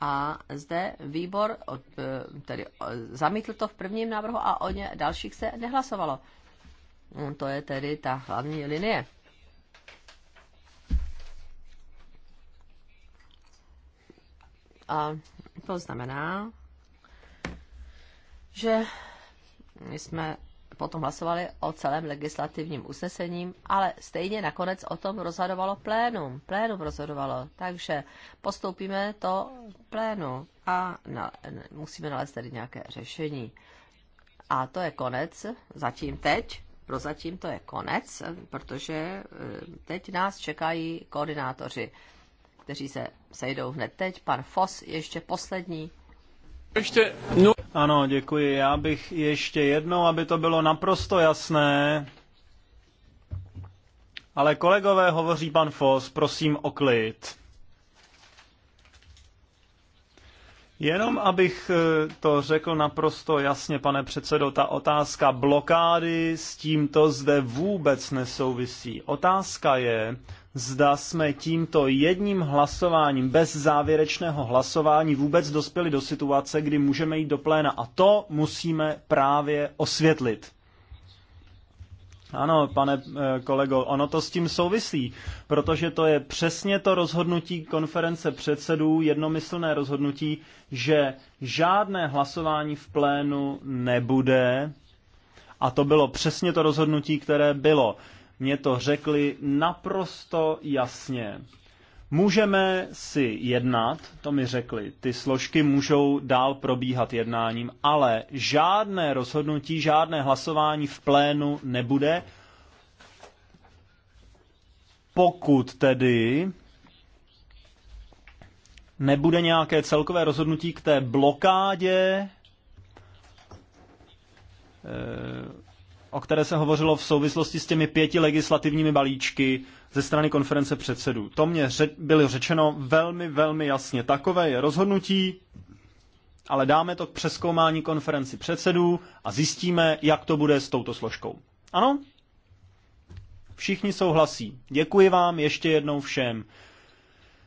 A zde výbor od, eh, tedy zamítl to v prvním návrhu a o ně dalších se nehlasovalo. To je tedy ta hlavní linie A to znamená, že my jsme potom hlasovali o celém legislativním usnesením, ale stejně nakonec o tom rozhodovalo plénum. Plénum rozhodovalo, takže postoupíme to plénu a na, musíme nalézt tedy nějaké řešení. A to je konec, zatím teď, prozatím to je konec, protože eh, teď nás čekají koordinátoři kteří se sejdou hned teď. Pan Fos ještě poslední. Ještě, no. Ano, děkuji. Já bych ještě jednou, aby to bylo naprosto jasné. Ale kolegové, hovoří pan Fos, prosím o klid. Jenom abych eh, to řekl naprosto jasně, pane předsedo, ta otázka blokády s tímto zde vůbec nesouvisí. Otázka je, zda jsme tímto jedním hlasováním bez závěrečného hlasování vůbec dospěli do situace, kdy můžeme jít do pléna. A to musíme právě osvětlit. Ano, pane eh, kolego, ono to s tím souvisí, protože to je přesně to rozhodnutí konference předsedů, jednomyslné rozhodnutí, že žádné hlasování v plénu nebude. A to bylo přesně to rozhodnutí, které bylo. Mně to řekli naprosto jasně. Můžeme si jednat, to mi řekli, ty složky můžou dál probíhat jednáním, ale žádné rozhodnutí, žádné hlasování v plénu nebude, pokud tedy nebude nějaké celkové rozhodnutí k té blokádě, eh, o které se hovořilo v souvislosti s těmi pěti legislativními balíčky, ze strany konference předsedů. To mě ře- bylo řečeno velmi, velmi jasně. Takové je rozhodnutí, ale dáme to k přeskoumání konferenci předsedů a zjistíme, jak to bude s touto složkou. Ano? Všichni souhlasí. Děkuji vám ještě jednou všem.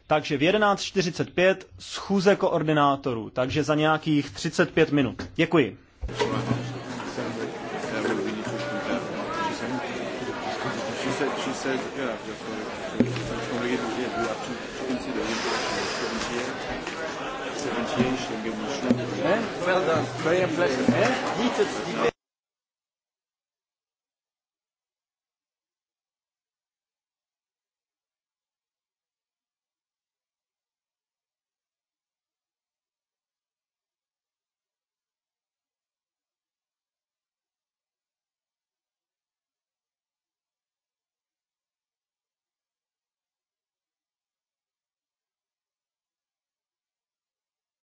Takže v 11.45 schůze koordinátorů, takže za nějakých 35 minut. Děkuji. says, yeah, just uh, congregated here, you have to consider it 78, 78, and give me a shot. Well done, very pleasant. Eh? Heated